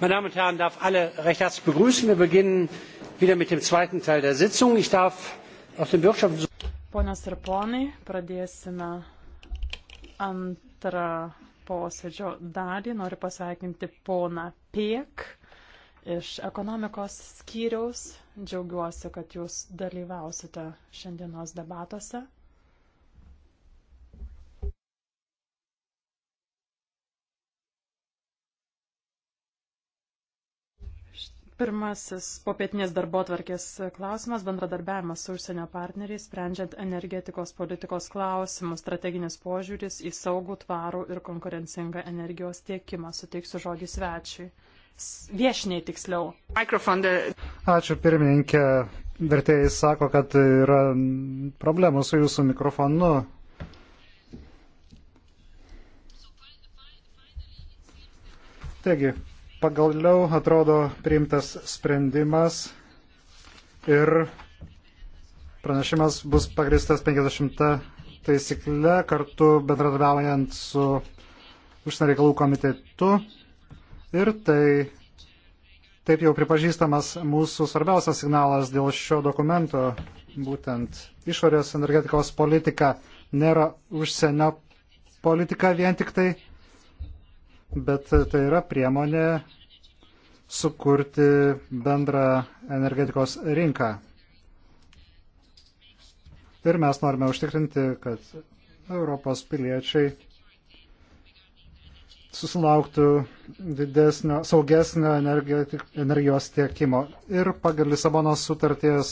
meine damen und herren! ich darf alle recht herzlich begrüßen. wir beginnen wieder mit dem zweiten teil der sitzung. ich darf aus dem wirtschafts Ponios ir ponai, pradėsime antrą posėdžio dalį. Noriu pasveikinti poną Piek iš ekonomikos skyriaus. Džiaugiuosi, kad jūs dalyvausite šiandienos debatuose. Pirmasis popietinės darbo tvarkės klausimas - bendradarbiavimas su užsienio partneriais, sprendžiant energetikos politikos klausimus, strateginis požiūris į saugų, tvarų ir konkurencingą energijos tiekimą. Suteiksiu žodį svečiui. Viešniai tiksliau. Mikrofonde. Ačiū pirmininkė. Vertėjai sako, kad yra problemų su jūsų mikrofonu. Taigi, pagaliau atrodo priimtas sprendimas ir pranešimas bus pagristas 50 taisykle kartu bendradarbiaujant su užsienio reikalų komitetu ir tai taip jau pripažįstamas mūsų svarbiausias signalas dėl šio dokumento, būtent išorės energetikos politika nėra užsienio politika vien tik tai bet tai yra priemonė sukurti bendrą energetikos rinką. Ir mes norime užtikrinti, kad Europos piliečiai susilauktų didesnio, saugesnio energijos tiekimo. Ir pagal Lisabonos sutarties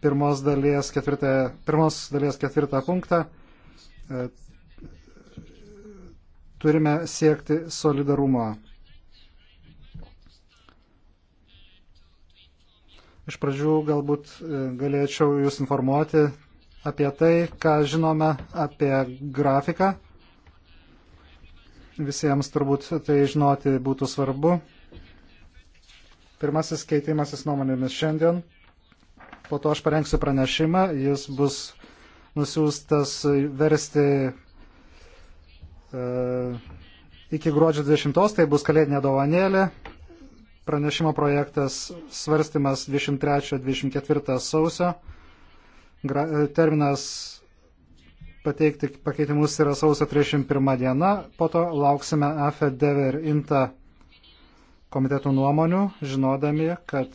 pirmos dalies ketvirtą, pirmos dalies ketvirtą punktą e, turime siekti solidarumo. Iš pradžių galbūt e, galėčiau Jūs informuoti apie tai, ką žinome apie grafiką. Visiems turbūt tai žinoti būtų svarbu. Pirmasis keitimasis nuomonėmis šiandien. Po to aš parengsiu pranešimą. Jis bus nusiųstas versti E, iki gruodžio 20 tai bus kalėdinė dovanėlė. Pranešimo projektas svarstymas 23-24 sausio. E, terminas pateikti pakeitimus yra sausio 31 diena. Po to lauksime AFDV ir INTA komitetų nuomonių, žinodami, kad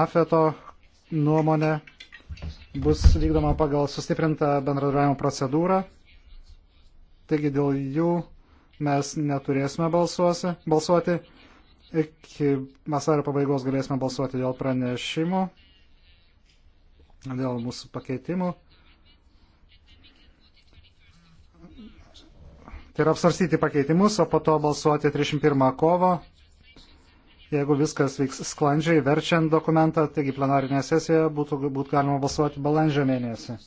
AFETO nuomonė bus vykdoma pagal sustiprintą bendradarbiavimo procedūrą. Taigi dėl jų mes neturėsime balsuose, balsuoti. Iki vasario pabaigos galėsime balsuoti dėl pranešimų, dėl mūsų pakeitimų. Tai yra apsvarstyti pakeitimus, o po to balsuoti 31 kovo. Jeigu viskas vyks sklandžiai, verčiant dokumentą, taigi plenarinė sesija būtų būt galima balsuoti balandžio mėnesį.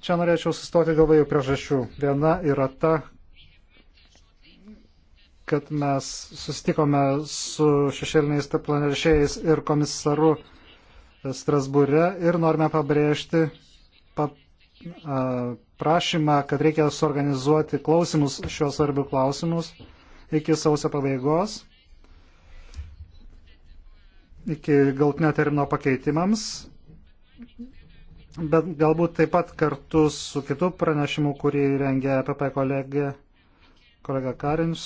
Čia norėčiau sustoti dėl dviejų priežasčių. Viena yra ta, kad mes susitikome su šešėliniais planešėjais ir komisaru Strasbūre ir norime pabrėžti pa, a, prašymą, kad reikia suorganizuoti klausimus šiuo svarbiu klausimus iki sausio pabaigos, iki galtinio termino pakeitimams bet galbūt taip pat kartu su kitu pranešimu, kurį rengė APP e kolegė, kolega Karins,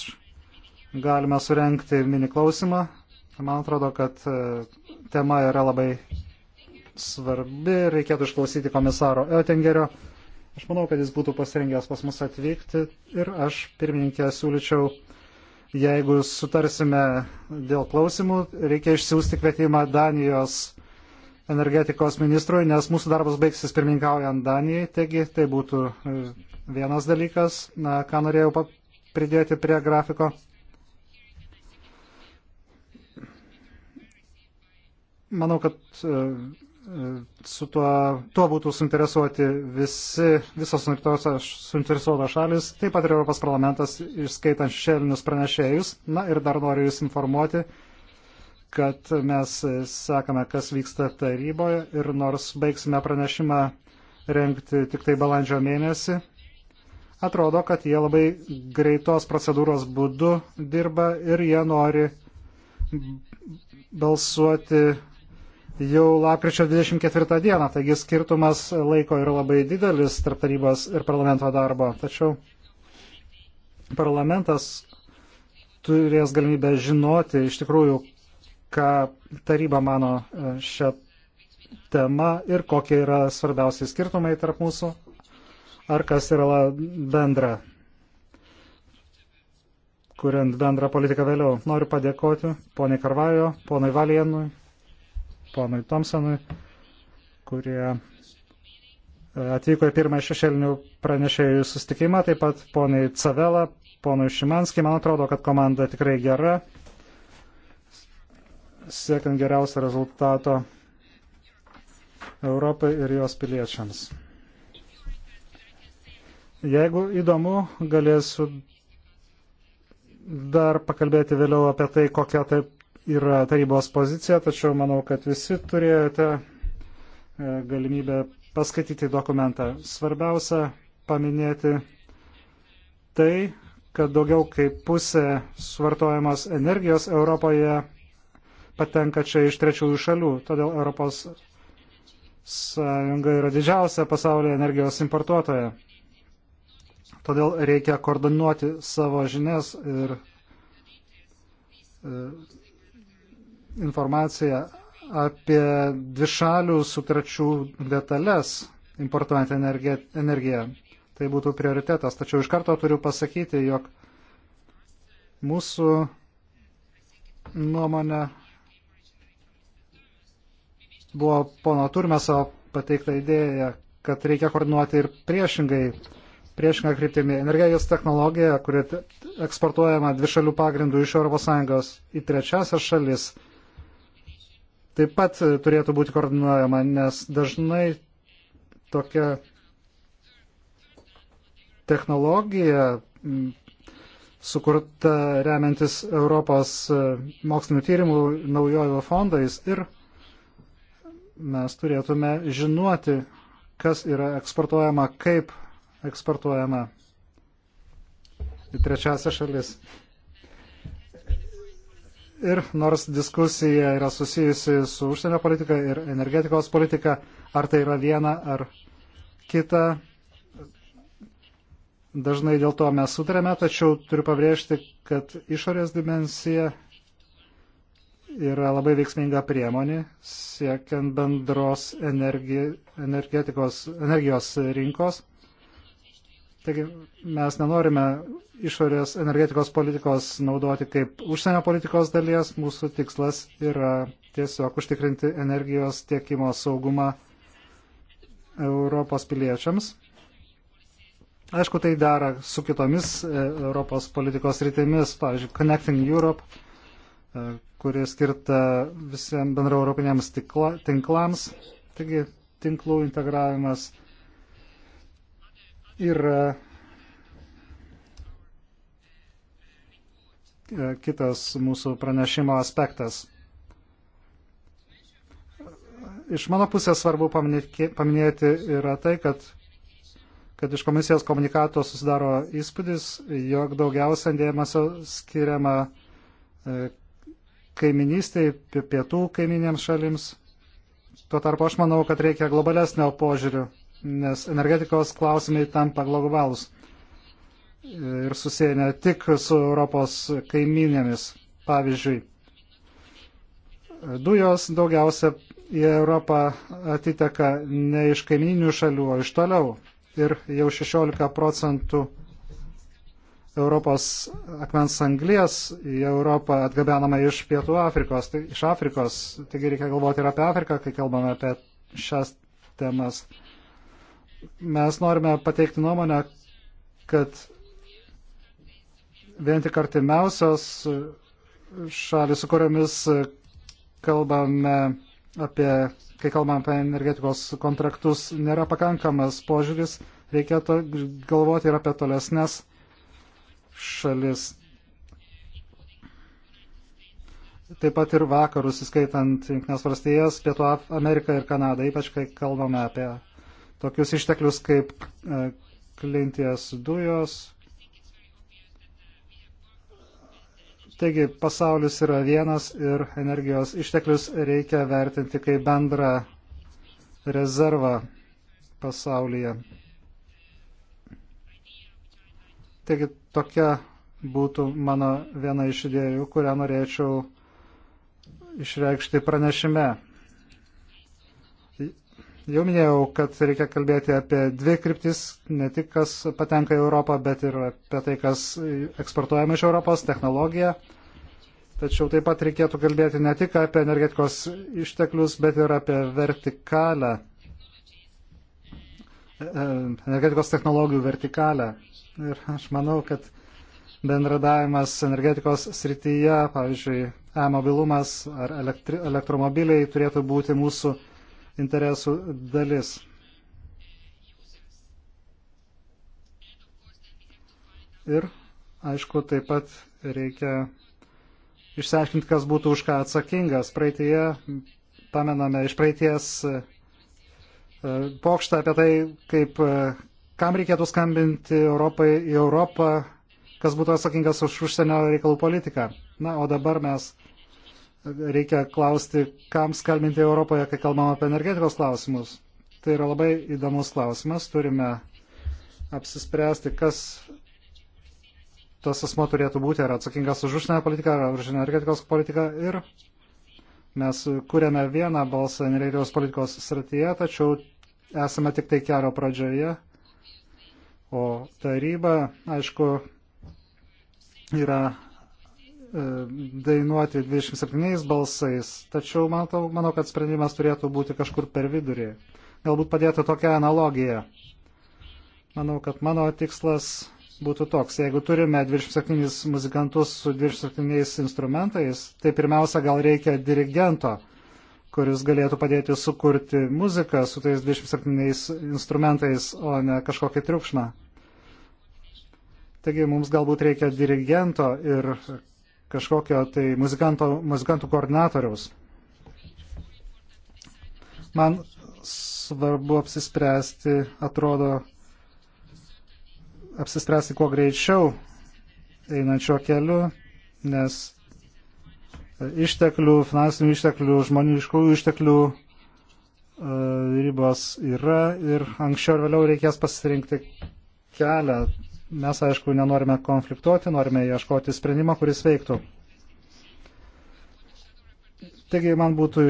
galime surenkti mini klausimą. Man atrodo, kad e, tema yra labai svarbi, reikėtų išklausyti komisaro Oettingerio. Aš manau, kad jis būtų pasirengęs pas mus atvykti ir aš pirmininkė siūlyčiau, jeigu sutarsime dėl klausimų, reikia išsiųsti kvietimą Danijos energetikos ministrui, nes mūsų darbas baigsis pirmininkaujant Danijai, taigi tai būtų e, vienas dalykas, na, ką norėjau pridėti prie grafiko. Manau, kad e, e, su tuo, tuo būtų suinteresuoti visi, visos suinteresuotos šalis, taip pat ir Europos parlamentas, išskaitant šešėlinius pranešėjus. Na ir dar noriu Jūs informuoti, kad mes sekame, kas vyksta taryboje ir nors baigsime pranešimą renkti tik tai balandžio mėnesį, atrodo, kad jie labai greitos procedūros būdu dirba ir jie nori balsuoti jau lapkričio 24 dieną, taigi skirtumas laiko yra labai didelis tarp tarybos ir parlamento darbo. Tačiau parlamentas turės galimybę žinoti iš tikrųjų, ką taryba mano e, šią temą ir kokie yra svarbiausiai skirtumai tarp mūsų, ar kas yra bendra, kuriant bendrą politiką vėliau. Noriu padėkoti poniai Karvajo, ponai Valienui, ponui Tomsonui, kurie e, atvyko į pirmąjį šešėlinių pranešėjų sustikimą, taip pat poniai Cavela, ponui Šimanskiai. Man atrodo, kad komanda tikrai gera siekiant geriausio rezultato Europai ir jos piliečiams. Jeigu įdomu, galėsiu dar pakalbėti vėliau apie tai, kokia tai yra tarybos pozicija, tačiau manau, kad visi turėjote e, galimybę paskaityti dokumentą. Svarbiausia paminėti tai, kad daugiau kaip pusė suvartojamos energijos Europoje patenka čia iš trečiųjų šalių. Todėl Europos Sąjunga yra didžiausia pasaulyje energijos importuotoja. Todėl reikia koordinuoti savo žinias ir e, informaciją apie dvišalių sutarčių detalės importuojant energiją. Tai būtų prioritetas. Tačiau iš karto turiu pasakyti, jog mūsų nuomonė buvo pono Turmeso pateikta idėja, kad reikia koordinuoti ir priešingai, priešingą kryptimį. Energijos technologija, kuri eksportuojama dvišalių pagrindų iš ES į trečiasias šalis, taip pat turėtų būti koordinuojama, nes dažnai tokia technologija sukurta remiantis Europos e, mokslinių tyrimų naujojo fondais ir mes turėtume žinoti, kas yra eksportuojama, kaip eksportuojama į trečiasią šalis. Ir nors diskusija yra susijusi su užsienio politika ir energetikos politika, ar tai yra viena ar kita, dažnai dėl to mes sutarėme, tačiau turiu pabrėžti, kad išorės dimensija yra labai veiksminga priemonė siekiant bendros energi, energijos rinkos. Taigi mes nenorime išorės energetikos politikos naudoti kaip užsienio politikos dalies. Mūsų tikslas yra tiesiog užtikrinti energijos tiekimo saugumą Europos piliečiams. Aišku, tai dera su kitomis e, Europos politikos rytimis, pavyzdžiui, Connecting Europe, e, kuri skirta visiems bendraeuropiniams tinklams. Taigi tinklų integravimas yra e, kitas mūsų pranešimo aspektas. Iš mano pusės svarbu paminėti yra tai, kad, kad iš komisijos komunikato susidaro įspūdis, jog daugiausia dėmesio skiriama e, kaiminystiai, pietų kaiminėms šalims. Tuo tarpu aš manau, kad reikia globalesnio požiūrių, nes energetikos klausimai tampa globalus ir susiję ne tik su Europos kaiminėmis. Pavyzdžiui, dujos daugiausia į Europą atiteka ne iš kaimininių šalių, o iš toliau. Ir jau 16 procentų Europos akmens anglijas į Europą atgabenama iš Pietų Afrikos, tai, iš Afrikos. Taigi reikia galvoti ir apie Afriką, kai kalbame apie šias temas. Mes norime pateikti nuomonę, kad vien tik artimiausios šalis, su kuriomis kalbame apie, kai kalbame apie energetikos kontraktus, nėra pakankamas požiūris. Reikėtų galvoti ir apie tolesnes šalis. Taip pat ir vakarus, įskaitant Junktinės valstijas, Pietų Ameriką ir Kanadą, ypač kai kalbame apie tokius išteklius kaip e, klinties dujos. Taigi pasaulis yra vienas ir energijos išteklius reikia vertinti kaip bendrą rezervą pasaulyje. Taigi tokia būtų mano viena iš idėjų, kurią norėčiau išreikšti pranešime. Jau minėjau, kad reikia kalbėti apie dvi kryptis, ne tik kas patenka į Europą, bet ir apie tai, kas eksportuojama iš Europos, technologija. Tačiau taip pat reikėtų kalbėti ne tik apie energetikos išteklius, bet ir apie vertikalę, e, e, energetikos technologijų vertikalę. Ir aš manau, kad bendradavimas energetikos srityje, pavyzdžiui, e-mobilumas ar elektri, elektromobiliai turėtų būti mūsų interesų dalis. Ir, aišku, taip pat reikia išsiaiškinti, kas būtų už ką atsakingas. Praeitie, pamename iš praeities e, pokštą apie tai, kaip e, kam reikėtų skambinti Europai į Europą, kas būtų atsakingas už užsienio reikalų politiką. Na, o dabar mes reikia klausti, kam skambinti Europoje, kai kalbam apie energetikos klausimus. Tai yra labai įdomus klausimas. Turime apsispręsti, kas tas asmo turėtų būti, ar atsakingas už užsienio politiką, ar už energetikos politiką. Ir mes kūrėme vieną balsą energetikos politikos srityje, tačiau esame tik tai karo pradžioje O taryba, aišku, yra e, dainuoti 27 balsais, tačiau matau, manau, kad sprendimas turėtų būti kažkur per vidurį. Galbūt padėtų tokia analogija. Manau, kad mano tikslas būtų toks. Jeigu turime 27 muzikantus su 27 instrumentais, tai pirmiausia gal reikia dirigento, kuris galėtų padėti sukurti muziką su tais 27 instrumentais, o ne kažkokį triukšmą. Taigi mums galbūt reikia dirigento ir kažkokio tai muzikanto, muzikantų koordinatoriaus. Man svarbu apsispręsti, atrodo, apsispręsti kuo greičiau einančio keliu, nes išteklių, finansinių išteklių, žmoniškųjų išteklių e, ribos yra ir anksčiau ir vėliau reikės pasirinkti kelią. Mes, aišku, nenorime konfliktuoti, norime ieškoti sprendimą, kuris veiktų. Taigi man būtų,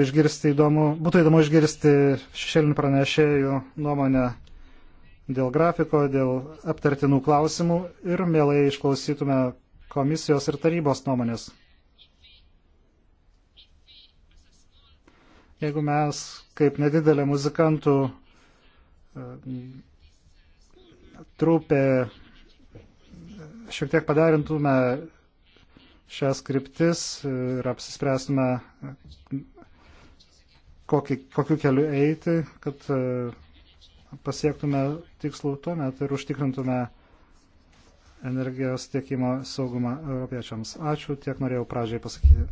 įdomu, būtų įdomu išgirsti šešėlinių pranešėjų nuomonę dėl grafiko, dėl aptartinų klausimų ir mielai išklausytume komisijos ir tarybos nuomonės. Jeigu mes kaip nedidelė muzikantų e, trupė šiek tiek padarintume šias kryptis ir apsispręstume, kokį, kokiu keliu eiti, kad e, pasiektume tikslų tuomet ir užtikrintume energijos tiekimo saugumą europiečiams. Ačiū, tiek norėjau pradžiai pasakyti.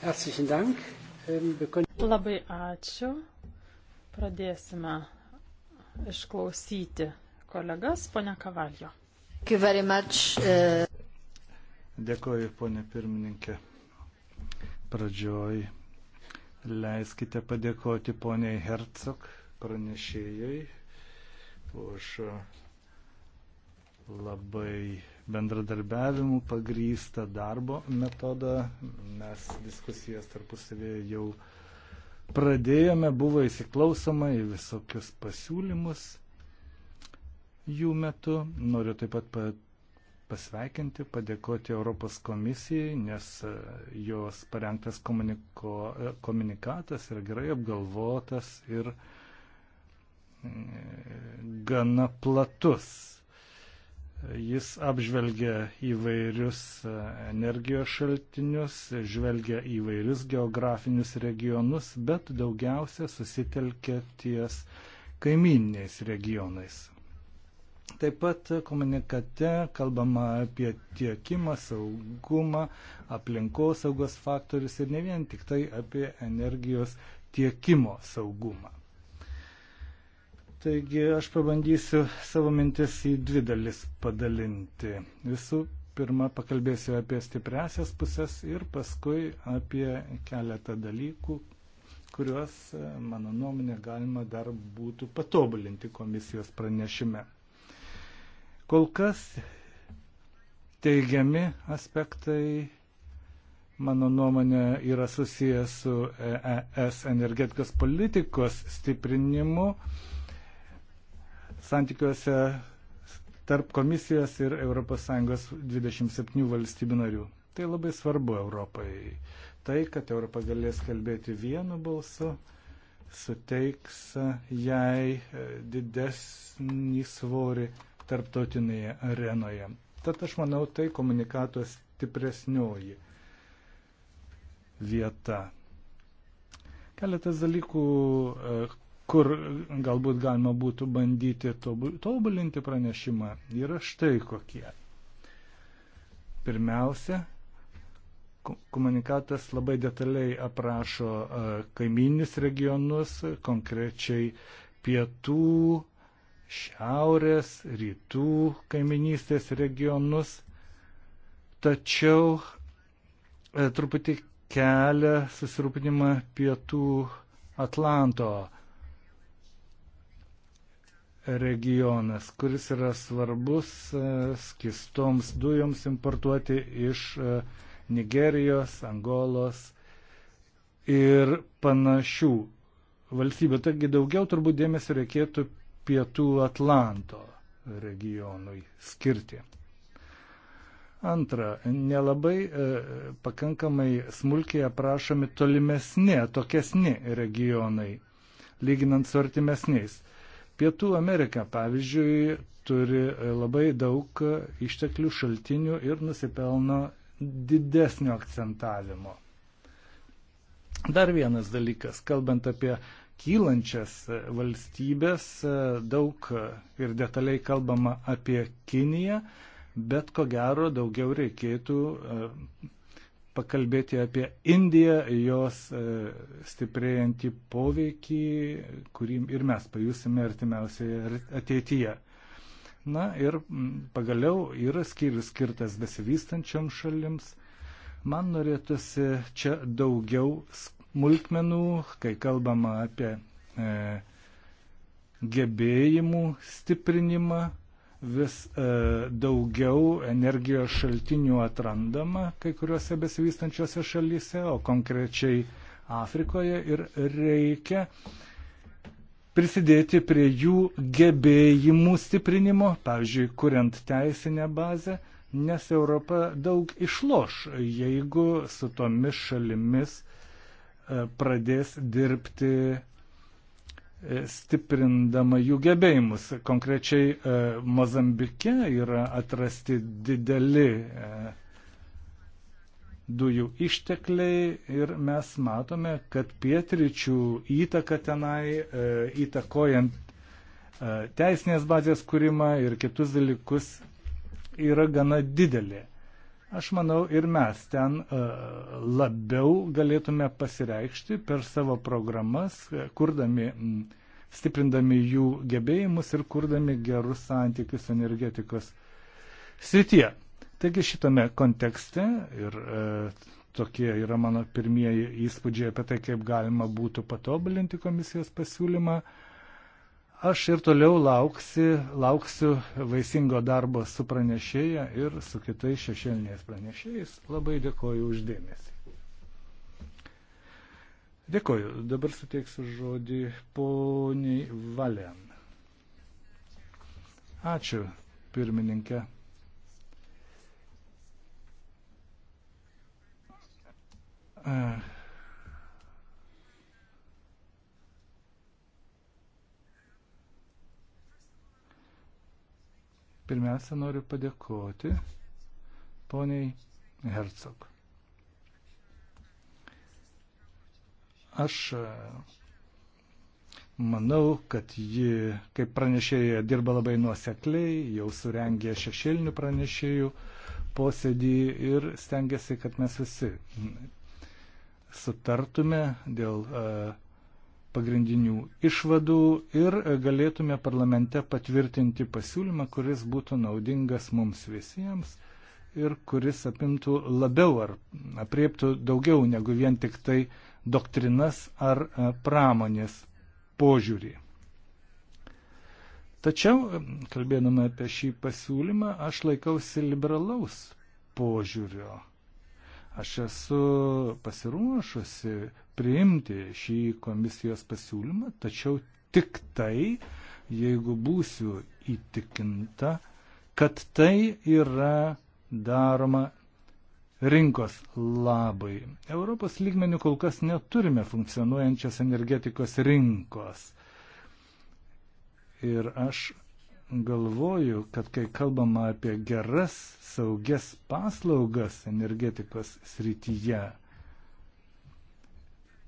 Ähm, Labai ačiū. Pradėsime išklausyti kolegas, ponia Kavaljo. Uh, Dėkoju, ponė pirmininkė. Pradžioj leiskite padėkoti poniai Hercog pranešėjai už labai bendradarbiavimų pagrystą darbo metodą. Mes diskusijas tarpusavėje jau pradėjome, buvo įsiklausoma į visokius pasiūlymus jų metu. Noriu taip pat pasveikinti, padėkoti Europos komisijai, nes e, jos parengtas komuniko, e, komunikatas yra gerai apgalvotas ir e, gana platus. Jis apžvelgia įvairius energijos šaltinius, žvelgia įvairius geografinius regionus, bet daugiausia susitelkia ties kaiminiais regionais. Taip pat komunikate kalbama apie tiekimą, saugumą, aplinkosaugos faktorius ir ne vien tik tai apie energijos tiekimo saugumą. Taigi aš pabandysiu savo mintis į dvi dalis padalinti. Visų pirma, pakalbėsiu apie stipresias pusės ir paskui apie keletą dalykų, kuriuos, mano nuomonė, galima dar būtų patobulinti komisijos pranešime. Kol kas teigiami aspektai, mano nuomonė, yra susijęs su ES e energetikos politikos stiprinimu santykiuose tarp komisijos ir ES 27 valstybių narių. Tai labai svarbu Europai. Tai, kad Europa galės kalbėti vienu balsu, suteiks jai didesnį svorį tarptautinėje arenoje. Tad aš manau, tai komunikato stipresnioji vieta. Keletas dalykų, e, kur galbūt galima būtų bandyti tobulinti pranešimą, yra štai kokie. Pirmiausia, komunikatas labai detaliai aprašo e, kaiminius regionus, konkrečiai pietų šiaurės, rytų kaiminystės regionus, tačiau e, truputį kelia susirūpinimą pietų Atlanto regionas, kuris yra svarbus e, skistoms dujoms importuoti iš e, Nigerijos, Angolos ir panašių valstybių. Taigi daugiau turbūt dėmesio reikėtų pietų Atlanto regionui skirti. Antra, nelabai e, pakankamai smulkiai aprašomi tolimesni, atokesni regionai, lyginant su artimesniais. Pietų Amerika, pavyzdžiui, turi e, labai daug išteklių šaltinių ir nusipelno didesnio akcentavimo. Dar vienas dalykas, kalbant apie kylančias valstybės, daug ir detaliai kalbama apie Kiniją, bet ko gero daugiau reikėtų e, pakalbėti apie Indiją, jos e, stiprėjantį poveikį, kurį ir mes pajusime artimiausioje ateityje. Na ir pagaliau yra skyrius skirtas besivystančiom šalims. Man norėtųsi čia daugiau skaičių smulkmenų, kai kalbama apie e, gebėjimų stiprinimą, vis e, daugiau energijos šaltinių atrandama kai kuriuose besivystančiose šalyse, o konkrečiai Afrikoje ir reikia prisidėti prie jų gebėjimų stiprinimo, pavyzdžiui, kuriant teisinę bazę, nes Europa daug išloš, jeigu su tomis šalimis E, pradės dirbti e, stiprindama jų gebėjimus. Konkrečiai e, Mozambike yra atrasti dideli dujų ištekliai ir mes matome, kad pietryčių įtaka tenai, įtakojant teisinės bazės kūrimą ir kitus dalykus, yra gana didelė. Aš manau, ir mes ten e, labiau galėtume pasireikšti per savo programas, e, kurdami, stiprindami jų gebėjimus ir kurdami gerus santykius energetikos srityje. Taigi šitame kontekste ir e, tokie yra mano pirmieji įspūdžiai apie tai, kaip galima būtų patobulinti komisijos pasiūlymą. E, Aš ir toliau lauksi, lauksiu vaisingo darbo su pranešėja ir su kitais šešėliniais pranešėjais. Labai dėkoju uždėmesį. Dėkoju. Dabar suteiksiu žodį poniai Valen. Ačiū, pirmininkė. Uh. Pirmiausia, noriu padėkoti poniai Hercog. Aš e, manau, kad ji, kaip pranešėja, dirba labai nuosekliai, jau surengė šešėlinių pranešėjų posėdį ir stengiasi, kad mes visi sutartume dėl uh, pagrindinių išvadų ir galėtume parlamente patvirtinti pasiūlymą, kuris būtų naudingas mums visiems ir kuris apimtų labiau ar apriektų daugiau negu vien tik tai doktrinas ar e, pramonės požiūrį. Tačiau, kalbėdama apie šį pasiūlymą, aš laikausi liberalaus požiūrio. Aš esu pasiruošusi priimti šį komisijos pasiūlymą, tačiau tik tai, jeigu būsiu įtikinta, kad tai yra daroma rinkos labai. Europos lygmenių kol kas neturime funkcionuojančios energetikos rinkos. Ir aš galvoju, kad kai kalbama apie geras, saugias paslaugas energetikos srityje,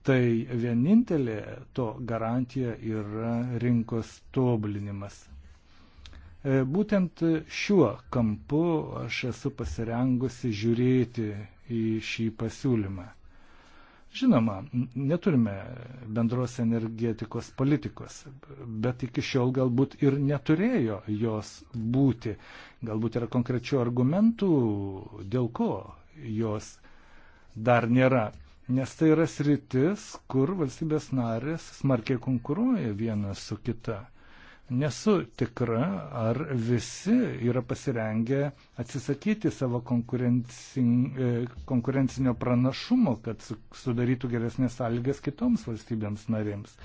tai vienintelė to garantija yra rinkos tobulinimas. E, būtent šiuo kampu aš esu pasirengusi žiūrėti į šį pasiūlymą. Žinoma, neturime bendros energetikos politikos, bet iki šiol galbūt ir neturėjo jos būti. Galbūt yra konkrečių argumentų, dėl ko jos dar nėra nes tai yra sritis, kur valstybės narės smarkiai konkuruoja viena su kita. Nesu tikra, ar visi yra pasirengę atsisakyti savo e, konkurencinio pranašumo, kad sudarytų geresnės sąlygas kitoms valstybėms narėms.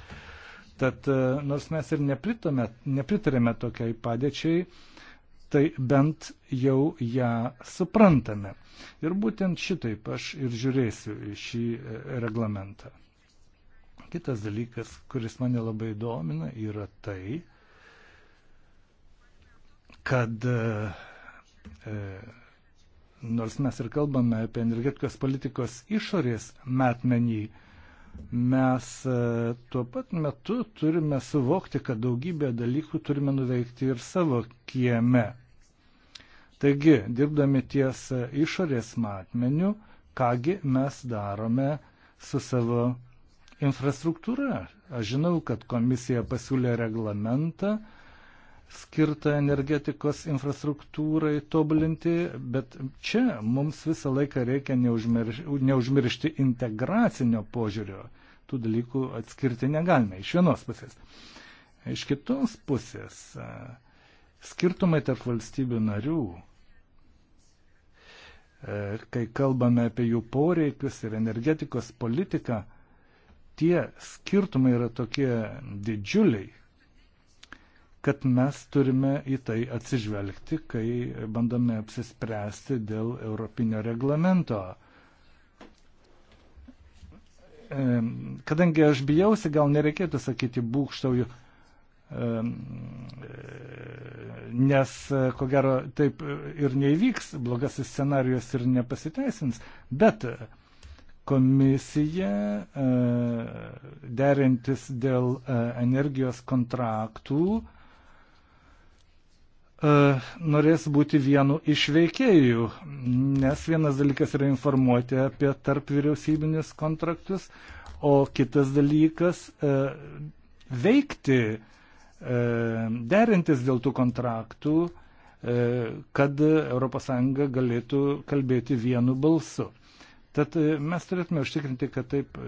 Tad e, nors mes ir nepritarėme tokiai padėčiai, tai bent jau ją suprantame. Ir būtent šitaip aš ir žiūrėsiu šį e, reglamentą. Kitas dalykas, kuris mane labai domina, yra tai, kad e, e nors mes ir kalbame apie energetikos politikos išorės metmenį, e, mes e, tuo pat metu turime suvokti, kad daugybę dalykų turime nuveikti ir savo kieme. Taigi, dirbdami ties e, išorės matmeniu, kągi mes darome su savo infrastruktūra. Aš žinau, kad komisija pasiūlė reglamentą, skirtą energetikos infrastruktūrai tobulinti, bet čia mums visą laiką reikia neužmiršti integracinio požiūrio. Tų dalykų atskirti negalime iš vienos pusės. Iš kitos pusės e, skirtumai tarp valstybių narių, e, kai kalbame apie jų poreikius ir energetikos politiką, tie skirtumai yra tokie didžiuliai, kad mes turime į tai atsižvelgti, kai bandome apsispręsti dėl Europinio reglamento. Kadangi aš bijausi, gal nereikėtų sakyti būkštauju, nes ko gero taip ir neįvyks, blogasis scenarius ir nepasiteisins, bet komisija e, derintis dėl e, energijos kontraktų, E, norės būti vienu iš veikėjų, nes vienas dalykas yra informuoti apie tarp vyriausybinius kontraktus, o kitas dalykas e, veikti, e, derintis dėl tų kontraktų, kad ES galėtų kalbėti vienu balsu. Tad mes turėtume užtikrinti, kad taip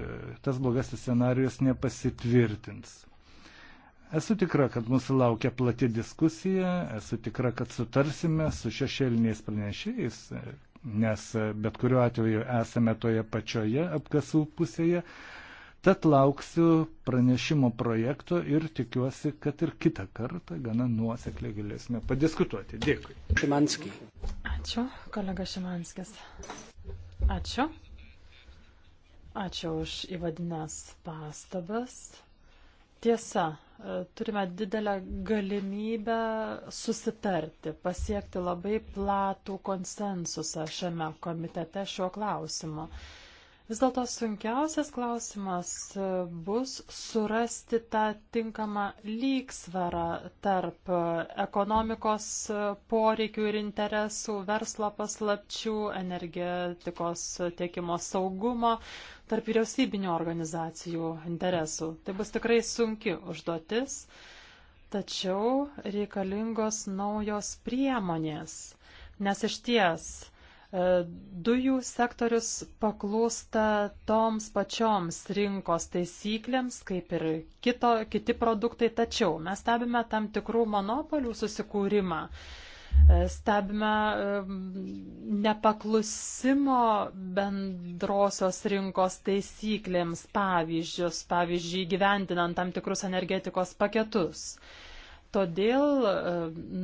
tas blogasis scenarius nepasitvirtins. Esu tikra, kad mūsų laukia plati diskusija, esu tikra, kad sutarsime su šešėliniais pranešėjais, nes bet kuriuo atveju esame toje pačioje apkasų pusėje. Tad lauksiu pranešimo projekto ir tikiuosi, kad ir kitą kartą gana nuosekliai galėsime padiskutuoti. Dėkui. Šimanski. Ačiū, kolega Šimanskis. Ačiū. Ačiū už įvadinės pastabas. Tiesa, turime didelę galimybę susitarti, pasiekti labai platų konsensusą šiame komitete šiuo klausimu. Vis dėlto sunkiausias klausimas e, bus surasti tą tinkamą lygsvarą tarp e, ekonomikos e, poreikių ir interesų, verslo paslapčių, energetikos tiekimo saugumo, tarp vyriausybinio organizacijų interesų. Tai bus tikrai sunki užduotis, tačiau reikalingos naujos priemonės, nes iš ties E, dujų sektorius paklūsta toms pačioms rinkos taisyklėms, kaip ir kito, kiti produktai, tačiau mes stebime tam tikrų monopolių susikūrimą e, stebime e, nepaklusimo bendrosios rinkos taisyklėms pavyzdžius, pavyzdžiui, gyventinant tam tikrus energetikos paketus. Todėl e,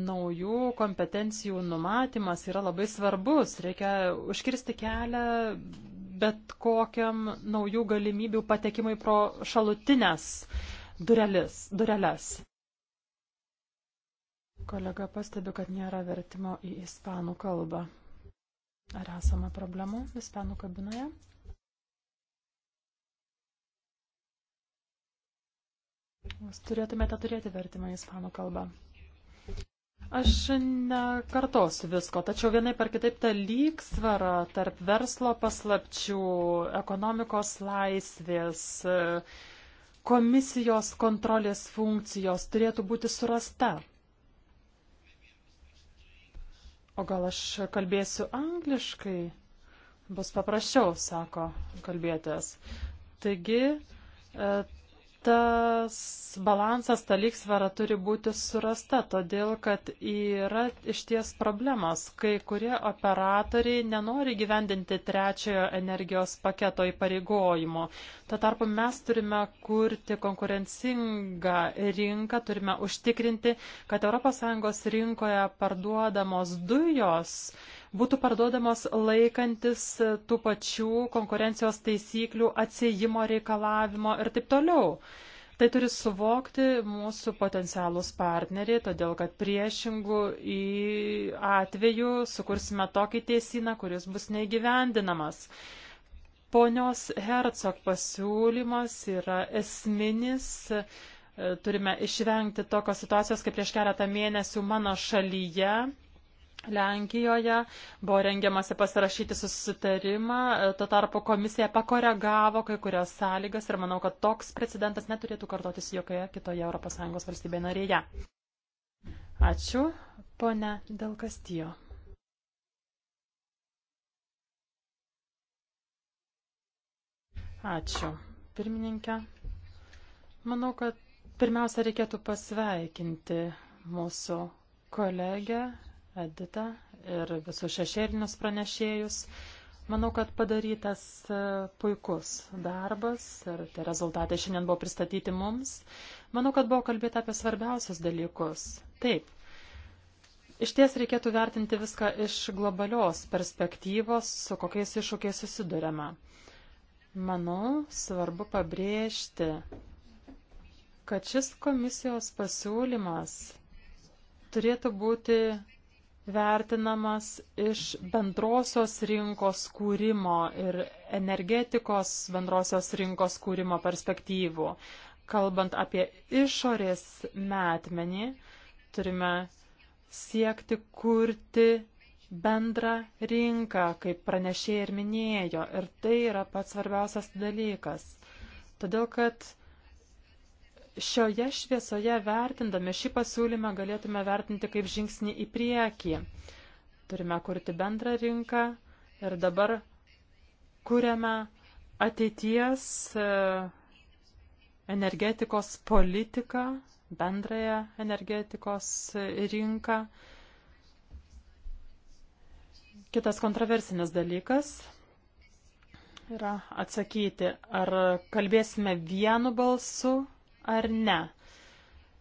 naujų kompetencijų numatymas yra labai svarbus. Reikia užkirsti kelią bet kokiam naujų galimybių patekimui pro šalutinės durelis, dureles. Kolega pastebiu, kad nėra vertimo į ispanų kalbą. Ar esame problemų ispanų kabinoje? Jūs turėtumėte turėti vertimą į ispanų kalbą. Aš nekartosiu visko, tačiau vienai per kitaip ta lygsvara tarp verslo paslapčių, ekonomikos laisvės, komisijos kontrolės funkcijos turėtų būti surasta. O gal aš kalbėsiu angliškai? Bus paprasčiau, sako kalbėtojas. Taigi, e, tas balansas, ta lygsvara turi būti surasta, todėl kad yra išties problemas, kai kurie operatoriai nenori gyvendinti trečiojo energijos paketo įpareigojimo. Tuo tarpu mes turime kurti konkurencingą rinką, turime užtikrinti, kad ES rinkoje parduodamos dujos būtų parduodamos laikantis tų pačių konkurencijos taisyklių, atsijimo reikalavimo ir taip toliau. Tai turi suvokti mūsų potencialus partneriai, todėl kad priešingų atveju sukursime tokį teisiną, kuris bus neįgyvendinamas. Ponios Hercog pasiūlymas yra esminis. Turime išvengti tokios situacijos, kaip prieš keletą mėnesių mano šalyje Lenkijoje buvo rengiamasi pasirašyti susitarimą, tuo tarpu komisija pakoregavo kai kurias sąlygas ir manau, kad toks precedentas neturėtų kartotis jokioje kitoje ES valstybėje narėje. Ačiū, ponia Delkastijo. Ačiū, pirmininkė. Manau, kad pirmiausia reikėtų pasveikinti mūsų kolegę Edita ir visus šešėlinius pranešėjus. Manau, kad padarytas e, puikus darbas ir tie rezultatai šiandien buvo pristatyti mums. Manau, kad buvo kalbėta apie svarbiausius dalykus. Taip. Iš ties reikėtų vertinti viską iš globalios perspektyvos, su kokiais iššūkiais susidurėme. Manau, svarbu pabrėžti, kad šis komisijos pasiūlymas turėtų būti vertinamas iš bendrosios rinkos kūrimo ir energetikos bendrosios rinkos kūrimo perspektyvų. Kalbant apie išorės metmenį, turime siekti kurti bendrą rinką, kaip pranešėjai ir minėjo, ir tai yra pats svarbiausias dalykas. Todėl, kad šioje šviesoje vertindami šį pasiūlymą galėtume vertinti kaip žingsnį į priekį. Turime kurti bendrą rinką ir dabar kuriame ateities e, energetikos politiką, bendrąją energetikos e, rinką. Kitas kontroversinis dalykas yra atsakyti, ar kalbėsime vienu balsu ar ne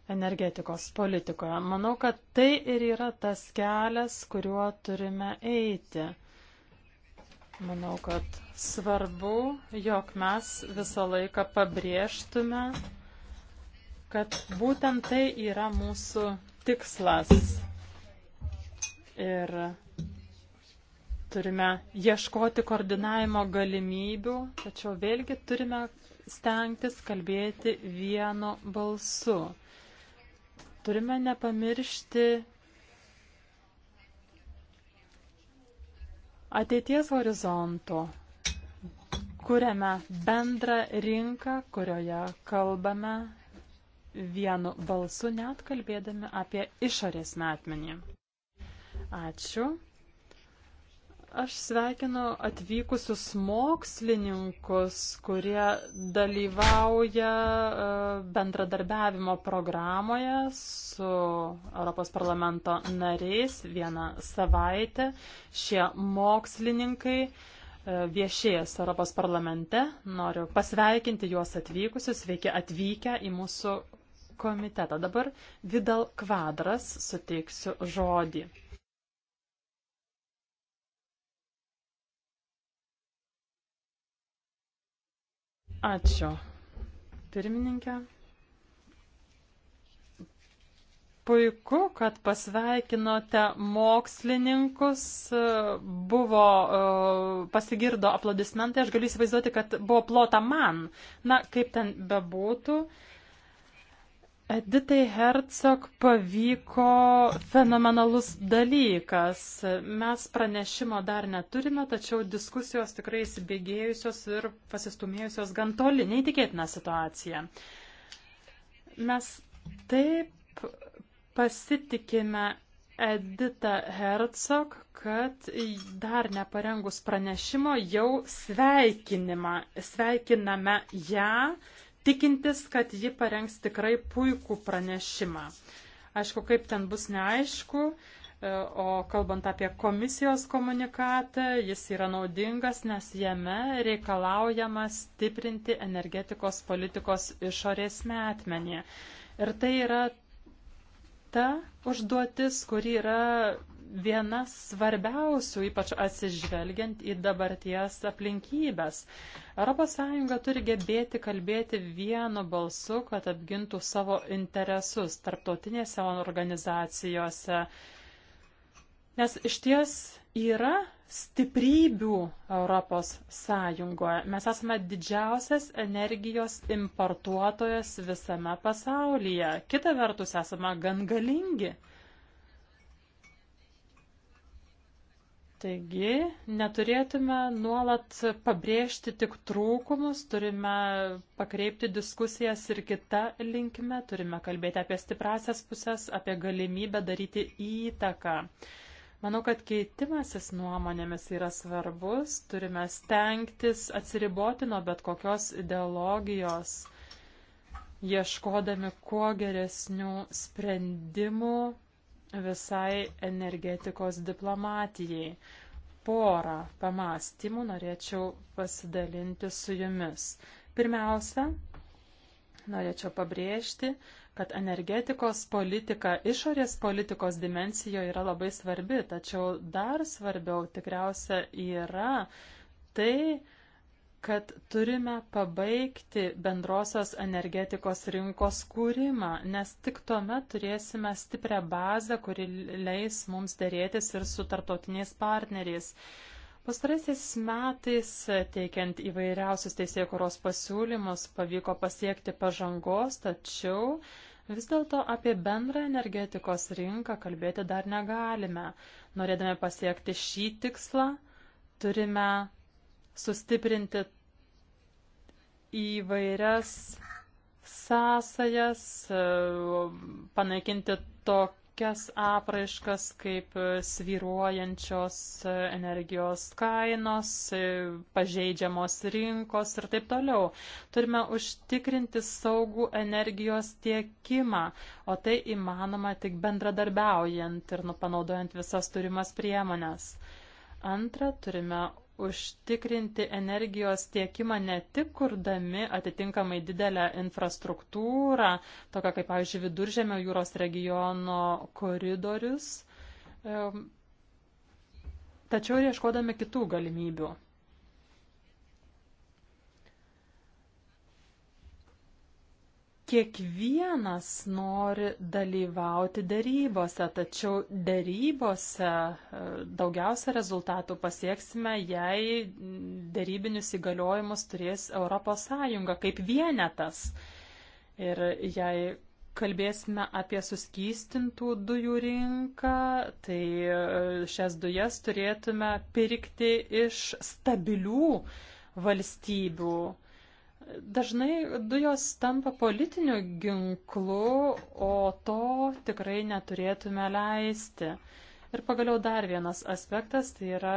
energetikos politikoje. Manau, kad tai ir yra tas kelias, kuriuo turime eiti. Manau, kad svarbu, jog mes visą laiką pabrėžtume, kad būtent tai yra mūsų tikslas. Ir turime ieškoti koordinavimo galimybių, tačiau vėlgi turime stengtis kalbėti vienu balsu. Turime nepamiršti ateities horizonto. Kuriame bendrą rinką, kurioje kalbame vienu balsu, net kalbėdami apie išorės metmenį. Ačiū. Aš sveikinu atvykusius mokslininkus, kurie dalyvauja e, bendradarbiavimo programoje su Europos parlamento nariais vieną savaitę. Šie mokslininkai e, viešėjęs Europos parlamente. Noriu pasveikinti juos atvykusius, sveiki atvykę į mūsų komitetą. Dabar Vidal Kvadras suteiksiu žodį. Ačiū. Pirmininkė. Puiku, kad pasveikinote mokslininkus, buvo, e, pasigirdo aplodismentai, aš galiu įsivaizduoti, kad buvo plota man. Na, kaip ten bebūtų. būtų. Editai Hercog pavyko fenomenalus dalykas. Mes pranešimo dar neturime, tačiau diskusijos tikrai įsibėgėjusios ir pasistumėjusios gan toli. Neįtikėtina situacija. Mes taip pasitikime Edita Hercog, kad dar neparengus pranešimo jau sveikinimą, sveikiname ją. Ja tikintis, kad ji parengs tikrai puikų pranešimą. Aišku, kaip ten bus neaišku, e, o kalbant apie komisijos komunikatą, jis yra naudingas, nes jame reikalaujama stiprinti energetikos politikos išorės metmenį. Ir tai yra ta užduotis, kuri yra viena svarbiausių, ypač atsižvelgiant į dabarties aplinkybės. ES turi gebėti kalbėti vienu balsu, kad apgintų savo interesus tarptautinėse organizacijose. Nes iš ties yra stiprybių ES. Mes esame didžiausias energijos importuotojas visame pasaulyje. Kita vertus esame gan galingi. Taigi neturėtume nuolat pabrėžti tik trūkumus, turime pakreipti diskusijas ir kitą linkme, turime kalbėti apie stiprasias pusės, apie galimybę daryti įtaką. Manau, kad keitimasis nuomonėmis yra svarbus, turime stengtis atsiriboti nuo bet kokios ideologijos, ieškodami kuo geresnių sprendimų visai energetikos diplomatijai. Porą pamastymų norėčiau pasidalinti su jumis. Pirmiausia, norėčiau pabrėžti, kad energetikos politika išorės politikos dimensijoje yra labai svarbi, tačiau dar svarbiau tikriausia yra tai, kad turime pabaigti bendrosios energetikos rinkos kūrimą, nes tik tuomet turėsime stiprią bazę, kuri leis mums dėrėtis ir su tartotiniais partneriais. Pastaraisiais metais, teikiant įvairiausius teisėkuros pasiūlymus, pavyko pasiekti pažangos, tačiau Vis dėlto apie bendrą energetikos rinką kalbėti dar negalime. Norėdami pasiekti šį tikslą, turime sustiprinti įvairias sąsajas, panaikinti tokias apraiškas kaip sviruojančios energijos kainos, pažeidžiamos rinkos ir taip toliau. Turime užtikrinti saugų energijos tiekimą, o tai įmanoma tik bendradarbiaujant ir nu panaudojant visas turimas priemonės. Antra, turime užtikrinti energijos tiekimą ne tik kurdami atitinkamai didelę infrastruktūrą, tokią kaip, pavyzdžiui, viduržėmio jūros regiono koridorius, tačiau ir ieškodami kitų galimybių. kiekvienas nori dalyvauti dėrybose, tačiau dėrybose e, daugiausia rezultatų pasieksime, jei dėrybinius įgaliojimus turės ES kaip vienetas. Ir jei kalbėsime apie suskystintų dujų rinką, tai e, šias dujas turėtume pirkti iš stabilių valstybių Dažnai dujos tampa politiniu ginklu, o to tikrai neturėtume leisti. Ir pagaliau dar vienas aspektas tai yra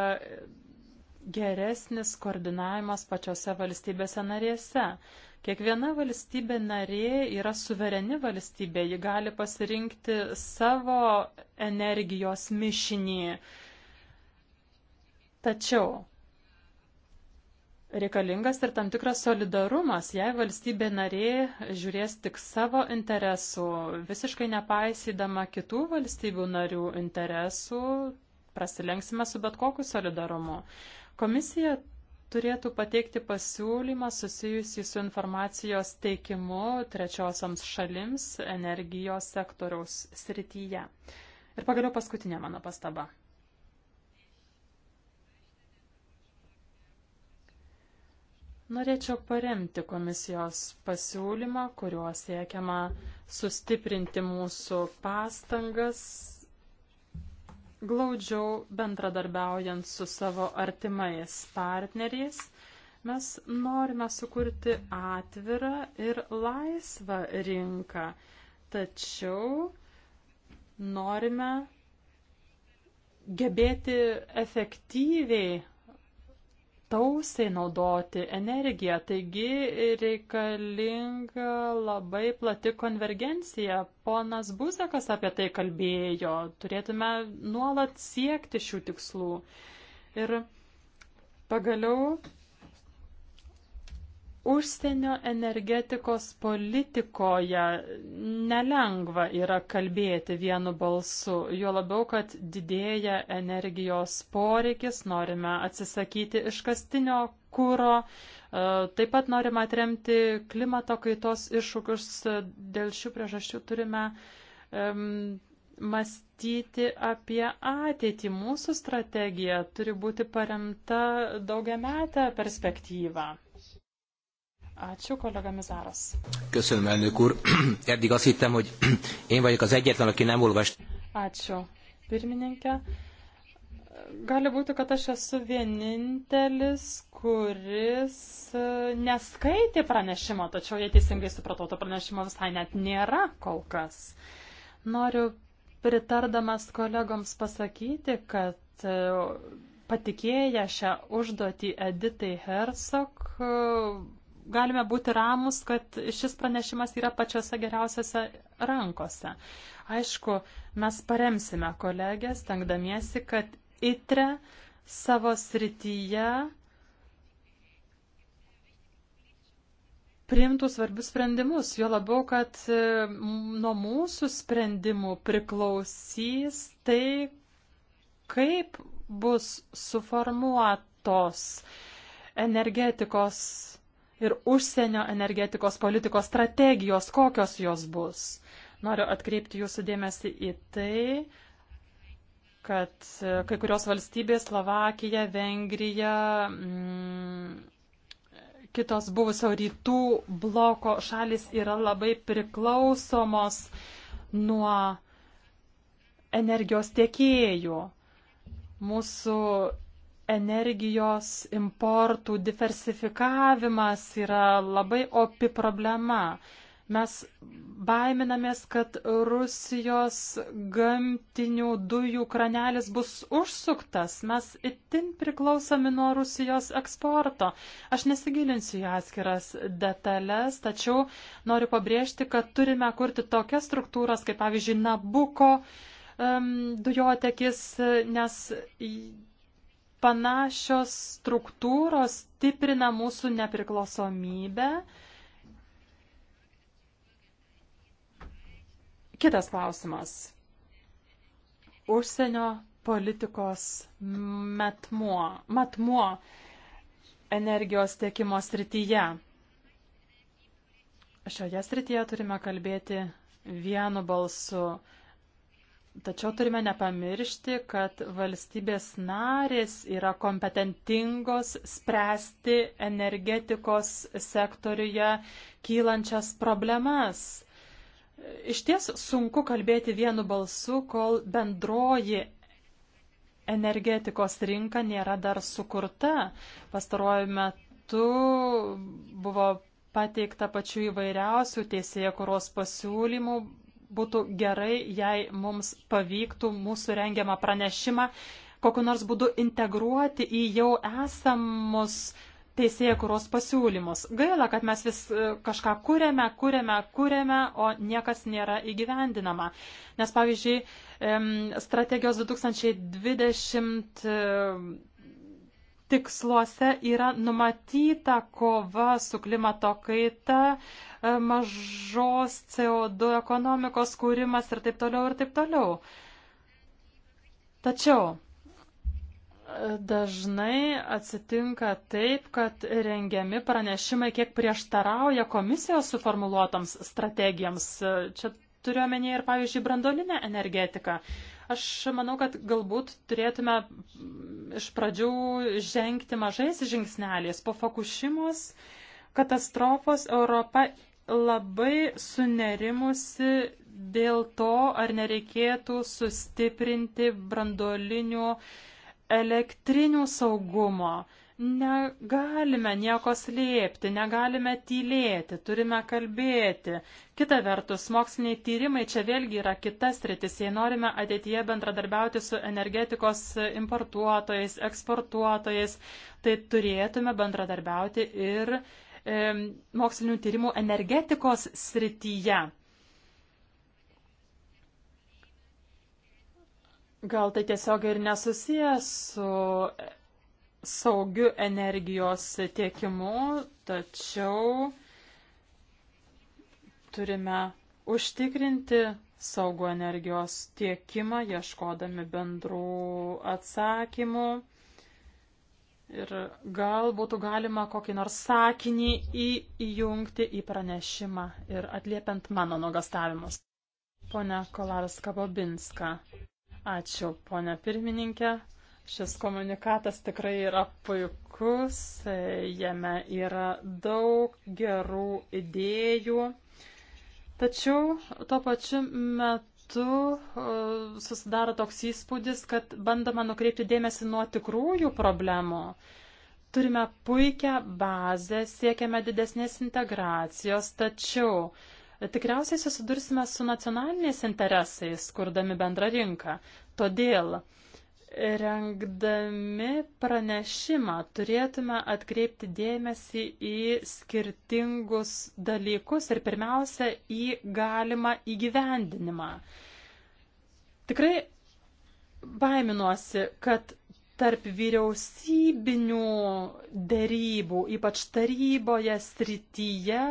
geresnis koordinavimas pačiose valstybėse narėse. Kiekviena valstybė narė yra suvereni valstybė, ji gali pasirinkti savo energijos mišinį. Tačiau reikalingas ir tam tikras solidarumas, jei valstybė narė žiūrės tik savo interesų, visiškai nepaisydama kitų valstybių narių interesų, prasilenksime su bet kokiu solidarumu. Komisija turėtų pateikti pasiūlymą susijusį su informacijos teikimu trečiosiams šalims energijos sektoriaus srityje. Ir pagaliau paskutinė mano pastaba. Norėčiau paremti komisijos pasiūlymą, kuriuo siekiama sustiprinti mūsų pastangas glaudžiau bendradarbiaujant su savo artimais partneriais. Mes norime sukurti atvirą ir laisvą rinką, tačiau norime gebėti efektyviai tausiai naudoti energiją, taigi reikalinga labai plati konvergencija. Ponas Buzekas apie tai kalbėjo, turėtume nuolat siekti šių tikslų. Ir pagaliau Užsienio energetikos politikoje nelengva yra kalbėti vienu balsu, juo labiau, kad didėja energijos poreikis, norime atsisakyti iškastinio kūro, e, taip pat norime atremti klimato kaitos iššūkius, dėl šių priežasčių turime um, mąstyti apie ateitį. Mūsų strategija turi būti paremta daugiametę perspektyvą. Ačiū, kolega Mizaras. Köszönöm, elnök úr. Eddig azt hittem, hogy én vagyok az egyetlen, aki nem olvast. Ačiū, pirmininkė. Gali būti, kad aš esu vienintelis, kuris e, neskaitė pranešimo, tačiau jei teisingai supratau, to pranešimo visai net nėra kol kas. Noriu pritardamas kolegoms pasakyti, kad e, patikėję šią užduotį Editai Hersok galime būti ramus, kad šis pranešimas yra pačiose geriausiose rankose. Aišku, mes paremsime kolegės, tenkdamiesi, kad itre savo srityje priimtų svarbius sprendimus, jo labiau, kad e, nuo mūsų sprendimų priklausys tai, kaip bus suformuotos energetikos ir užsienio energetikos politikos strategijos, kokios jos bus. Noriu atkreipti jūsų dėmesį į tai, kad e, kai kurios valstybės, Slovakija, Vengrija, mm, kitos buvusio rytų bloko šalis yra labai priklausomos nuo energijos tiekėjų. Mūsų energijos importų diversifikavimas yra labai opi problema. Mes baiminamės, kad Rusijos gamtinių dujų kranelis bus užsuktas. Mes itin priklausomi nuo Rusijos eksporto. Aš nesigilinsiu į atskiras detalės, tačiau noriu pabrėžti, kad turime kurti tokias struktūras, kaip pavyzdžiui, Nabuko um, dujotekis, nes Panašios struktūros stiprina mūsų nepriklausomybę. Kitas klausimas. Užsienio politikos metmuo, matmuo energijos tiekimo srityje. Šioje srityje turime kalbėti vienu balsu. Tačiau turime nepamiršti, kad valstybės narės yra kompetentingos spręsti energetikos sektoriuje kylančias problemas. Iš ties sunku kalbėti vienu balsu, kol bendroji energetikos rinka nėra dar sukurta. Pastaruoju metu buvo pateikta pačių įvairiausių teisėjų kuros pasiūlymų, būtų gerai, jei mums pavyktų mūsų rengiamą pranešimą kokiu nors būdu integruoti į jau esamus teisėjų kuros pasiūlymus. Gaila, kad mes vis e, kažką kūrėme, kūrėme, kūrėme, o niekas nėra įgyvendinama. Nes, pavyzdžiui, strategijos 2020 tiksluose yra numatyta kova su klimato kaita, e, mažos CO2 ekonomikos kūrimas ir taip toliau ir taip toliau. Tačiau e, dažnai atsitinka taip, kad rengiami pranešimai kiek prieštarauja komisijos suformuluotams strategijoms. E, čia turiuomenėje ir, pavyzdžiui, brandolinę energetiką. Aš manau, kad galbūt turėtume iš pradžių žengti mažais žingsneliais. Po Fukushimos katastrofos Europa labai sunerimusi dėl to, ar nereikėtų sustiprinti brandolinių elektrinių saugumo. Negalime nieko slėpti, negalime tylėti, turime kalbėti. Kita vertus, moksliniai tyrimai čia vėlgi yra kitas rytis. Jei norime ateityje bendradarbiauti su energetikos importuotojais, eksportuotojais, tai turėtume bendradarbiauti ir e, mokslinių tyrimų energetikos srityje. Gal tai tiesiog ir nesusijęs su saugiu energijos tiekimu, tačiau turime užtikrinti saugų energijos tiekimą, ieškodami bendrų atsakymų. Ir gal būtų galima kokį nors sakinį į, įjungti į pranešimą ir atliepiant mano nuogastavimus. Pone Kolaras Kabobinska. Ačiū, ponė pirmininkė. Šis komunikatas tikrai yra puikus, jame yra daug gerų idėjų, tačiau tuo pačiu metu susidaro toks įspūdis, kad bandoma nukreipti dėmesį nuo tikrųjų problemų. Turime puikią bazę, siekiame didesnės integracijos, tačiau tikriausiai susidursime su nacionaliniais interesais, kurdami bendrą rinką. Todėl Rengdami pranešimą turėtume atkreipti dėmesį į skirtingus dalykus ir pirmiausia į galimą įgyvendinimą. Tikrai baiminuosi, kad tarp vyriausybinių dėrybų, ypač taryboje srityje,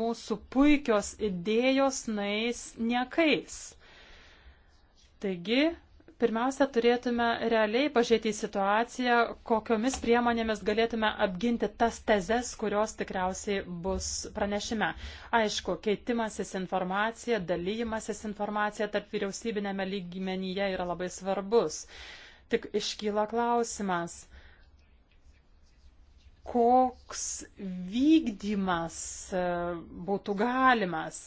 mūsų puikios idėjos nais niekais. Taigi, Pirmiausia, turėtume realiai pažiūrėti į situaciją, kokiomis priemonėmis galėtume apginti tas tezes, kurios tikriausiai bus pranešime. Aišku, keitimasis informacija, dalymasis informacija tarp vyriausybinėme lygmenyje yra labai svarbus. Tik iškyla klausimas, koks vykdymas e, būtų galimas.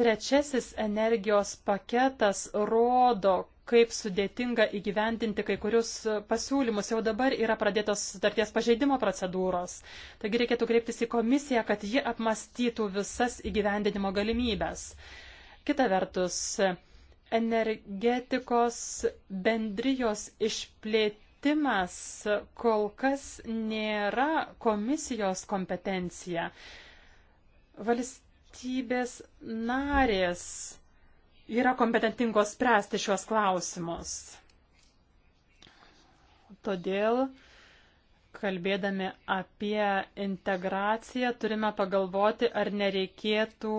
Trečiasis energijos paketas rodo, kaip sudėtinga įgyvendinti kai kurius pasiūlymus. Jau dabar yra pradėtos sutarties pažeidimo procedūros. Taigi reikėtų kreiptis į komisiją, kad ji apmastytų visas įgyvendinimo galimybės. Kita vertus, energetikos bendrijos išplėtimas kol kas nėra komisijos kompetencija. Valstybės narės yra kompetentingos spręsti šios klausimus. Todėl, kalbėdami apie integraciją, turime pagalvoti, ar nereikėtų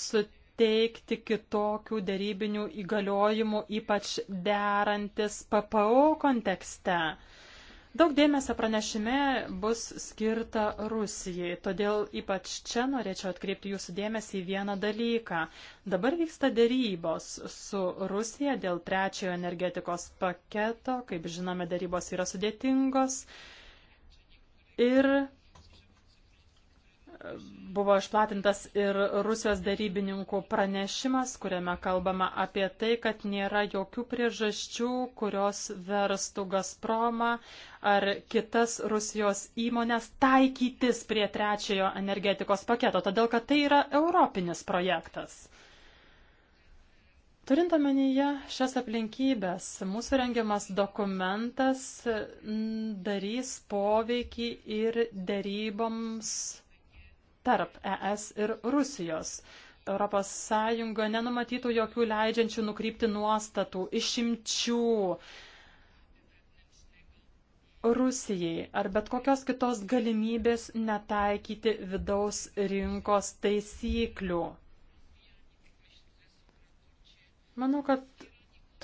suteikti kitokių dėrybinių įgaliojimų, ypač derantis PPO kontekste. Daug dėmesio pranešime bus skirta Rusijai, todėl ypač čia norėčiau atkreipti jūsų dėmesį į vieną dalyką. Dabar vyksta dėrybos su Rusija dėl trečiojo energetikos paketo, kaip žinome, dėrybos yra sudėtingos. Ir buvo išplatintas ir Rusijos darybininkų pranešimas, kuriame kalbama apie tai, kad nėra jokių priežasčių, kurios verstų Gazpromą ar kitas Rusijos įmonės taikytis prie trečiojo energetikos paketo, todėl kad tai yra europinis projektas. Turint omenyje šias aplinkybės, mūsų rengiamas dokumentas darys poveikį ir daryboms tarp ES ir Rusijos. ES nenumatytų jokių leidžiančių nukrypti nuostatų, išimčių Rusijai ar bet kokios kitos galimybės netaikyti vidaus rinkos taisyklių. Manau, kad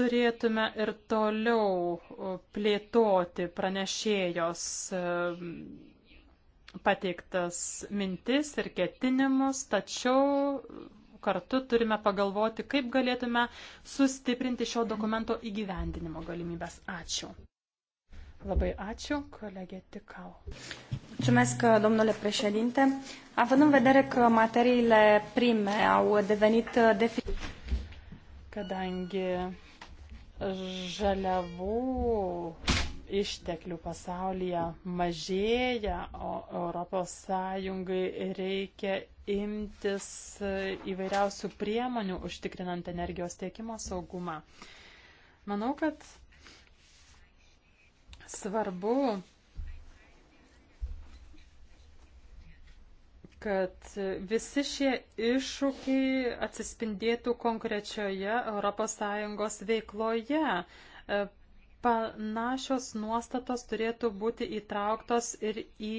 turėtume ir toliau plėtoti pranešėjos pateiktas mintis ir ketinimus, tačiau kartu turime pagalvoti, kaip galėtume sustiprinti šio dokumento įgyvendinimo galimybės. Ačiū. Labai ačiū, kolegė Tikau. Mulțumesc, domnule președinte. Având în vedere că materiile prime au devenit deficit. Kadangi žaliavų išteklių pasaulyje mažėja, o Europos Sąjungai reikia imtis įvairiausių priemonių užtikrinant energijos tiekimo saugumą. Manau, kad svarbu, kad visi šie iššūkiai atsispindėtų konkrečioje ES veikloje Panašios nuostatos turėtų būti įtrauktos ir į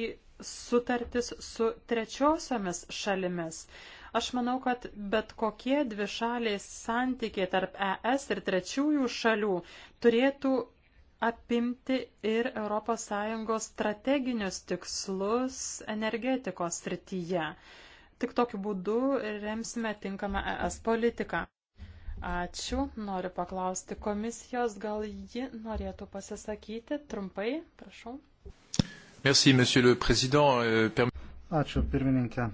sutartis su trečiosiomis šalimis. Aš manau, kad bet kokie dvišaliai santykiai tarp ES ir trečiųjų šalių turėtų apimti ir ES strateginius tikslus energetikos srityje. Tik tokiu būdu remsime tinkamą ES politiką. Ačiū. Noriu paklausti komisijos, gal ji norėtų pasisakyti trumpai, prašau. Merci, monsieur le président. Euh, Ačiū, pirmininkė.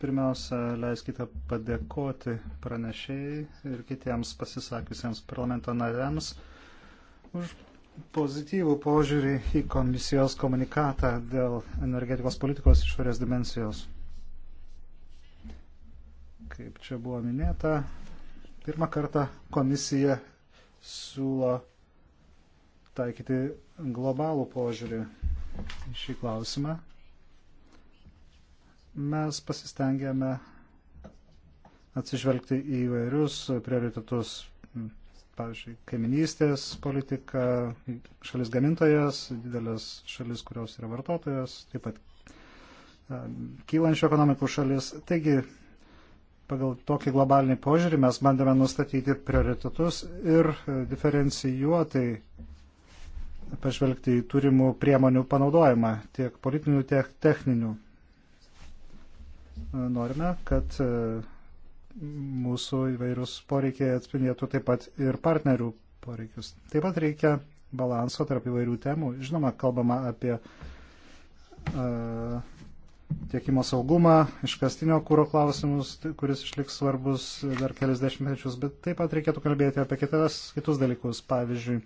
Pirmiausia, leiskite padėkoti pranešėjai ir kitiems pasisakiusiems parlamento nariams už pozityvų požiūrį į komisijos komunikatą dėl energetikos politikos išorės dimensijos. Kaip čia buvo minėta, pirmą kartą komisija siūlo taikyti globalų požiūrį į šį klausimą. Mes pasistengėme atsižvelgti į įvairius prioritetus, pavyzdžiui, kaiminystės politika, šalis gamintojas, didelės šalis, kurios yra vartotojas, taip pat e, kylančių ekonomikų šalis. Taigi pagal tokį globalinį požiūrį mes bandėme nustatyti prioritetus ir e, diferencijuotai pažvelgti į turimų priemonių panaudojimą, tiek politinių, tiek techninių. E, norime, kad e, mūsų įvairius poreikiai atspindėtų taip pat ir partnerių poreikius. Taip pat reikia balanso tarp įvairių temų. Žinoma, kalbama apie uh, tiekimo saugumą, iškastinio kūro klausimus, kuris išliks svarbus dar kelias dešimtmečius, bet taip pat reikėtų kalbėti apie kitas, kitus dalykus, pavyzdžiui,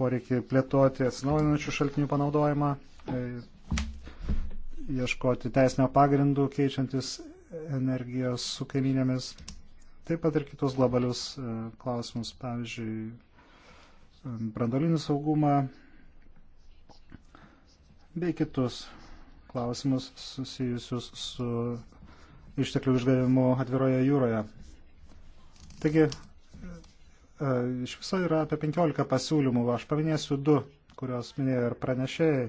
poreikį plėtoti atsinaujinančių šaltinių panaudojimą, e, ieškoti teisinio pagrindų, keičiantis energijos su kaiminėmis, taip pat ir kitus globalius e, klausimus, pavyzdžiui, brandolinį saugumą bei kitus klausimus susijusius su išteklių išgavimu atviroje jūroje. Taigi, e, iš viso yra apie 15 pasiūlymų, aš paminėsiu du, kuriuos minėjo ir pranešėjai.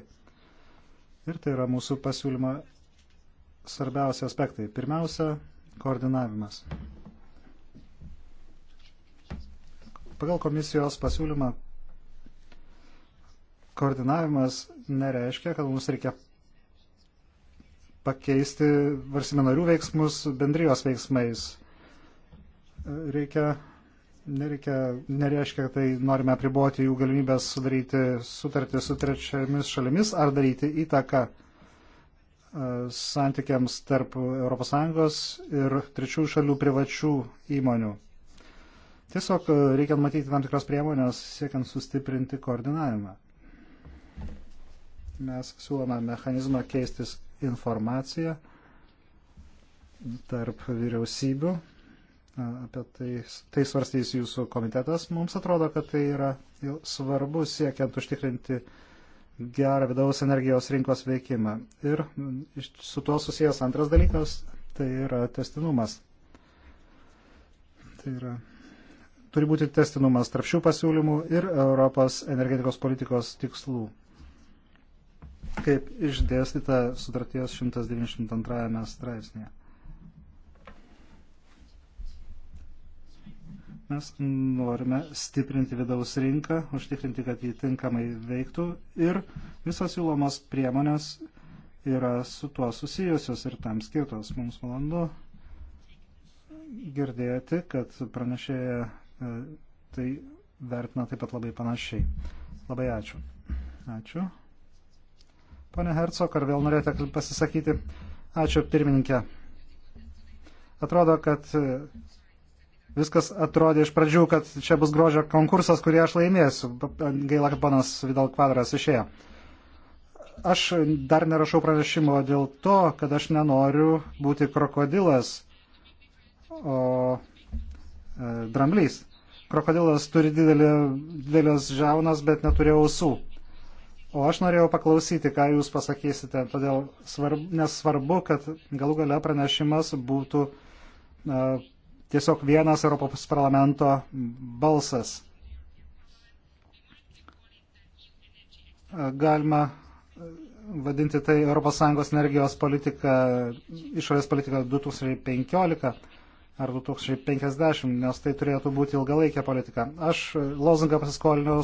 Ir tai yra mūsų pasiūlymo svarbiausi aspektai. Pirmiausia, koordinavimas. Pagal komisijos pasiūlymą koordinavimas nereiškia, kad mums reikia pakeisti varsimė narių veiksmus bendrijos veiksmais. Reikia, nereikia, nereiškia, kad tai norime apriboti jų galimybės sudaryti sutartį su trečiamis šalimis ar daryti įtaką e, santykiams tarp ES ir trečių šalių privačių įmonių. Tiesiog e, reikia matyti tam tikras priemonės siekiant sustiprinti koordinavimą. Mes siūlome mechanizmą keistis informaciją tarp vyriausybių. Apie tai, tai svarstys jūsų komitetas. Mums atrodo, kad tai yra svarbu siekiant užtikrinti gerą vidaus energijos rinkos veikimą. Ir su tuo susijęs antras dalykas - tai yra testinumas. Tai yra turi būti testinumas tarp šių pasiūlymų ir Europos energetikos politikos tikslų kaip išdėstyta sutarties 192 straipsnėje. Mes norime stiprinti vidaus rinką, užtikrinti, kad jį tinkamai veiktų ir visos siūlomos priemonės yra su tuo susijusios ir tam skirtos. Mums valandu girdėti, kad pranešėja e, tai vertina taip pat labai panašiai. Labai ačiū. Ačiū. Pane Hercog, ar vėl norėjote pasisakyti? Ačiū pirmininkė. Atrodo, kad e, viskas atrodė iš pradžių, kad čia bus grožio konkursas, kurį aš laimėsiu. Gaila, kad panas Vidal Kvadras išėjo. Aš dar nerašau pranešimo dėl to, kad aš nenoriu būti krokodilas, o e, dramblys. Krokodilas turi didelį, didelės žiaunas, bet neturi ausų. O aš norėjau paklausyti, ką jūs pasakysite, todėl svarb, nesvarbu, kad galų gale pranešimas būtų na, tiesiog vienas Europos parlamento balsas. Galima vadinti tai ES energijos politika, išorės politika 2015 ar 2050, nes tai turėtų būti ilgalaikė politika. Aš lozingą pasiskolinau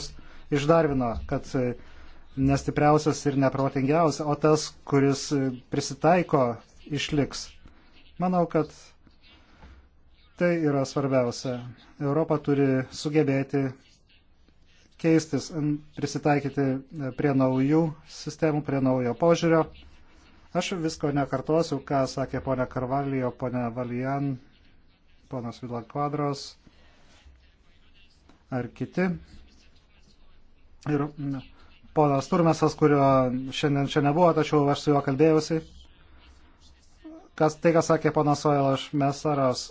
iš Darvino, kad nestipriausias ir neprotingiausias, o tas, kuris prisitaiko, išliks. Manau, kad tai yra svarbiausia. Europa turi sugebėti keistis, prisitaikyti prie naujų sistemų, prie naujo požiūrio. Aš visko nekartosiu, ką sakė ponia Karvalijo, ponia Valijan, ponas Vila Kvadros ar kiti. Ir na, ponas Turmesas, kurio šiandien čia nebuvo, tačiau aš su juo kalbėjausi. Kas, tai, ką sakė ponas Oilas Mesaras,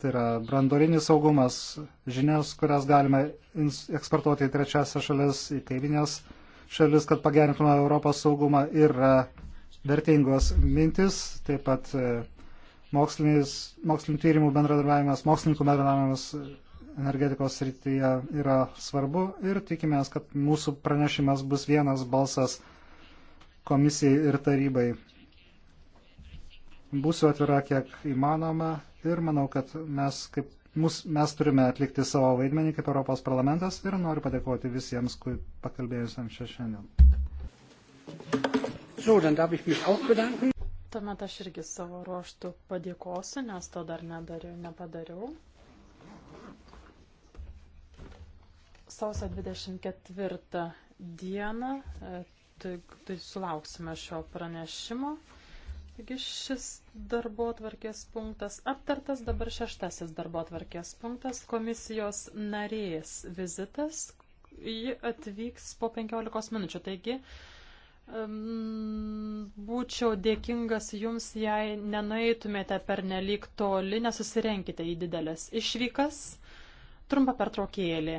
tai yra brandorinis saugumas, žinias, kurias galime eksportuoti į trečiasią šalis, į kaiminės šalis, kad pagerintume Europos saugumą ir vertingos mintis, taip pat e, mokslinių tyrimų bendradarbiavimas, mokslininkų bendradarbiavimas energetikos srityje yra svarbu ir tikimės, kad mūsų pranešimas bus vienas balsas komisijai ir tarybai. Būsiu atvira kiek įmanoma ir manau, kad mes, kaip, mus, mes turime atlikti savo vaidmenį kaip Europos parlamentas ir noriu padėkoti visiems, kui pakalbėjusiam čia šiandien. So, dann darf ich mich auch bedanken. Tuomet aš irgi savo ruoštų padėkosiu, nes to dar nedariau, nepadariau. sausio 24 dieną, e, tai, tai sulauksime šio pranešimo. Taigi šis darbo atvarkės punktas aptartas, dabar šeštasis darbo atvarkės punktas - komisijos narės vizitas. Ji atvyks po 15 minučių, taigi um, būčiau dėkingas jums, jei nenaitumėte per nelik toli, nesusirenkite į didelės išvykas. Trumpa pertraukėlė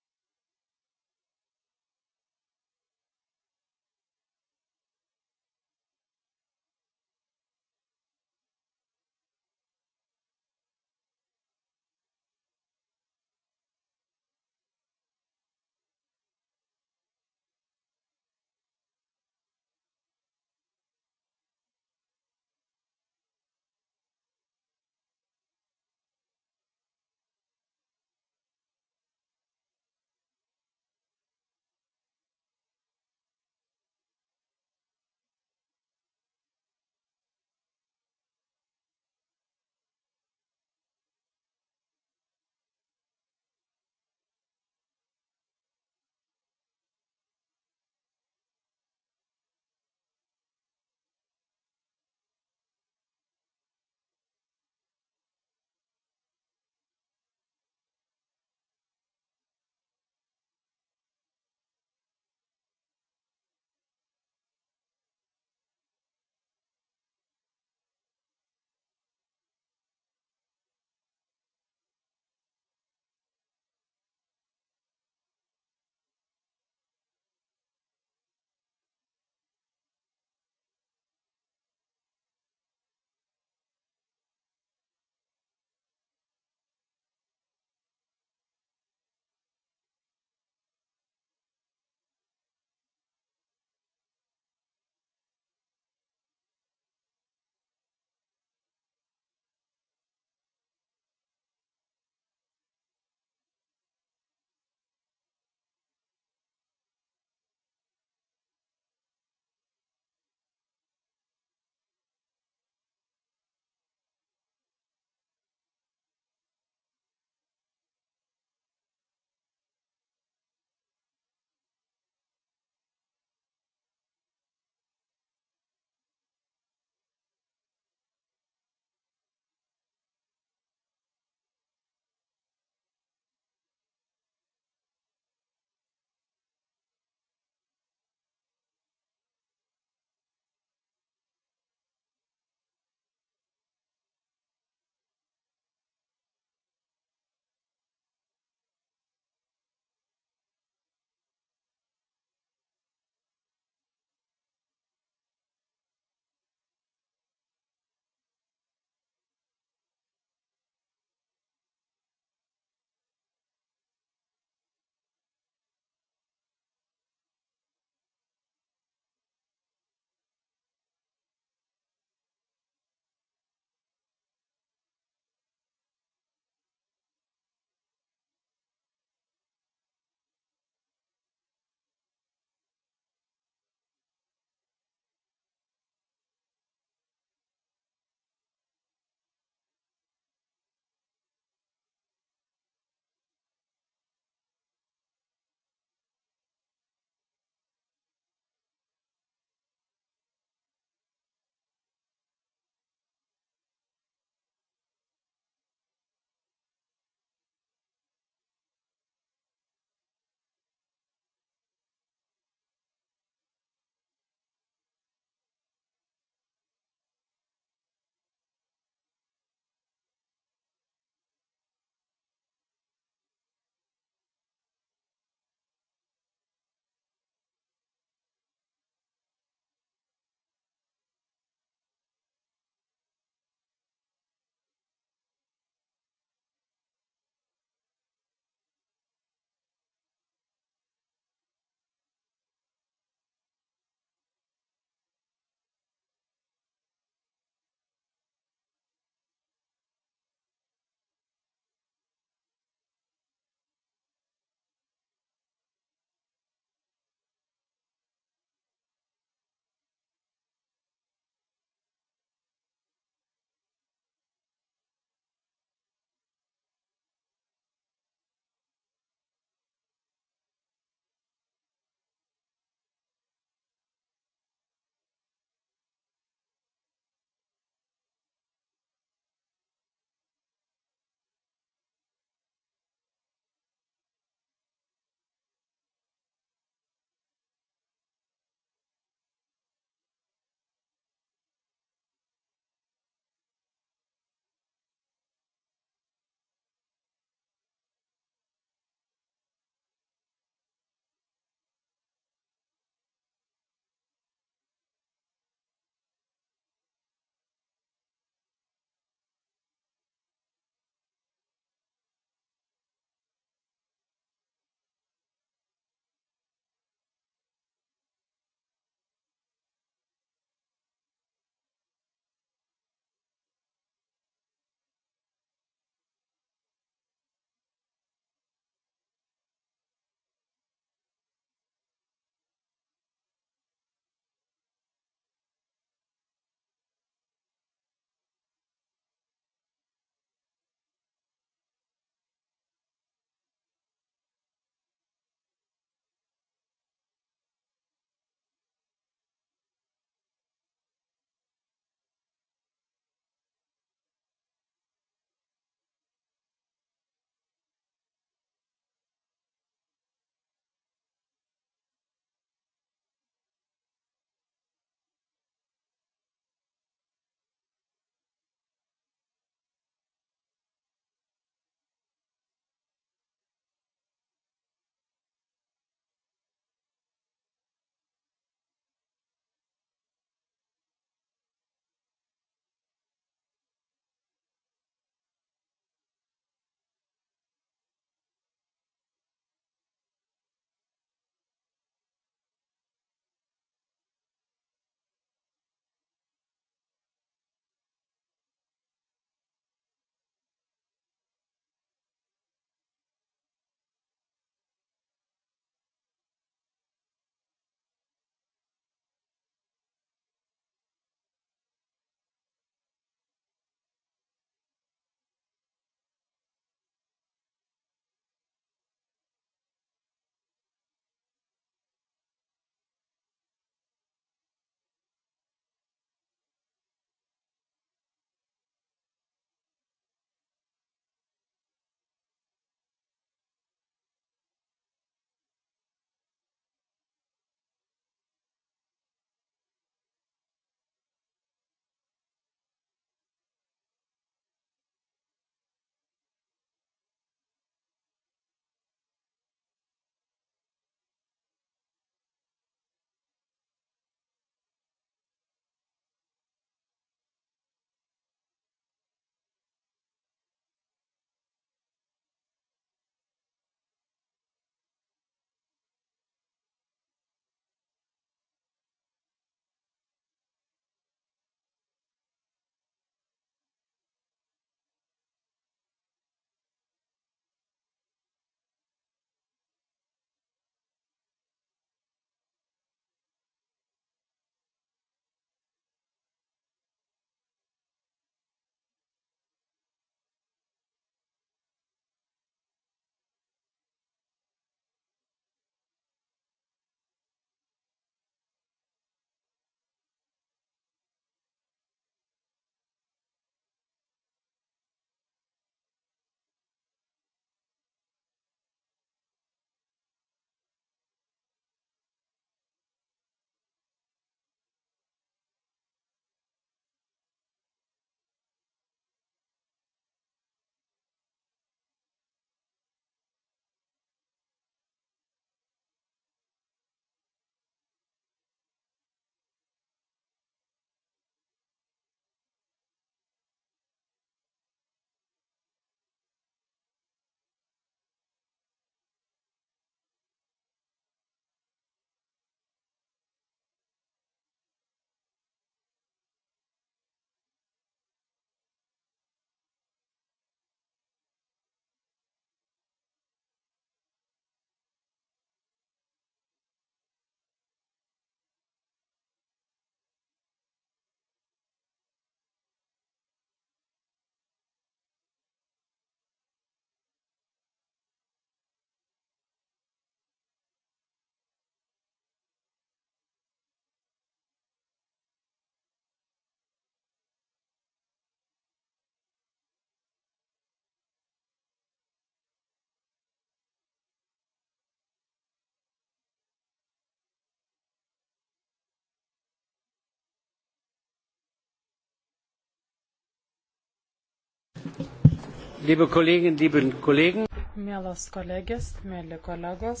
Liebe Kolleginnen, liebe Kollegen. Mielos kolegės, mėly kolegos,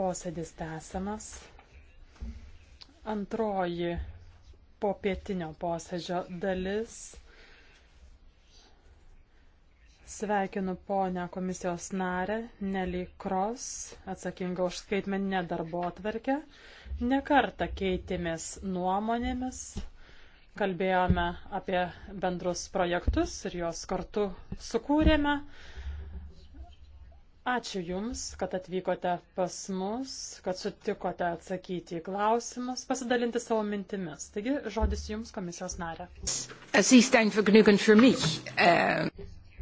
posėdis tęsiamas. Antroji po pietinio posėdžio dalis. Sveikinu ponę komisijos narę Nelly Cross, atsakingą už skaitmeninę darbo atverkę. Nekartą keitėmės nuomonėmis kalbėjome apie bendrus projektus ir juos kartu sukūrėme. Ačiū Jums, kad atvykote pas mus, kad sutikote atsakyti į klausimus, pasidalinti savo mintimis. Taigi, žodis Jums, komisijos narė. Uh,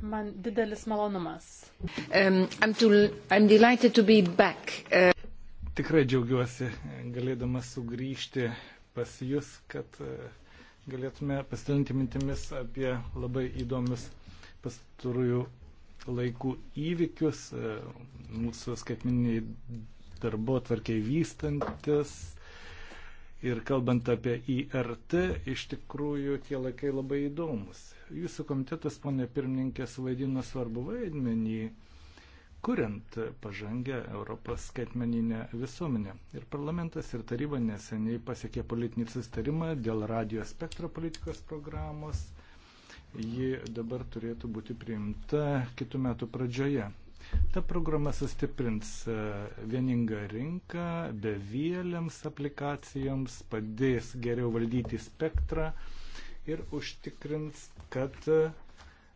Man didelis malonumas. Um, I'm to, I'm uh... Tikrai džiaugiuosi galėdamas sugrįžti pas Jūs, kad uh, galėtume pasidalinti mintimis apie labai įdomius pastarųjų laikų įvykius, e, mūsų skaitminiai darbo tvarkiai vystantis. Ir kalbant apie IRT, iš tikrųjų tie laikai labai įdomus. Jūsų komitetas, ponė pirmininkė, suvaidino svarbu vaidmenį kuriant pažangę Europos skaitmeninę visuomenę. Ir parlamentas ir taryba neseniai pasiekė politinį sustarimą dėl radio spektro politikos programos. Ji dabar turėtų būti priimta kitų metų pradžioje. Ta programa sustiprins e, vieningą rinką bevėliams aplikacijoms, padės geriau valdyti spektrą ir užtikrins, kad uh,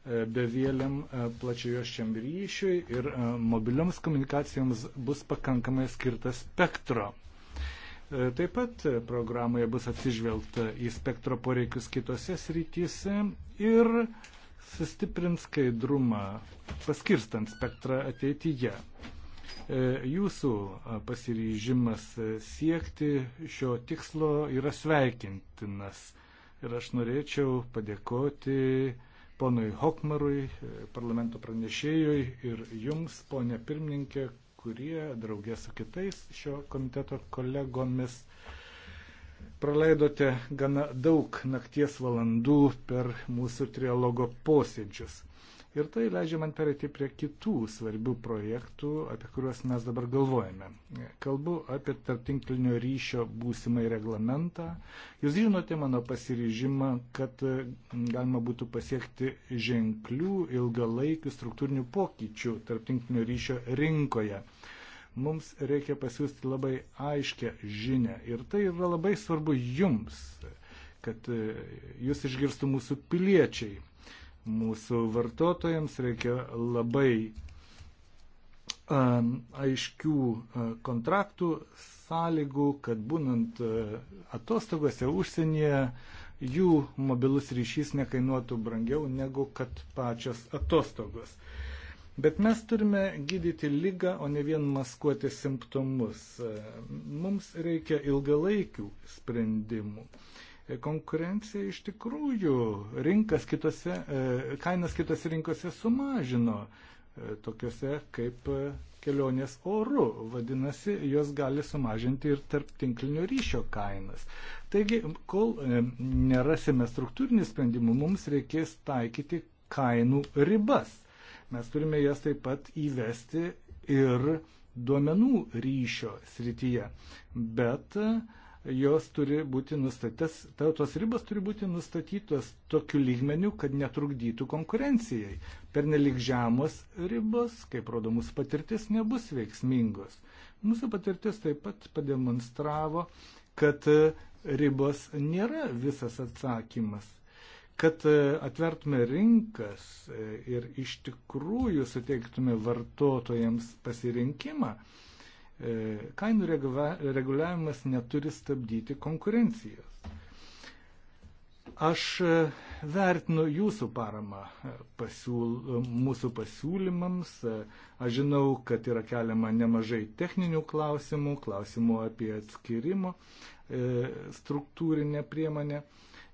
E, bevėliam e, plačiojoščiam ryšiui ir e, mobilioms komunikacijoms bus pakankamai skirtas spektro. Taip pat programoje bus atsižvelgta į spektro poreikius kitose srityse ir sustiprint skaidrumą, paskirstant spektrą ateityje. Jūsų pasiryžimas siekti šio tikslo yra sveikintinas ir aš norėčiau padėkoti uh, ponui Hokmarui, e, parlamento pranešėjui ir jums, ponė pirmininkė, kurie draugė su kitais šio komiteto kolegomis praleidote gana daug nakties valandų per mūsų trialogo posėdžius. Ir tai leidžia man perėti prie kitų svarbių projektų, apie kuriuos mes dabar galvojame. Kalbu apie tarptinklinio ryšio būsimai reglamentą. Jūs žinote mano pasiryžimą, kad galima būtų pasiekti ženklių ilgalaikių struktūrinių pokyčių tarptinklinio ryšio rinkoje mums reikia pasiūsti labai aiškę žinę. Ir tai yra labai svarbu jums, kad e, jūs išgirstų mūsų piliečiai mūsų vartotojams, reikia labai aiškių kontraktų sąlygų, kad būnant atostogose užsienyje jų mobilus ryšys nekainuotų brangiau negu kad pačios atostogos. Bet mes turime gydyti lygą, o ne vien maskuoti simptomus. Mums reikia ilgalaikių sprendimų konkurencija iš tikrųjų rinkas kitose, e, kainas kitose rinkose sumažino, e, tokiuose kaip e, kelionės oru. Vadinasi, jos gali sumažinti ir tarp tinklinio ryšio kainas. Taigi, kol nerasime struktūrinį sprendimų, mums reikės taikyti kainų ribas. Mes turime jas taip pat įvesti ir duomenų ryšio srityje. Bet uh, jos turi būti nustatytas, tos ribos turi būti nustatytos tokiu lygmeniu, kad netrukdytų konkurencijai. Per nelik žemos ribos, kaip rodo mūsų patirtis, nebus veiksmingos. Mūsų patirtis taip pat pademonstravo, kad e, ribos nėra visas atsakymas. Kad e, atvertume rinkas e, ir iš tikrųjų suteiktume vartotojams pasirinkimą, E, kainų reguliavimas neturi stabdyti konkurencijos. Aš e, vertinu jūsų paramą e, pasiūl, mūsų pasiūlymams. Aš žinau, kad yra keliama nemažai techninių klausimų, klausimų apie atskirimo struktūrinę priemonę.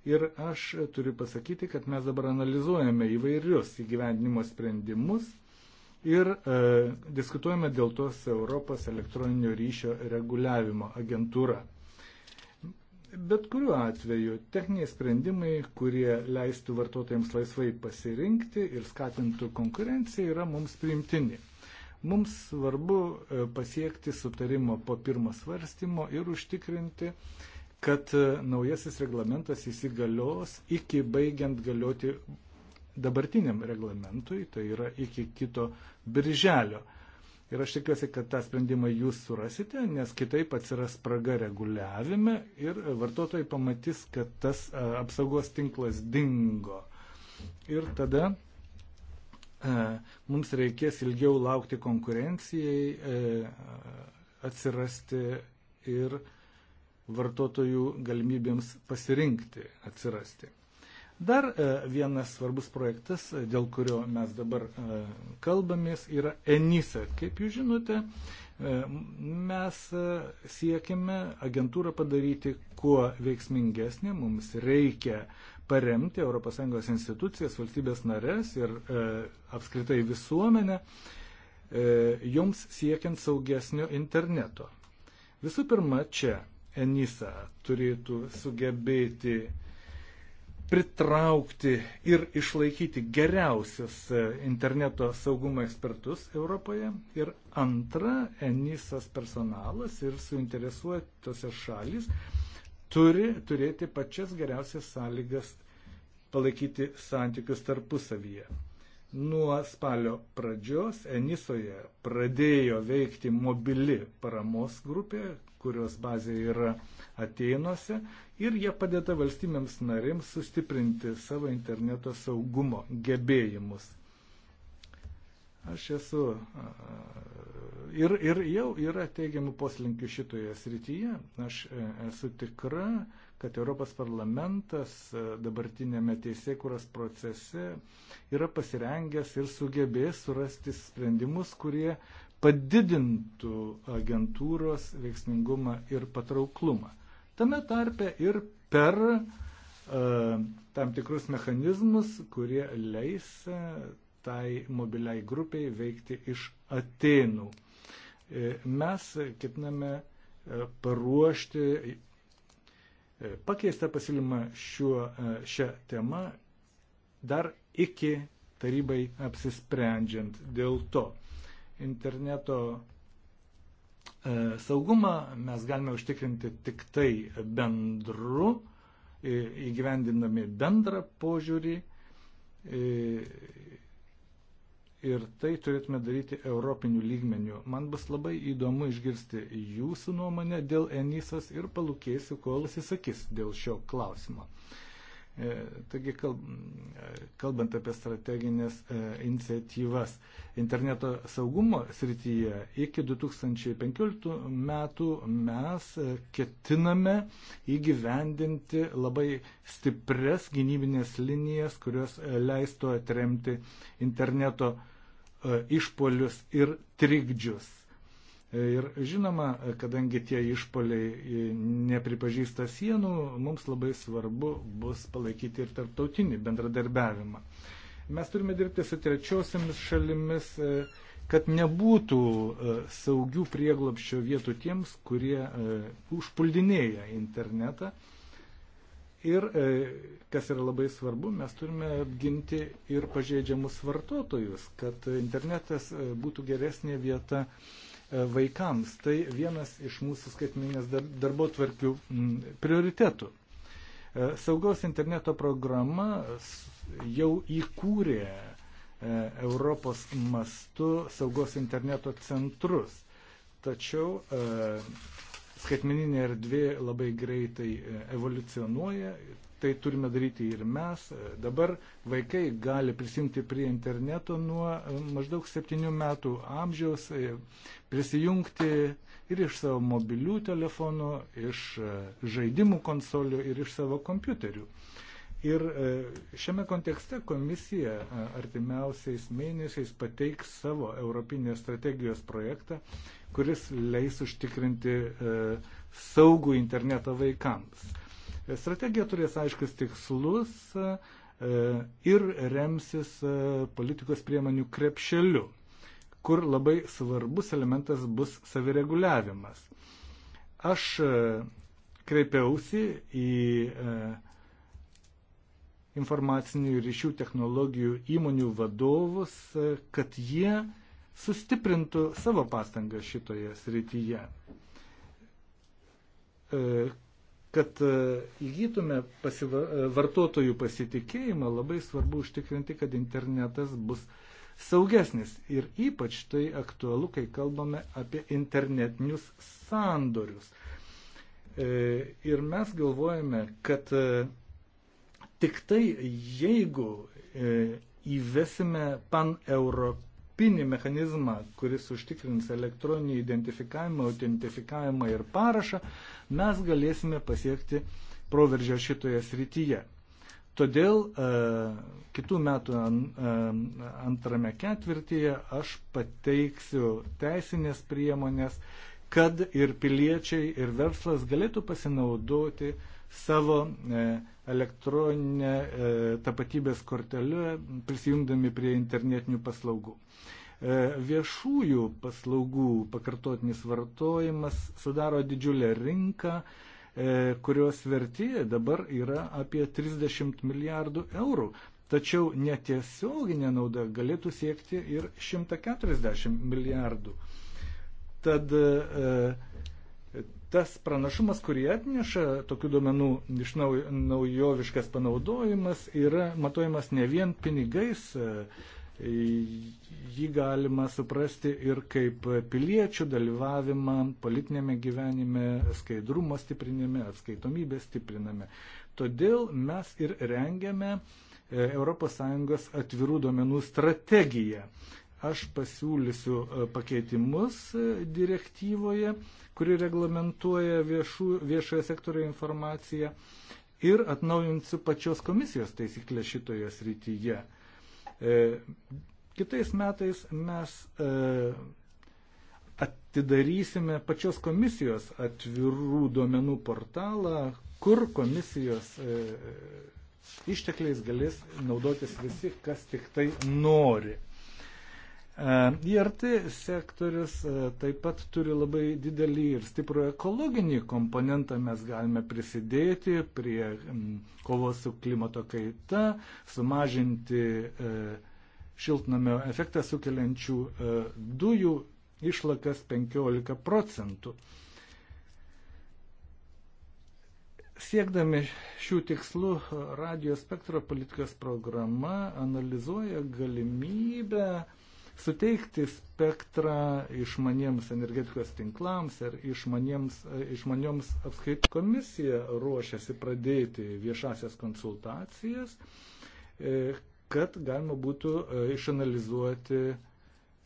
Ir aš turiu pasakyti, kad mes dabar analizuojame įvairius įgyvendinimo sprendimus ir e, diskutuojame dėl tos Europos elektroninio ryšio reguliavimo agentūra. Bet kuriuo atveju techniniai sprendimai, kurie leistų vartotojams laisvai pasirinkti ir skatintų konkurenciją, yra mums priimtini. Mums svarbu e, pasiekti sutarimo po pirmo svarstymo ir užtikrinti, kad e, naujasis reglamentas įsigalios iki baigiant galioti dabartiniam reglamentui, tai yra iki kito birželio. Ir aš tikiuosi, kad tą sprendimą jūs surasite, nes kitaip atsiras spraga reguliavime ir vartotojai pamatys, kad tas e, apsaugos tinklas dingo. Ir tada e, mums reikės ilgiau laukti konkurencijai, e, atsirasti ir vartotojų galimybėms pasirinkti atsirasti. Dar e, vienas svarbus projektas, e, dėl kurio mes dabar e, kalbamės, yra ENISA. Kaip jūs žinote, mes siekime agentūrą padaryti kuo veiksmingesnė, mums reikia paremti ES institucijas, valstybės narės ir apskritai visuomenę, joms siekiant saugesnio interneto. Visų pirma, čia ENISA turėtų sugebėti pritraukti ir išlaikyti geriausius e, interneto saugumo ekspertus Europoje. Ir antra, Enisas personalas ir suinteresuotose šalis turi turėti pačias geriausias sąlygas palaikyti santykius tarpusavyje. Nuo spalio pradžios Enisoje pradėjo veikti mobili paramos grupė, kurios bazė yra Atenuose ir jie padeda valstybėms narėms sustiprinti savo interneto saugumo gebėjimus. Aš esu ir, ir jau yra teigiamų poslinkių šitoje srityje. Aš e, esu tikra, kad Europos parlamentas e, dabartinėme teisėkuros procese yra pasirengęs ir sugebės surasti sprendimus, kurie padidintų agentūros veiksmingumą ir patrauklumą tame tarpe ir per e, tam tikrus mechanizmus, kurie leis e, tai mobiliai grupiai veikti iš Atenų. E, mes ketiname paruošti pakeistą pasiūlymą šiuo, šią temą dar iki tarybai apsisprendžiant dėl to. Interneto E, saugumą mes galime užtikrinti tik tai bendru, e, įgyvendindami bendrą požiūrį e, ir tai turėtume daryti europinių lygmenių. Man bus labai įdomu išgirsti jūsų nuomonę dėl Enisas ir palūkėsiu, kol jis įsakys dėl šio klausimo. Uh, E, taigi, e, kalbant apie strateginės e, iniciatyvas, interneto saugumo srityje iki 2015 metų mes ketiname įgyvendinti labai stipres gynybinės linijas, kurios leistų atremti interneto išpolius ir trikdžius. Ir žinoma, kadangi tie išpoliai e, nepripažįsta sienų, mums labai svarbu bus palaikyti ir tarptautinį bendradarbiavimą. Mes turime dirbti su trečiosiamis šalimis, e, kad nebūtų e, saugių prieglopščio vietų tiems, kurie užpuldinėja internetą. Ir, kas yra labai svarbu, mes turime apginti ir pažeidžiamus vartotojus, kad internetas būtų geresnė vieta E, vaikams. Tai vienas iš mūsų skaitminės darbo tvarkių prioritetų. E, Saugaus interneto programa jau įkūrė e, Europos mastu saugos interneto centrus. Tačiau skaitmeninė erdvė labai greitai evoliucionuoja, tai turime daryti ir mes. Dabar vaikai gali prisimti prie interneto nuo e, maždaug 7 metų amžiaus, e, prisijungti ir iš savo mobilių telefonų, iš e, žaidimų konsolių ir iš savo kompiuterių. Ir šiame kontekste komisija artimiausiais mėnesiais pateiks savo Europinės strategijos projektą, kuris leis užtikrinti saugų internetą vaikams. Strategija turės aiškius tikslus e, ir remsis e, politikos priemonių krepšeliu, kur labai svarbus elementas bus savireguliavimas. Aš e, kreipiausi į informacinių ryšių technologijų įmonių vadovus, kad jie sustiprintų savo pastangą šitoje srityje Kad e, įgytume pasiva, e, vartotojų pasitikėjimą, labai svarbu užtikrinti, kad internetas bus saugesnis. Ir ypač tai aktualu, kai kalbame apie internetinius sandorius. E, ir mes galvojame, kad tik tai jeigu įvesime paneuropinį mechanizmą, kuris užtikrins elektroninį identifikavimą, autentifikavimą ir parašą, mes galėsime pasiekti proveržio šitoje srityje. Todėl e, kitų metų e, antrame ketvirtyje aš pateiksiu teisinės priemonės, kad ir piliečiai, ir verslas galėtų pasinaudoti savo e, elektroninę tapatybės kortelę prisijungdami prie internetinių paslaugų. E, viešųjų paslaugų pakartotinis vartojimas sudaro didžiulę rinką, e, kurios vertė dabar yra apie 30 milijardų eurų. Tačiau netiesioginė nauda galėtų siekti ir 140 milijardų. Tad e, tas pranašumas, kurį atneša tokių duomenų iš naujoviškas panaudojimas, yra matuojamas ne vien pinigais, jį galima suprasti ir kaip piliečių dalyvavimą politinėme gyvenime, skaidrumo stiprinime, atskaitomybės stiprinime. Todėl mes ir rengiame ES atvirų duomenų strategiją. Aš pasiūlysiu e, pakeitimus e, direktyvoje, kuri reglamentuoja viešų, viešojo sektorio informaciją ir atnaujinsiu pačios komisijos taisyklę šitoje srityje. E, kitais metais mes e, atidarysime pačios komisijos atvirų duomenų portalą, kur komisijos e, ištekliais galės naudotis visi, kas tik tai nori. E, IRT sektorius e, taip pat turi labai didelį ir stiprų ekologinį komponentą. Mes galime prisidėti prie kovos su klimato kaita, sumažinti e, šiltnamio efektą sukeliančių dujų išlakas 15 procentų. Siekdami šių tikslų, radio spektro politikos programa analizuoja galimybę suteikti spektrą išmaniems energetikos tinklams ir išmaniems, išmanioms apskait komisija ruošiasi pradėti viešasias konsultacijas, e, kad galima būtų e, išanalizuoti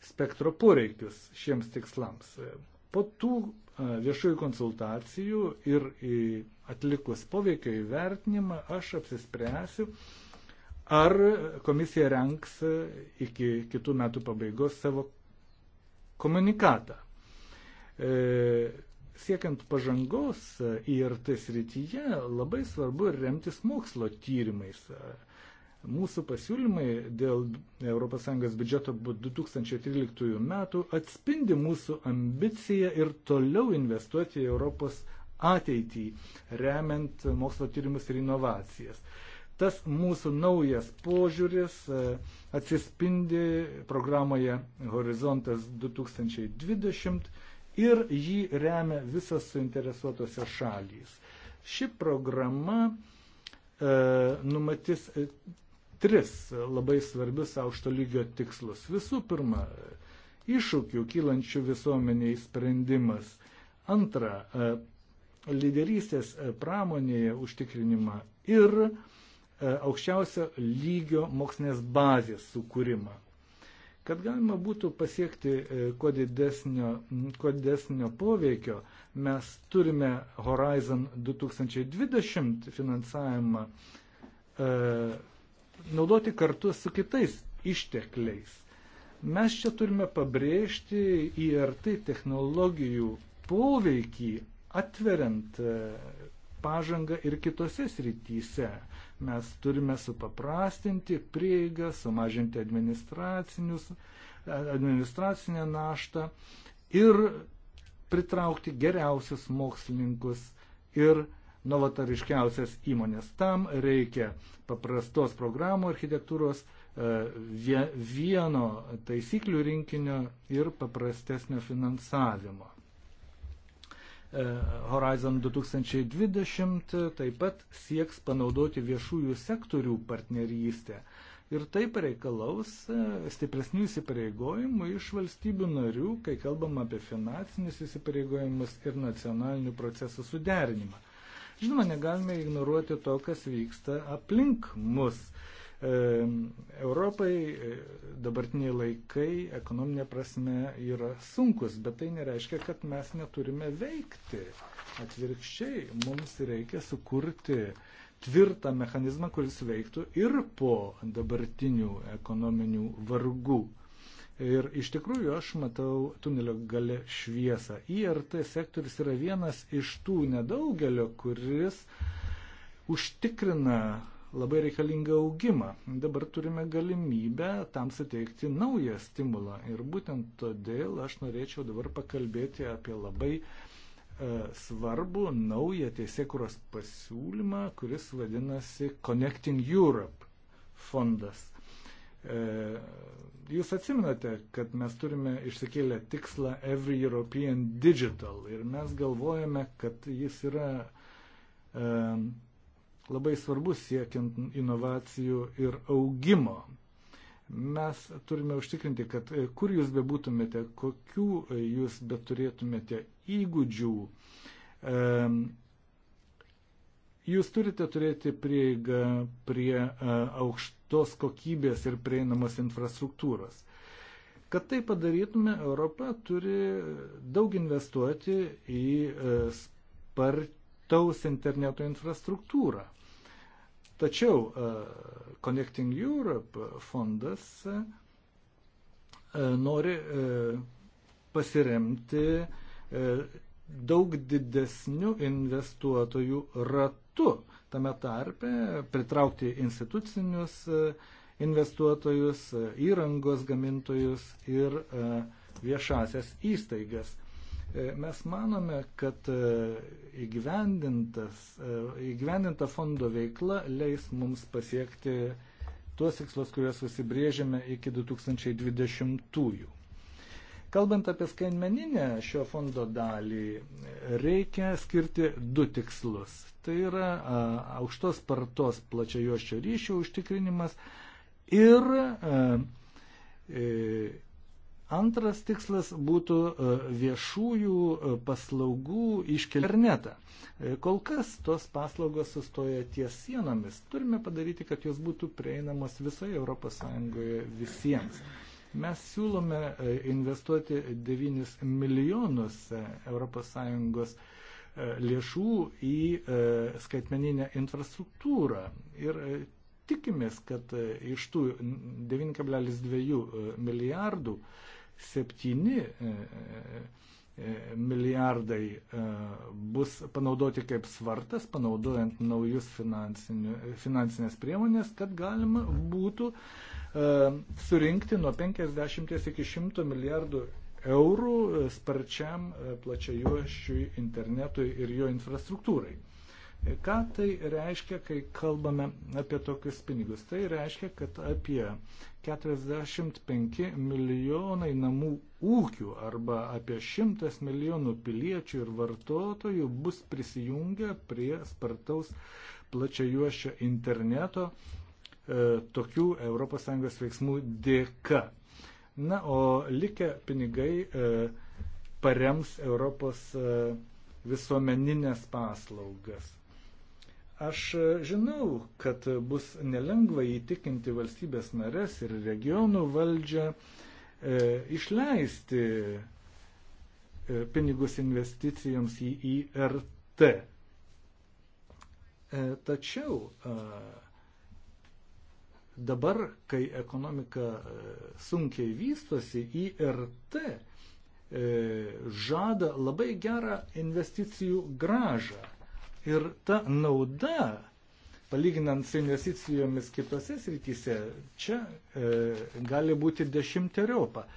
spektro poreikius šiems tikslams. E, po tų viešųjų konsultacijų ir atlikus poveikio įvertinimą aš apsispręsiu, Ar komisija renks iki kitų metų pabaigos savo komunikatą? E, siekiant pažangos IRT srityje labai svarbu remtis mokslo tyrimais. Mūsų pasiūlymai dėl ES biudžeto 2013 metų atspindi mūsų ambiciją ir toliau investuoti į Europos ateitį, remiant mokslo tyrimus ir inovacijas. Tas mūsų naujas požiūris e, atsispindi programoje Horizontas 2020 ir jį remia visas suinteresuotose šalys. Ši programa e, numatys e, tris labai svarbius aukšto lygio tikslus. Visų pirma, iššūkių kylančių visuomeniai sprendimas. Antra, e, lyderystės pramonėje užtikrinimą ir E, aukščiausio lygio mokslinės bazės sukūrimą. Kad galima būtų pasiekti e, kuo didesnio, kuo didesnio poveikio, mes turime Horizon 2020 finansavimą e, naudoti kartu su kitais ištekliais. Mes čia turime pabrėžti IRT e technologijų poveikį atveriant pažangą ir kitose srityse. E, Mes turime supaprastinti prieigą, sumažinti administracinę naštą ir pritraukti geriausius mokslininkus ir novatariškiausias įmonės. Tam reikia paprastos programų architektūros, e, vieno taisyklių rinkinio ir paprastesnio finansavimo. E, Horizon 2020 taip pat sieks panaudoti viešųjų sektorių partnerystę. Ir tai pareikalaus e, stipresnių įsipareigojimų iš valstybių narių, kai kalbam apie finansinius įsipareigojimus ir nacionalinių procesų suderinimą. Žinoma, negalime ignoruoti to, kas vyksta aplink mus. E, Europai e, dabartiniai laikai ekonominė prasme yra sunkus, bet tai nereiškia, kad mes neturime veikti. Atvirkščiai, mums reikia sukurti tvirtą mechanizmą, kuris veiktų ir po dabartinių ekonominių vargų. Ir iš tikrųjų aš matau tunelio gale šviesą. IRT sektorius yra vienas iš tų nedaugelio, kuris užtikrina labai reikalingą augimą. Dabar turime galimybę tam suteikti naują stimulą. Ir būtent todėl aš norėčiau dabar pakalbėti apie labai e, svarbų naują tiesiekuros pasiūlymą, kuris vadinasi Connecting Europe fondas. E, jūs atsiminate, kad mes turime išsikėlę tikslą Every European Digital ir mes galvojame, kad jis yra e, labai svarbus siekiant inovacijų ir augimo. Mes turime užtikrinti, kad e, kur jūs bebūtumėte, kokių e, jūs beturėtumėte įgūdžių, jūs turite turėti prieigą prie e, aukštos kokybės ir prieinamos infrastruktūros. Kad tai padarytume, Europa turi daug investuoti į spartų spartaus interneto infrastruktūrą. Tačiau e, Connecting Europe fondas e, nori e, pasiremti daug didesnių investuotojų ratu. Tame tarpe pritraukti institucinius investuotojus, įrangos gamintojus ir viešasias įstaigas. E, mes manome, kad e, e, įgyvendinta fondo veikla leis mums pasiekti tuos tikslus, kuriuos susibrėžėme iki 2020-ųjų. Kalbant apie skaitmeninę šio fondo dalį, reikia skirti du tikslus. Tai yra a, aukštos spartos plačiajuoščio ryšio užtikrinimas ir a, e, Antras tikslas būtų e, viešųjų e, paslaugų iš internetą. E, kol kas tos paslaugos sustoja ties sienomis. Turime padaryti, kad jos būtų prieinamos visoje ES visiems. Mes siūlome investuoti 9 milijonus ES lėšų į skaitmeninę infrastruktūrą. Ir tikimės, kad iš tų 9,2 milijardų 7 e, e, e, milijardai bus panaudoti kaip svartas, panaudojant naujus finansinės priemonės, kad galima būtų surinkti nuo 50 iki 100 milijardų eurų sparčiam plačiajuošiui internetui ir jo infrastruktūrai. Ką tai reiškia, kai kalbame apie tokius pinigus? Tai reiškia, kad apie 45 milijonai namų ūkių arba apie 100 milijonų piliečių ir vartotojų bus prisijungę prie spartaus plačiajuošio interneto e, tokių ES veiksmų dėka. Na, o likę pinigai e, parems Europos e, visuomeninės paslaugas. Aš e, žinau, kad bus nelengva įtikinti valstybės nares ir regionų valdžią e, išleisti e, pinigus investicijoms į IRT. E, tačiau e, dabar, kai ekonomika e, sunkiai vystosi, IRT e, žada labai gerą investicijų gražą Ir ta nauda, palyginant su investicijomis kitose srityse, čia e, gali būti dešimteriopa.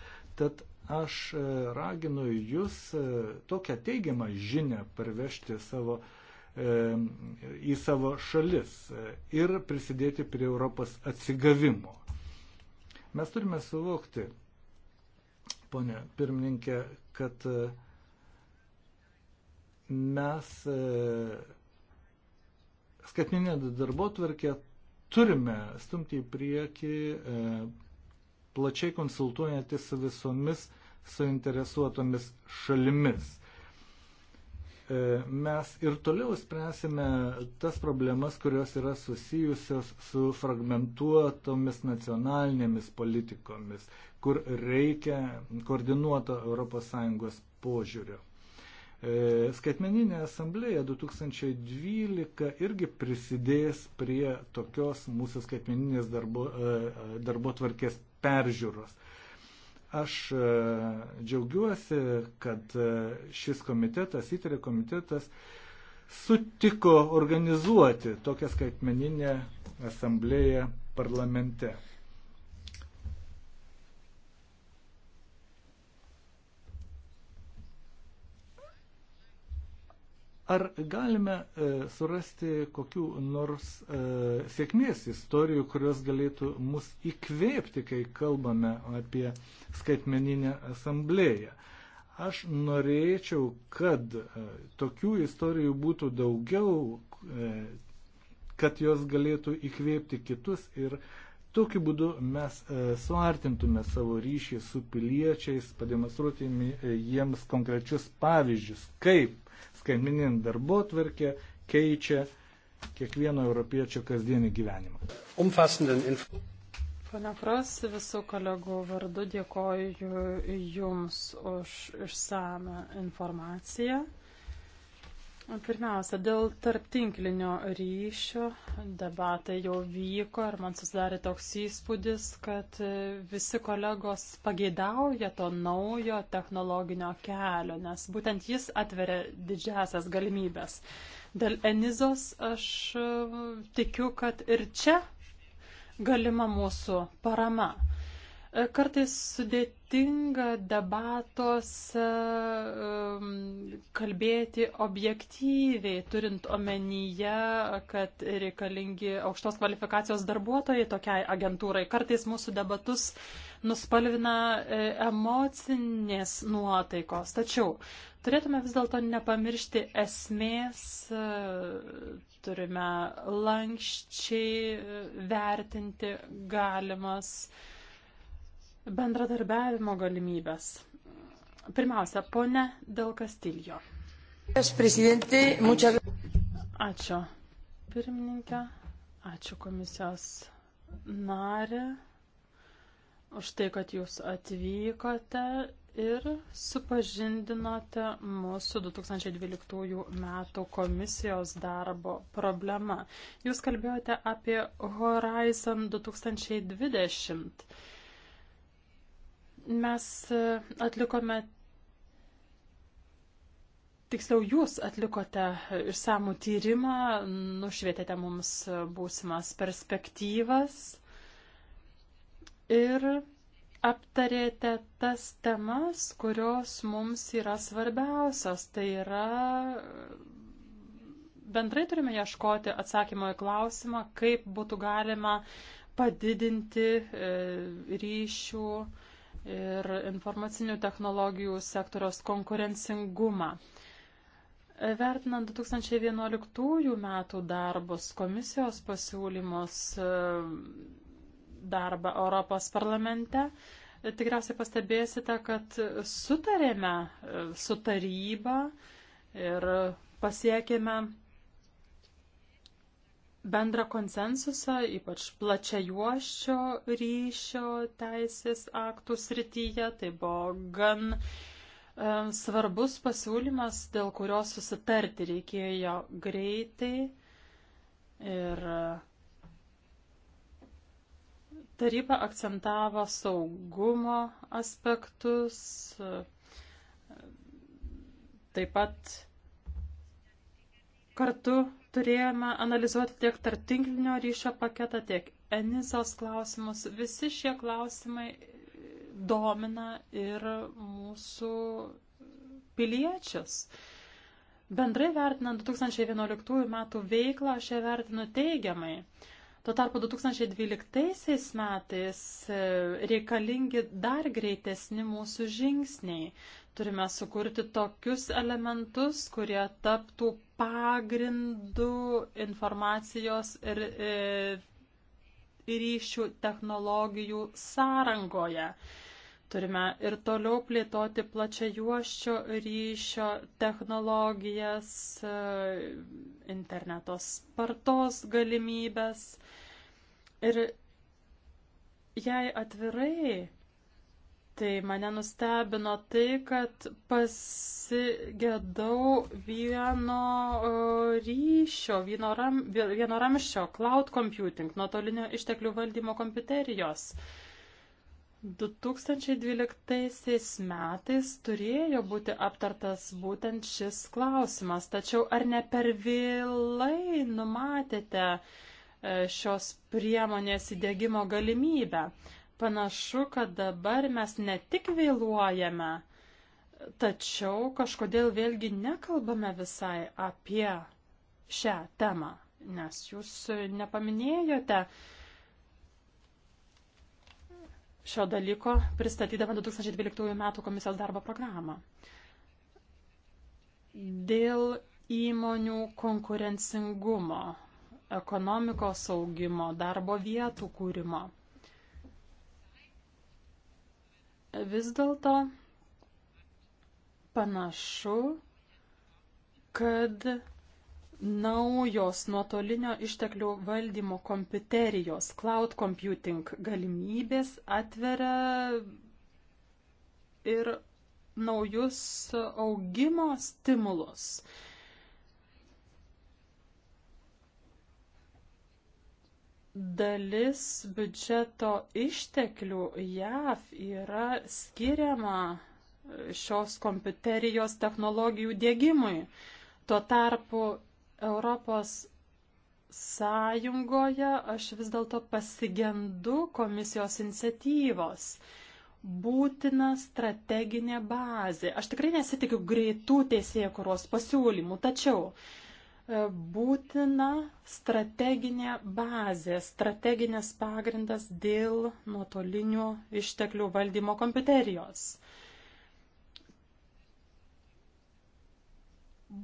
Tad aš e, raginu jūs e, tokią teigiamą žinę parvežti savo, e, į savo šalis e, ir prisidėti prie Europos atsigavimo. Mes turime suvokti, ponė pirmininkė, kad e, mes e, skaitminę darbo tvarkę turime stumti į priekį e, plačiai konsultuojantį su visomis suinteresuotomis šalimis. E, mes ir toliau spręsime tas problemas, kurios yra susijusios su fragmentuotomis nacionalinėmis politikomis, kur reikia koordinuoto ES požiūrio. E, skaitmeninė asamblėja 2012 irgi prisidės prie tokios mūsų skaitmeninės darbo, e, e, darbo tvarkės peržiūros. Aš džiaugiuosi, kad šis komitetas, įtarė komitetas, sutiko organizuoti tokią skaitmeninę asamblėją parlamente. Ar galime e, surasti kokių nors e, sėkmės istorijų, kurios galėtų mus įkvėpti, kai kalbame apie skaitmeninę asamblėją? Aš norėčiau, kad e, tokių istorijų būtų daugiau, kad jos galėtų įkvėpti kitus ir tokiu būdu mes suartintume savo ryšį su piliečiais, pademonstruotume jiems konkrečius pavyzdžius, kaip skaitmeninė darbo tvarkė keičia kiekvieno europiečio kasdienį gyvenimą. Pane Fras, visų kolegų vardu dėkoju Jums už išsame informaciją. Pirmiausia, dėl tarptinklinio ryšio debatai jau vyko ir man susidarė toks įspūdis, kad visi kolegos pageidauja to naujo technologinio kelio, nes būtent jis atveria didžiasias galimybės. Dėl Enizos aš e, tikiu, kad ir čia galima mūsų parama. E, kartais sudėtinga debatuose um, kalbėti objektyviai, turint omenyje, kad reikalingi aukštos kvalifikacijos darbuotojai tokiai agentūrai. Kartais mūsų debatus nuspalvina e, emocinės nuotaikos. Tačiau turėtume vis dėlto nepamiršti esmės, e, turime lankščiai vertinti galimas bendradarbiavimo galimybės. Pirmiausia, ponė Del Castillo. Ačiū pirmininkė, ačiū komisijos narė už tai, kad jūs atvykote ir supažindinote mūsų 2012 metų komisijos darbo problemą. Jūs kalbėjote apie Horizon 2020. Mes e, atlikome, tiksliau jūs atlikote išsamų tyrimą, nušvietėte mums būsimas perspektyvas ir aptarėte tas temas, kurios mums yra svarbiausias. Tai yra bendrai turime ieškoti atsakymo į klausimą, kaip būtų galima padidinti e, ryšių ir informacinių technologijų sektoriaus konkurencingumą. Vertinant 2011 metų darbus, komisijos pasiūlymus e, darbą Europos parlamente, e, tikriausiai pastebėsite, kad sutarėme e, su taryba ir pasiekėme bendrą konsensusą, ypač plačia juoščio ryšio teisės aktų srityje. Tai buvo gan e, svarbus pasiūlymas, dėl kurio susitarti reikėjo greitai. Ir e, taryba akcentavo saugumo aspektus, e, taip pat kartu turėjome analizuoti tiek tartinklinio ryšio paketą, tiek Enisos klausimus. Visi šie klausimai domina ir mūsų piliečius. Bendrai vertinant 2011 metų veiklą, aš ją vertinu teigiamai. Tuo tarpu 2012 metais reikalingi dar greitesni mūsų žingsniai. Turime sukurti tokius elementus, kurie taptų pagrindų informacijos ir, e, ir ryšių technologijų sąrangoje. Turime ir toliau plėtoti plačiajuoščio ryšio technologijas, e, interneto spartos galimybės. Ir jei atvirai Tai mane nustebino tai, kad pasigėdau vieno ryšio, vieno, ram, vieno ramščio, cloud computing, nuotolinio išteklių valdymo kompiuterijos. 2012 metais turėjo būti aptartas būtent šis klausimas, tačiau ar ne per vėlai numatėte e, šios priemonės įdėgymo galimybę? panašu, kad dabar mes ne tik vėluojame, tačiau kažkodėl vėlgi nekalbame visai apie šią temą, nes jūs nepaminėjote šio dalyko pristatydama 2012 m. komisijos darbo programą. Dėl įmonių konkurencingumo, ekonomikos augimo, darbo vietų kūrimo. Vis dėlto panašu, kad naujos nuotolinio išteklių valdymo kompiuterijos cloud computing galimybės atveria ir naujus augimo stimulus. Uh, dalis biudžeto išteklių JAV yra skiriama e, šios kompiuterijos technologijų dėgymui. Tuo tarpu Europos Sąjungoje aš vis dėlto pasigendu komisijos iniciatyvos. Būtina strateginė bazė. Aš tikrai nesitikiu greitų teisėjų kuros pasiūlymų, tačiau uh, E, būtina strateginė bazė, strateginis pagrindas dėl nuotolinių išteklių valdymo kompiuterijos.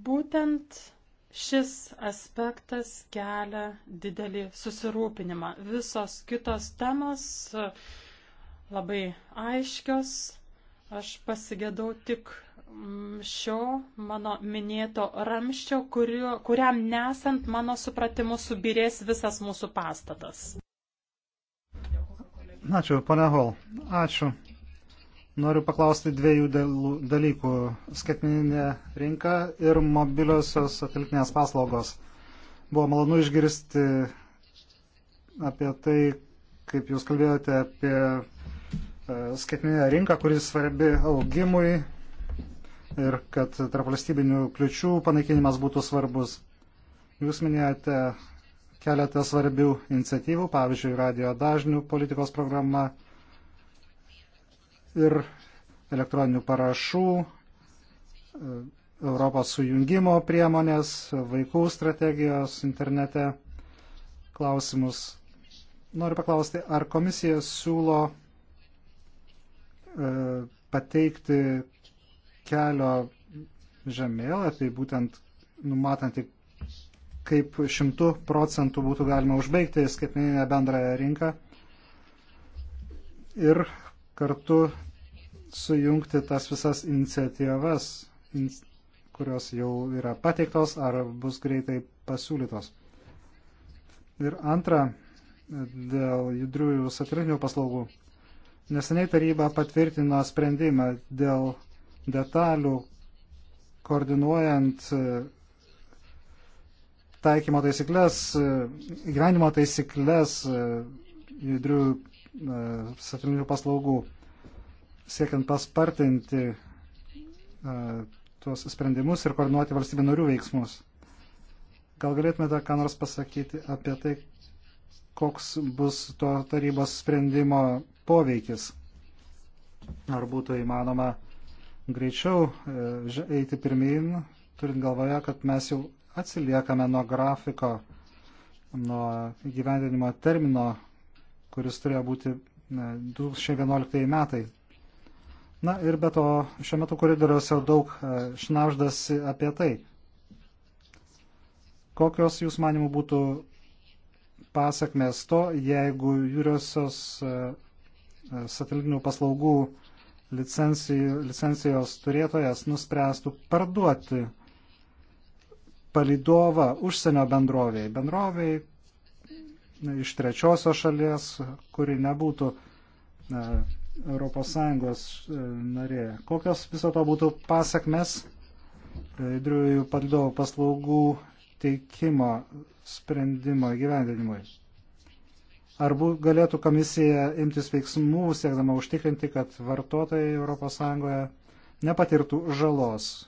Būtent šis aspektas kelia didelį susirūpinimą. Visos kitos temos e, labai aiškios. Aš pasigėdau tik Mm, šio mano minėto ramščio, kurio, kuriam nesant mano supratimu subirės visas mūsų pastatas. Ačiū, pane Hol. Ačiū. Noriu paklausti dviejų dalykų - skaitmeninė rinka ir mobiliosios satelitinės paslaugos. Buvo malonu išgirsti apie tai, kaip jūs kalbėjote apie e, skaitmeninę rinką, kuris svarbi augimui, ir kad tarpvalstybinių kliučių panaikinimas būtų svarbus. Jūs minėjote keletą svarbių iniciatyvų, pavyzdžiui, radio dažnių politikos programa ir elektroninių parašų, e, Europos sujungimo priemonės, vaikų strategijos internete klausimus. Noriu paklausti, ar komisija siūlo e, pateikti kelio žemėlapį, būtent numatantį, kaip šimtų procentų būtų galima užbaigti skaitmeninę bendrąją rinką ir kartu sujungti tas visas iniciatyvas, kurios jau yra pateiktos ar bus greitai pasiūlytos. Ir antra, dėl judriųjų satelitinių paslaugų. Neseniai taryba patvirtino sprendimą dėl detalių, koordinuojant e, taikymo taisyklės, e, gyvenimo taisyklės e, judrių socialinių paslaugų, siekiant paspartinti tuos sprendimus ir koordinuoti valstybių narių veiksmus. Gal galėtumėte ką nors pasakyti apie tai, koks bus to tarybos sprendimo poveikis? Ar būtų įmanoma uh, greičiau e, eiti pirmin, turint galvoje, kad mes jau atsiliekame nuo grafiko, nuo gyvendinimo termino, kuris turėjo būti 2011 e, metai. Na ir be to, šiuo metu koridoriuose daug e, šnaždasi apie tai. Kokios jūs manimų būtų pasakmės to, jeigu jūriosios satelitinių paslaugų licencijos turėtojas nuspręstų parduoti palidovą užsienio bendroviai, bendroviai iš trečiosios šalies, kuri nebūtų ES e, narė. Kokios viso to būtų pasiekmes hidriųjų palidovų paslaugų teikimo sprendimo įgyvendinimui? Ar bū, galėtų komisija imtis veiksmų, siekdama užtikrinti, kad vartotojai ES nepatirtų žalos e,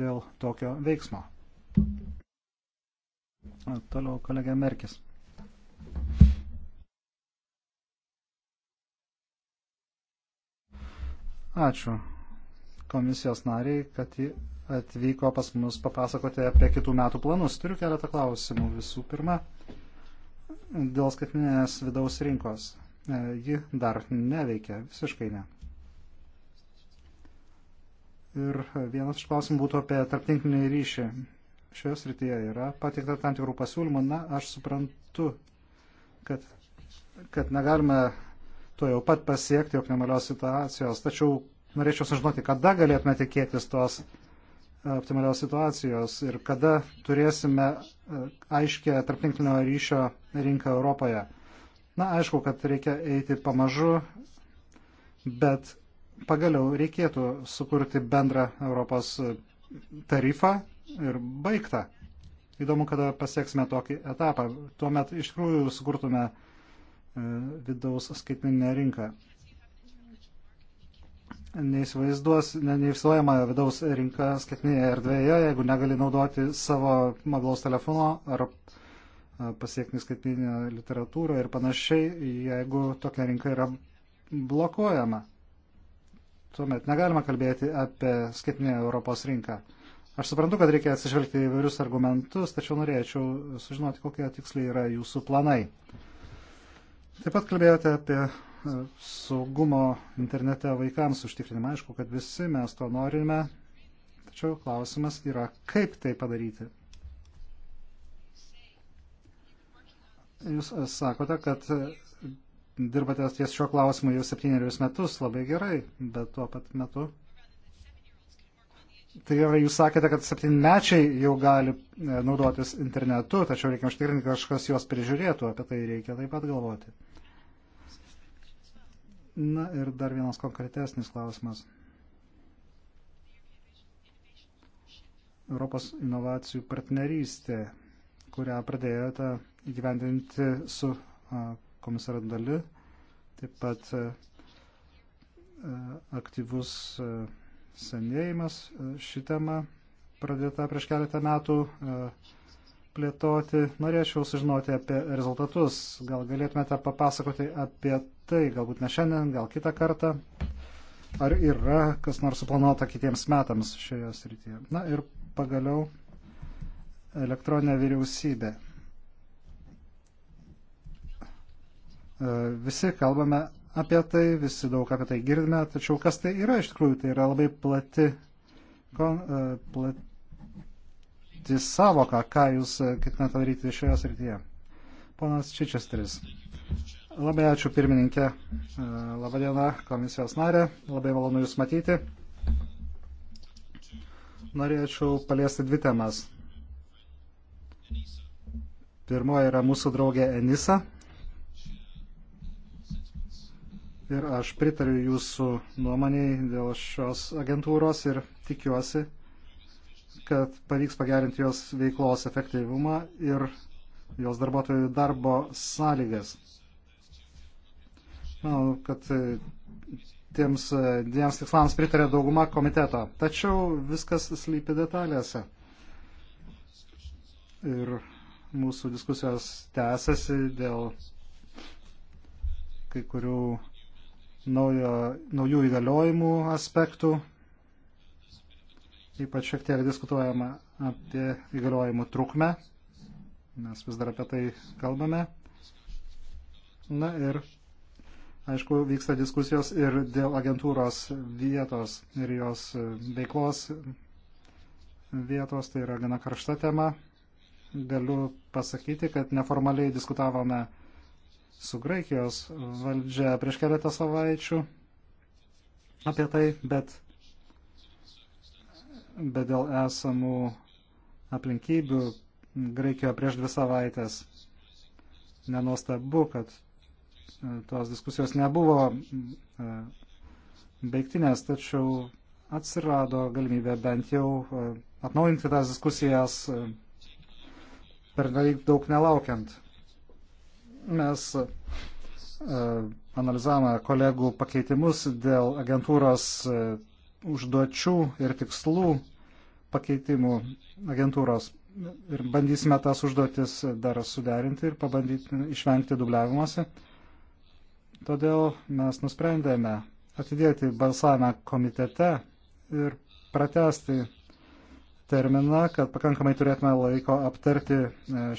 dėl tokio veiksmo? Toliau kolegė Merkis. Ačiū komisijos nariai, kad jį atvyko pas mus papasakoti apie kitų metų planus. Turiu keletą klausimų. Visų pirma, dėl skaitminės vidaus rinkos. E, ji dar neveikia, visiškai ne. Ir vienas iš klausimų būtų apie tarptinklinį ryšį. Šioje srityje yra patikta tam tikrų pasiūlymų. Na, aš suprantu, kad, kad negalime to jau pat pasiekti optimalios situacijos, tačiau norėčiau sužinoti, kada galėtume tikėtis tos uh, optimalios situacijos ir kada turėsime e, aiškę tarptinklinio ryšio rinką Europoje. Na, aišku, kad reikia eiti pamažu, bet pagaliau reikėtų sukurti bendrą Europos tarifą ir baigtą. Įdomu, kada pasieksime tokį etapą. Tuomet iš tikrųjų sukurtume e, vidaus skaitmininę rinką neįsivaizduojama vidaus rinka skaitminėje erdvėje, jeigu negali naudoti savo mobilaus telefono ar pasiekti skaitminę literatūrą ir panašiai, jeigu tokia rinka yra blokuojama. Tuomet negalima kalbėti apie skaitminę Europos rinką. Aš suprantu, kad reikia atsižvelgti į vairius argumentus, tačiau norėčiau sužinoti, kokie tiksliai yra jūsų planai. Taip pat kalbėjote apie saugumo internete vaikams užtikrinimą. Aišku, kad visi mes to norime, tačiau klausimas yra, kaip tai padaryti. Jūs sakote, kad dirbate ties šio klausimu jau septynerius metus, labai gerai, bet tuo pat metu. Tai yra, jūs sakėte, kad septynmečiai jau gali e, naudotis internetu, tačiau reikia užtikrinti, kad kažkas juos prižiūrėtų, apie tai reikia taip pat galvoti. Na ir dar vienas konkretesnis klausimas. Europos inovacijų partnerystė, kurią pradėjote įgyvendinti su komisaru Dali, taip pat aktyvus senėjimas ši tema pradėta prieš keletą metų plėtoti. Norėčiau sužinoti apie rezultatus. Gal galėtumėte papasakoti apie tai, galbūt ne šiandien, gal kitą kartą. Ar yra kas nors suplanuota kitiems metams šioje srityje? Na ir pagaliau elektroninė vyriausybė. E, visi kalbame apie tai, visi daug apie tai girdime, tačiau kas tai yra iš tikrųjų, tai yra labai plati, kon, e, plati savoka, ką jūs ketinate daryti šioje srityje. Ponas Čičesteris. Labai ačiū pirmininkė. E, Labadiena, komisijos narė. Labai malonu Jūs matyti. Norėčiau paliesti dvi temas. Pirmoji yra mūsų draugė Enisa. Ir aš pritariu Jūsų nuomoniai dėl šios agentūros ir tikiuosi, kad pavyks pagerinti jos veiklos efektyvumą ir jos darbuotojų darbo sąlygas. Manau, kad e, tiems e, dviems tikslams pritarė dauguma komiteto. Tačiau viskas slypi detalėse. Ir mūsų diskusijos tęsiasi dėl kai kurių naujo, naujų įgaliojimų aspektų. Ypač šiek tiek diskutuojama apie įgaliojimų trukmę. Mes vis dar apie tai kalbame. Na ir Aišku, vyksta diskusijos ir dėl agentūros vietos ir jos veiklos vietos, tai yra gana karšta tema. Galiu pasakyti, kad neformaliai diskutavome su Graikijos valdžia prieš keletą savaičių apie tai, bet, bet dėl esamų aplinkybių Graikijoje prieš dvi savaitės nenuostabu, kad tos diskusijos nebuvo e, baigtinės, tačiau atsirado galimybė bent jau e, atnaujinti tas diskusijas e, per daug nelaukiant. Mes analizavome kolegų pakeitimus dėl agentūros užduočių ir tikslų pakeitimų agentūros ir bandysime tas užduotis dar suderinti ir pabandyti išvengti dubliavimuose. Todėl mes nusprendėme atidėti balsavimą komitete ir pratesti terminą, kad pakankamai turėtume laiko aptarti e,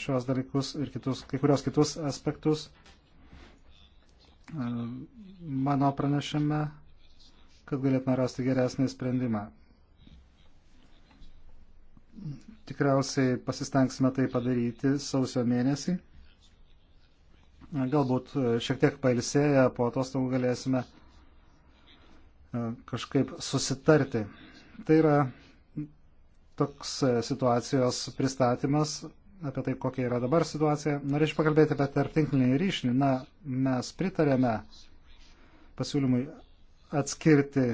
šios dalykus ir kitus, kai kurios kitus aspektus e, mano pranešime, kad galėtume rasti geresnį sprendimą. Tikriausiai pasistengsime tai padaryti sausio mėnesį. Galbūt e, šiek tiek pailsėję po atostogų galėsime e, kažkaip susitarti. Tai yra toks e, situacijos pristatymas apie tai, kokia yra dabar situacija. Norėčiau pakalbėti apie tarptinklinį ryšį. Na, mes pritarėme pasiūlymui atskirti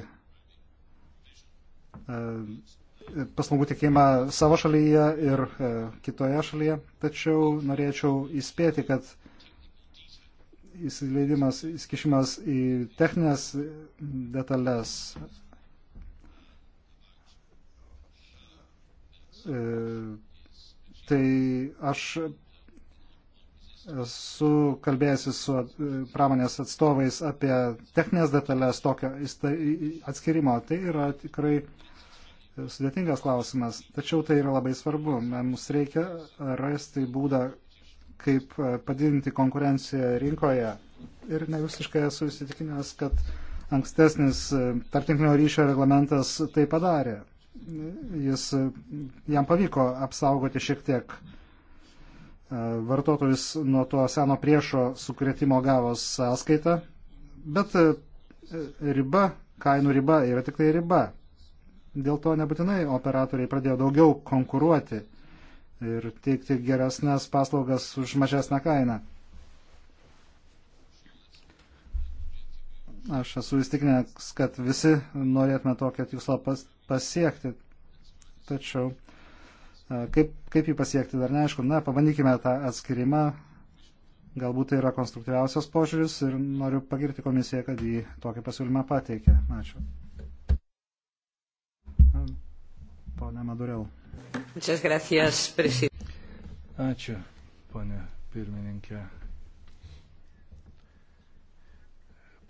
paslaugų tiekimą savo šalyje ir kitoje šalyje, tačiau norėčiau įspėti, kad įsileidimas, įskišimas į techninės detalės e, tai aš esu kalbėjęsis su e, pramonės atstovais apie techninės detalės tokio atskirimo. Tai yra tikrai sudėtingas klausimas, tačiau tai yra labai svarbu. Mums reikia rasti būdą, kaip e, padidinti konkurenciją rinkoje. Ir ne visiškai esu įsitikinęs, kad ankstesnis e, tarptinklinio ryšio reglamentas tai padarė. Jis, e, jam pavyko apsaugoti šiek tiek vartotojus nuo to seno priešo sukretimo gavos sąskaitą, bet riba, kainų riba yra tik tai riba. Dėl to nebūtinai operatoriai pradėjo daugiau konkuruoti ir teikti geresnės paslaugas už mažesnę kainą. Aš esu įstikinęs, kad visi norėtume tokio tikslo pas, pasiekti, tačiau e, kaip, kaip jį pasiekti dar neaišku. Na, pabandykime tą atskirimą, galbūt tai yra konstruktyviausias požiūris ir noriu pagirti komisiją, kad jį tokį pasiūlymą pateikė. Ačiū. Pone Madurėl. Gracias, Ačiū, ponė pirmininkė.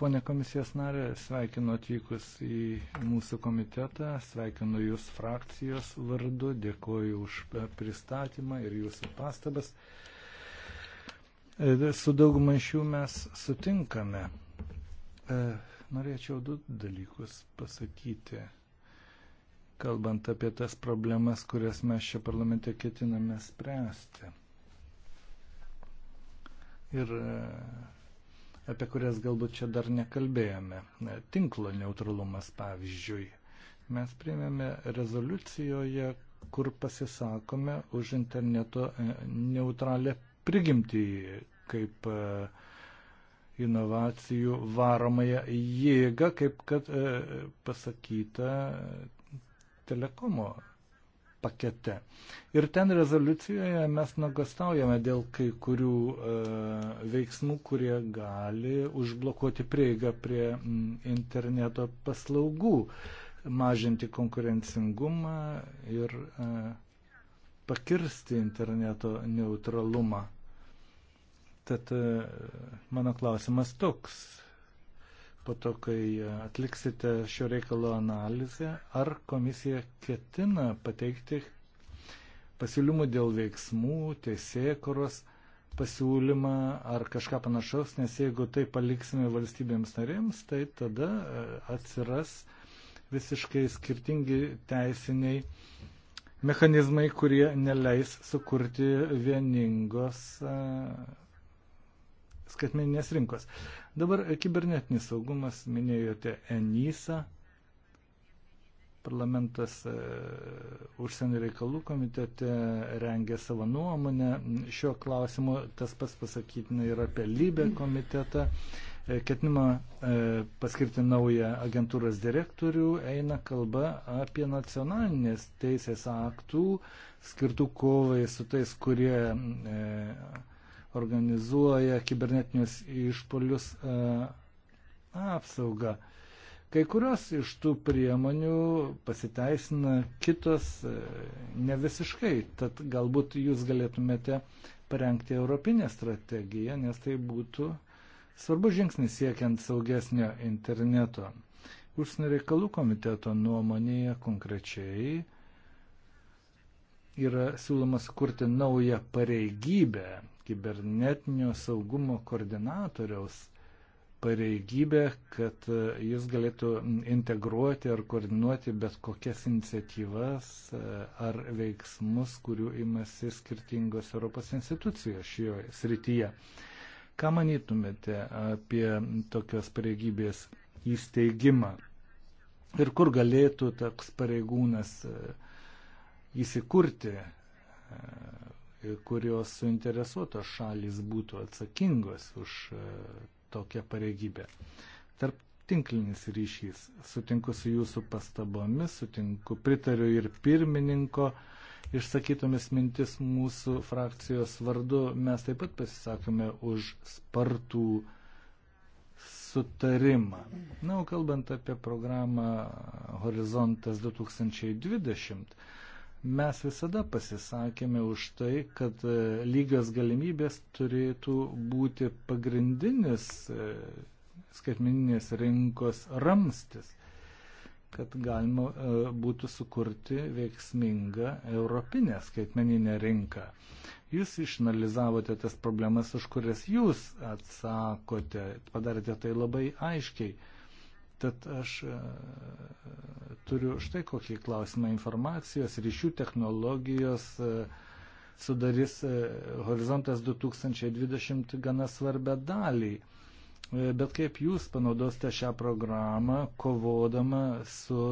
Pone komisijos narė, sveikinu atvykus į mūsų komitetą, sveikinu Jūs frakcijos vardu, dėkoju už pristatymą ir Jūsų pastabas. E, su daugumai iš jų mes sutinkame. E, norėčiau du dalykus pasakyti kalbant apie tas problemas, kurias mes čia parlamente ketiname spręsti. Ir e, apie kurias galbūt čia dar nekalbėjome. E, tinklo neutralumas, pavyzdžiui. Mes priėmėme rezoliucijoje, kur pasisakome už interneto e, neutralę prigimtį kaip inovacijų varomąją jėgą, kaip kad pasakyta telekomo pakete. Ir ten rezoliucijoje mes nagastaujame dėl kai kurių e, veiksmų, kurie gali užblokuoti prieigą prie m, mm, interneto paslaugų, mažinti konkurencingumą ir e, pakirsti interneto neutralumą. Tad e, mano klausimas toks po to, kai atliksite šio reikalo analizę, ar komisija ketina pateikti pasiūlymų dėl veiksmų, teisėkoros pasiūlymą ar kažką panašaus, nes jeigu tai paliksime valstybėms narėms, tai tada e, atsiras visiškai skirtingi teisiniai mechanizmai, kurie neleis sukurti vieningos e, skaitmeninės rinkos. Dabar kibernetinis saugumas, minėjote ENISA, parlamentas e, užsienio reikalų komitete rengia savo nuomonę. Šiuo klausimu tas pats pasakytina ir apie Lybę komitetą. E, Ketinimą e, paskirti naują agentūros direktorių eina kalba apie nacionalinės teisės aktų skirtų kovai su tais, kurie organizuoja kibernetinius išpolius e, apsaugą. Kai kurios iš tų priemonių pasiteisina, kitos e, ne visiškai. Tad galbūt jūs galėtumėte parengti europinę strategiją, nes tai būtų svarbus žingsnis siekiant saugesnio interneto. Užsienio reikalų komiteto nuomonėje konkrečiai yra siūloma sukurti naują pareigybę kibernetinio saugumo koordinatoriaus pareigybė, kad jis galėtų integruoti ar koordinuoti bet kokias iniciatyvas e, ar veiksmus, kurių imasi skirtingos Europos institucijos šioje srityje. Ką manytumėte apie tokios pareigybės įsteigimą ir kur galėtų toks pareigūnas e, įsikurti e, kurios suinteresuotos šalis būtų atsakingos už e, tokią pareigybę. Tarp tinklinis ryšys. Sutinku su jūsų pastabomis, sutinku, pritariu ir pirmininko išsakytomis mintis mūsų frakcijos vardu. Mes taip pat pasisakome už spartų sutarimą. Na, o kalbant apie programą Horizontas 2020, Mes visada pasisakėme už tai, kad e, lygios galimybės turėtų būti pagrindinis e, skaitmeninės rinkos ramstis, kad galima e, būtų sukurti veiksmingą europinę skaitmeninę rinką. Jūs išanalizavote tas problemas, už kurias jūs atsakote, padarėte tai labai aiškiai. Tad aš e, turiu štai kokį klausimą. Informacijos ryšių technologijos e, sudarys e, Horizontas 2020 gana svarbę dalį. Bet kaip jūs panaudosite šią programą, kovodama su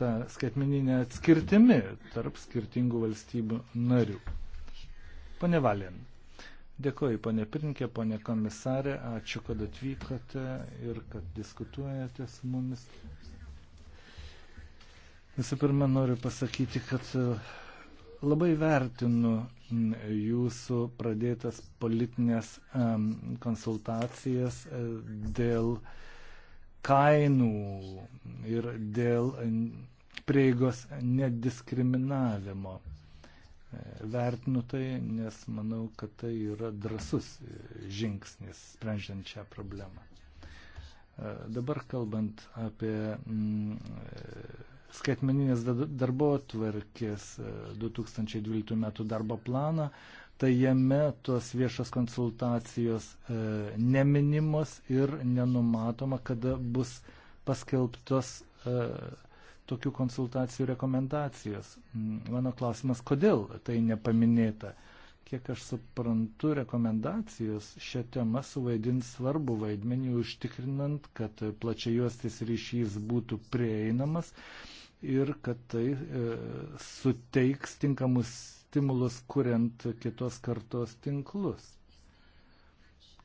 ta skaitmeninė atskirtimi tarp skirtingų valstybių narių? Pane Valien. Dėkoju, ponė Pirinkė, ponė komisarė, ačiū, kad atvykote ir kad diskutuojate su mumis. Visų pirma, noriu pasakyti, kad e, labai vertinu jūsų pradėtas politinės e, konsultacijas e, dėl kainų ir dėl prieigos nediskriminavimo vertinu tai, nes manau, kad tai yra drasus žingsnis sprendžiant šią problemą. E, dabar kalbant apie mm, e, skaitmeninės darbo tvarkės 2012 m. darbo planą, tai jame tos viešos konsultacijos e, neminimos ir nenumatoma, kada bus paskelbtos tokių konsultacijų rekomendacijas. Mm, mano klausimas, kodėl tai nepaminėta? Kiek aš suprantu, rekomendacijos šią temą suvaidins svarbu vaidmenį, užtikrinant, kad plačiai juostis ryšys būtų prieinamas ir kad tai e, suteiks tinkamus stimulus kuriant kitos kartos tinklus.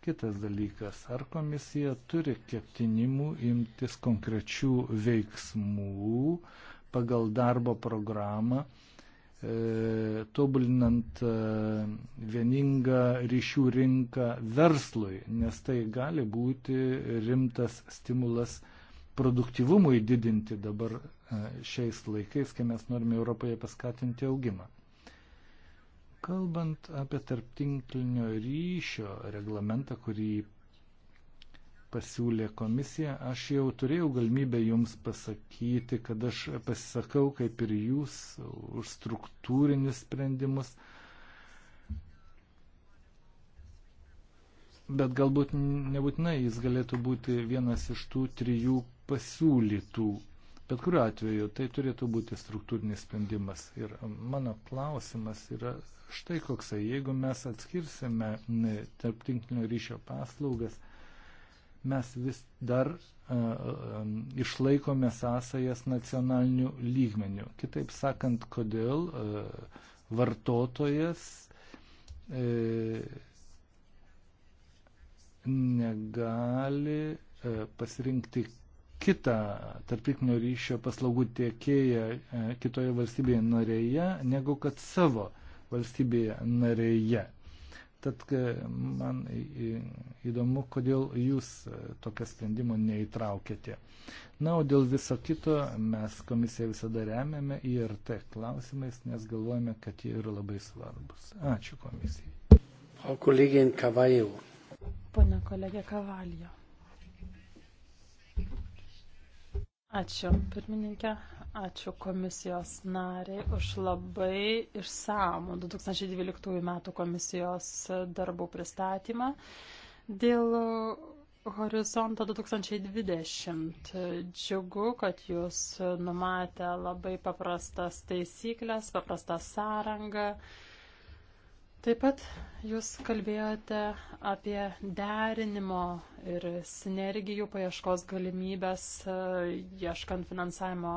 Kitas dalykas, ar komisija turi ketinimų imtis konkrečių veiksmų pagal darbo programą, e, tobulinant e, vieningą ryšių rinką verslui, nes tai gali būti rimtas stimulas produktivumui didinti dabar e, šiais laikais, kai mes norime Europoje paskatinti augimą. Kalbant apie tarptinklinio ryšio reglamentą, kurį pasiūlė komisija, aš jau turėjau galimybę jums pasakyti, kad aš pasisakau kaip ir jūs už struktūrinius sprendimus, bet galbūt nebūtinai jis galėtų būti vienas iš tų trijų pasiūlytų Bet kuriu atveju tai turėtų būti struktūrinis sprendimas. Ir mano klausimas yra štai koksai. Jeigu mes atskirsime tarp tinklinio ryšio paslaugas, mes vis dar uh, um, išlaikome sąsajas nacionalinių lygmenių. Kitaip sakant, kodėl uh, vartotojas uh, negali uh, pasirinkti kitą tarptautinio ryšio paslaugų tiekėją e, kitoje valstybėje narėje, negu kad savo valstybėje narėje. Tad e, man įdomu, kodėl jūs e, tokio sprendimo neįtraukėte. Na, o dėl viso kito mes komisiją visada remiame IRT klausimais, nes galvojame, kad jie yra labai svarbus. Ačiū komisijai. O kolegė Kavajau. Pana kolegė Kavalijo. Ačiū, pirmininkė. Ačiū komisijos nariai už labai išsamų 2012 metų komisijos darbų pristatymą. Dėl horizonto 2020 džiugu, kad jūs numatė labai paprastas taisyklės, paprastą sąrangą. Uh, Taip pat jūs kalbėjote apie derinimo ir sinergijų paieškos galimybės e, ieškant finansavimo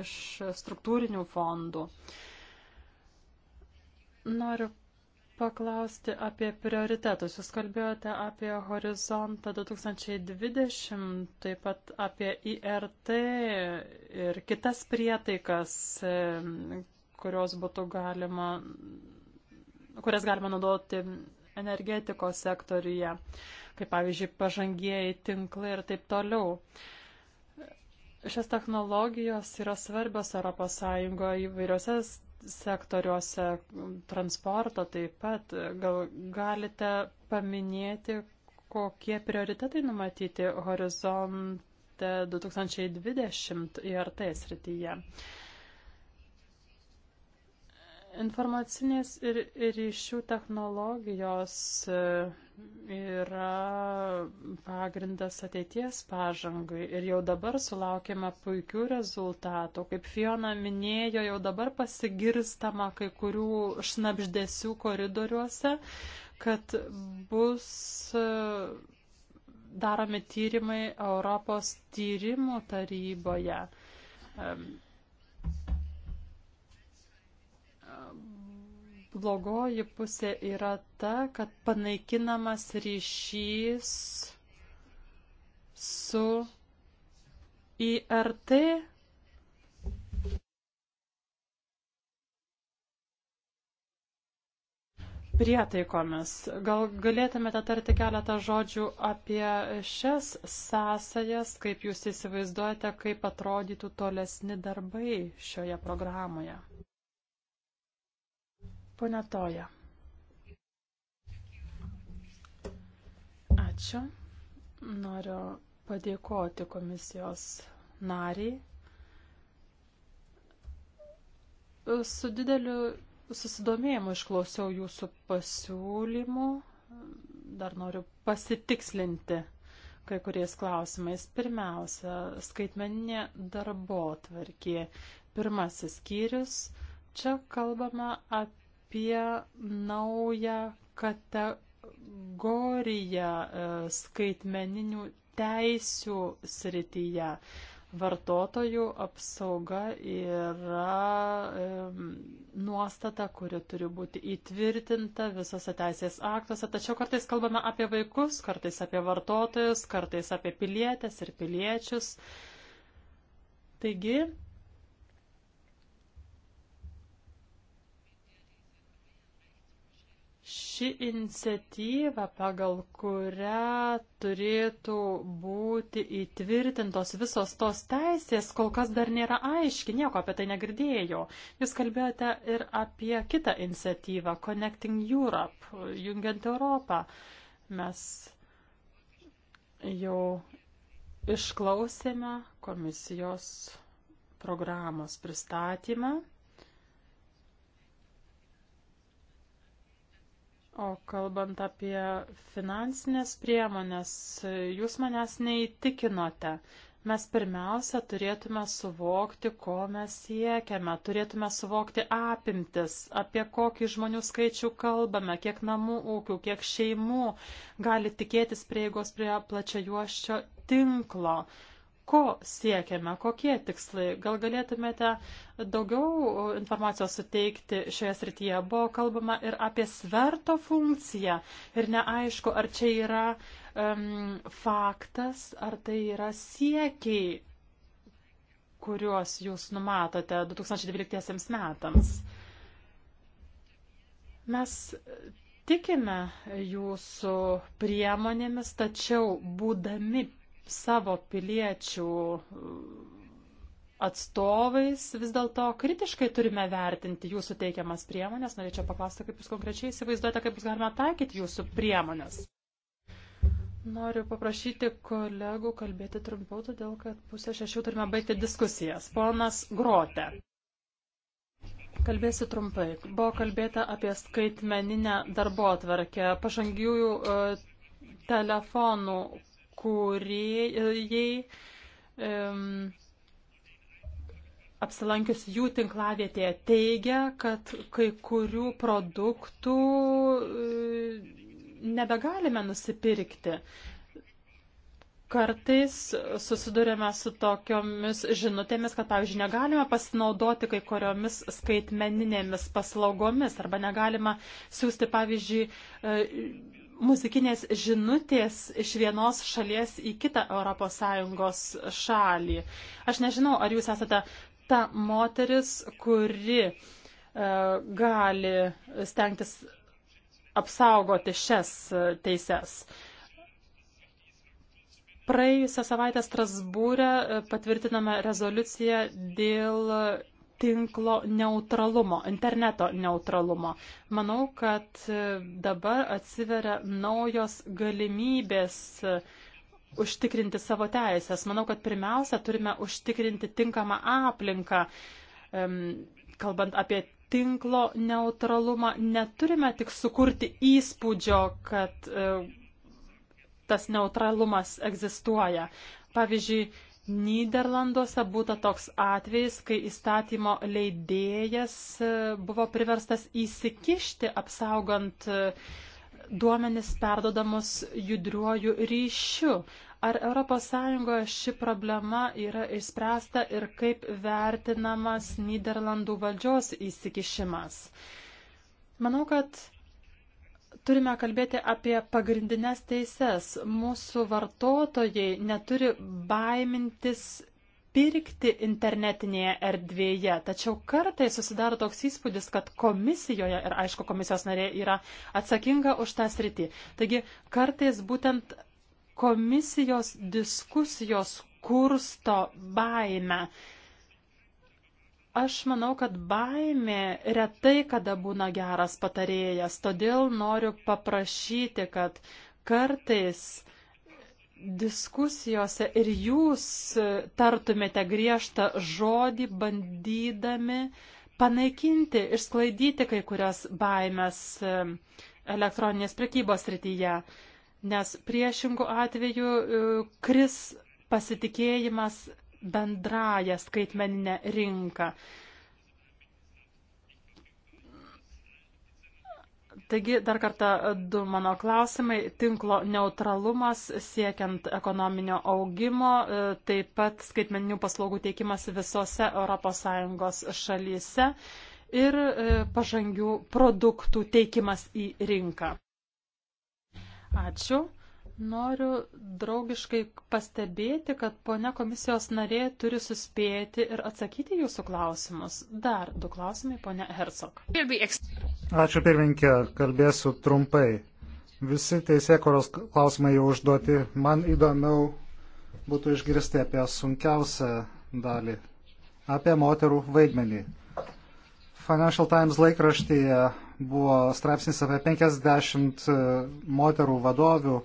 iš struktūrinių fondų. Noriu paklausti apie prioritetus. Jūs kalbėjote apie horizontą 2020, taip pat apie IRT ir kitas prietaikas, e, kurios būtų galima kurias galima naudoti energetikos sektoriuje, kaip pavyzdžiui pažangieji tinklai ir taip toliau. Šias technologijos yra svarbios ES įvairiose sektoriuose, transporto taip pat. Gal galite paminėti, kokie prioritetai numatyti horizonte 2020 IRT er srityje? Informacinės ir ryšių technologijos e, yra pagrindas ateities pažangai ir jau dabar sulaukime puikių rezultatų. Kaip Fiona minėjo, jau dabar pasigirstama kai kurių šnapždėsių koridoriuose, kad bus e, daromi tyrimai Europos tyrimų taryboje blogoji pusė yra ta, kad panaikinamas ryšys su IRT. Prietaikomis. Gal galėtumėte tarti keletą žodžių apie šias sąsajas, kaip jūs įsivaizduojate, kaip atrodytų tolesni darbai šioje programoje? Pone Toja. Ačiū. Noriu padėkoti komisijos nariai. Su dideliu susidomėjimu išklausiau jūsų pasiūlymų. Dar noriu pasitikslinti kai kuriais klausimais. Pirmiausia, skaitmeninė darbo tvarkė. Pirmasis skyrius. Čia kalbama apie apie naują kategoriją e, skaitmeninių teisių srityje. Vartotojų apsauga yra e, nuostata, kuri turi būti įtvirtinta visose teisės aktuose, tačiau kartais kalbame apie vaikus, kartais apie vartotojus, kartais apie pilietės ir piliečius. Taigi, ši iniciatyva, pagal kurią turėtų būti įtvirtintos visos tos teisės, kol kas dar nėra aiški, nieko apie tai negirdėjau. Jūs kalbėjote ir apie kitą iniciatyvą, Connecting Europe, jungiant Europą. Mes jau išklausėme komisijos programos pristatymą. O kalbant apie finansinės priemonės, jūs manęs neįtikinote. Mes pirmiausia turėtume suvokti, ko mes siekiame, turėtume suvokti apimtis, apie kokį žmonių skaičių kalbame, kiek namų ūkių, kiek šeimų gali tikėtis prieigos prie plačiajuoščio tinklo ko siekiame, kokie tikslai. Gal galėtumėte daugiau informacijos suteikti šioje srityje. Buvo kalbama ir apie sverto funkciją ir neaišku, ar čia yra um, faktas, ar tai yra siekiai, kuriuos jūs numatote 2012 metams. Mes tikime jūsų priemonėmis, tačiau būdami savo piliečių atstovais vis dėlto kritiškai turime vertinti jūsų teikiamas priemonės. Norėčiau paklausti, kaip jūs konkrečiai įsivaizduojate, kaip bus galima taikyti jūsų priemonės. Noriu paprašyti kolegų kalbėti trumpiau, todėl kad pusę šešių turime baigti diskusijas. Ponas Grote. Kalbėsiu trumpai. Buvo kalbėta apie skaitmeninę darbo atvarkę, pažangiųjų e, telefonų kuriejai um, apsilankius jų tinklavietėje teigia, kad kai kurių produktų e, nebegalime nusipirkti. Kartais susidurėme su tokiomis žinutėmis, kad, pavyzdžiui, negalime pasinaudoti kai kuriomis skaitmeninėmis paslaugomis arba negalima siūsti, pavyzdžiui, e, muzikinės žinutės iš vienos šalies į kitą ES šalį. Aš nežinau, ar jūs esate ta moteris, kuri e, gali stengtis apsaugoti šias e, teises. Praėjusią savaitę Strasbūrę e, patvirtiname rezoliuciją dėl tinklo neutralumo, interneto neutralumo. Manau, kad dabar atsiveria naujos galimybės užtikrinti savo teisės. Manau, kad pirmiausia turime užtikrinti tinkamą aplinką. Kalbant apie tinklo neutralumą, neturime tik sukurti įspūdžio, kad e, tas neutralumas egzistuoja. Pavyzdžiui, Niderlanduose būta toks atvejis, kai įstatymo leidėjas e, buvo priverstas įsikišti apsaugant e, duomenis perdodamus judriuoju ryšiu. Ar ES ši problema yra išspręsta ir kaip vertinamas Niderlandų valdžios įsikišimas? Manau, kad turime kalbėti apie pagrindinės teises. Mūsų vartotojai neturi baimintis pirkti internetinėje erdvėje. Tačiau kartai susidaro toks įspūdis, kad komisijoje, ir aišku, komisijos narė yra atsakinga už tą sritį. Taigi kartais būtent komisijos diskusijos kursto baimę Aš manau, kad baimė retai kada būna geras patarėjas, todėl noriu paprašyti, kad kartais diskusijose ir jūs tartumėte griežtą žodį, bandydami panaikinti, išsklaidyti kai kurias baimės elektroninės prekybos rytyje, nes priešingų atveju e, kris pasitikėjimas bendrają skaitmeninę rinką. Taigi, dar kartą du mano klausimai. Tinklo neutralumas siekiant ekonominio augimo, e, taip pat skaitmeninių paslaugų teikimas visose ES šalyse ir e, pažangių produktų teikimas į rinką. Ačiū. Noriu draugiškai pastebėti, kad ponia komisijos narė turi suspėti ir atsakyti jūsų klausimus. Dar du klausimai, ponia Hersok. Ačiū pirminkė, kalbėsiu trumpai. Visi teisėkoros klausimai jau užduoti. Man įdomiau būtų išgirsti apie sunkiausią dalį, apie moterų vaidmenį. Financial Times laikraštyje buvo straipsnis apie 50 e, moterų vadovių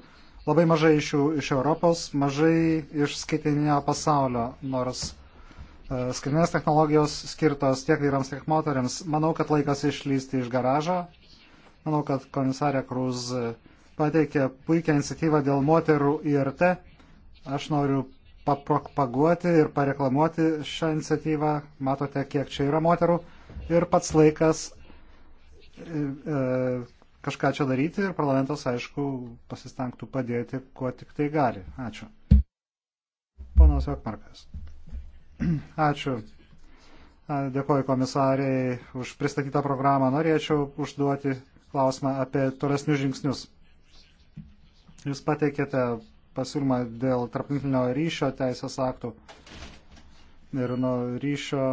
Labai mažai iš jų iš Europos, mažai iš skaitinio pasaulio, nors e, skaitinės technologijos skirtos tiek vyrams, tiek moteriams. Manau, kad laikas išlysti iš garažo. Manau, kad komisarė Krūz pateikė puikią iniciatyvą dėl moterų IRT. Aš noriu papropaguoti ir pareklamuoti šią iniciatyvą. Matote, kiek čia yra moterų. Ir pats laikas e, e, kažką čia daryti ir parlamentas, aišku, pasistengtų padėti, kuo tik tai gali. Ačiū. Ponas Jokmarkas. Ačiū. Dėkoju komisariai už pristatytą programą. Norėčiau užduoti klausimą apie tolesnius žingsnius. Jūs pateikėte pasiūlymą dėl tarptinklinio ryšio teisės aktų ir nuo ryšio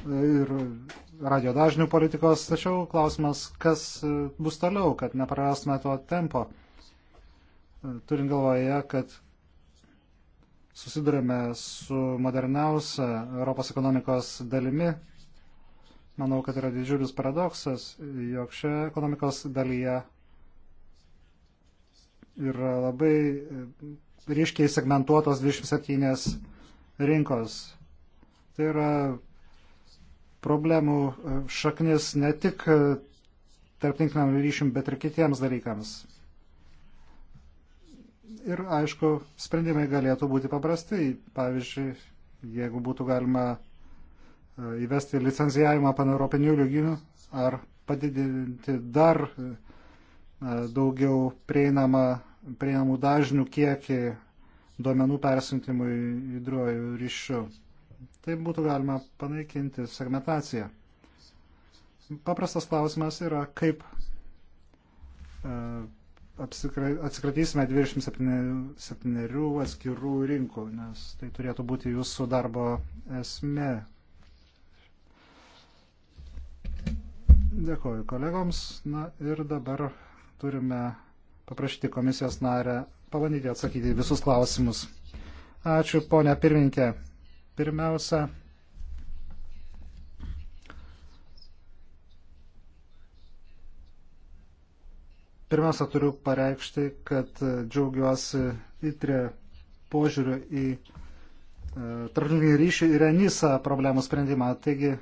ir radio dažnių politikos, tačiau klausimas, kas bus toliau, kad neprarastume to tempo. Turint galvoje, kad susidurime su moderniausia Europos ekonomikos dalimi, manau, kad yra didžiulis paradoksas, jog šioje ekonomikos dalyje yra labai ryškiai segmentuotos 27 rinkos. Tai yra problemų e, šaknis ne tik e, tarptinkliniam ryšim, bet ir kitiems dalykams. Ir aišku, sprendimai galėtų būti paprastai. Pavyzdžiui, jeigu būtų galima e, įvesti licenzijavimą paneuropinių lyginių ar padidinti dar daugiau prieinamą, prieinamų dažnių kiekį duomenų persintimui įdruojų ryšių. Tai būtų galima panaikinti segmentaciją. Paprastas klausimas yra, kaip e, atsikratysime 27 atskirų rinkų, nes tai turėtų būti jūsų darbo esmė. Dėkoju kolegoms. Na ir dabar turime paprašyti komisijos narę pabandyti atsakyti visus klausimus. Ačiū, ponia pirminkė. Pirmiausia, pirmiausia turiu pareikšti, kad džiaugiuosi įtrė požiūriu į e, tarptautinį ryšį ir Enisa problemų sprendimą. Taigi,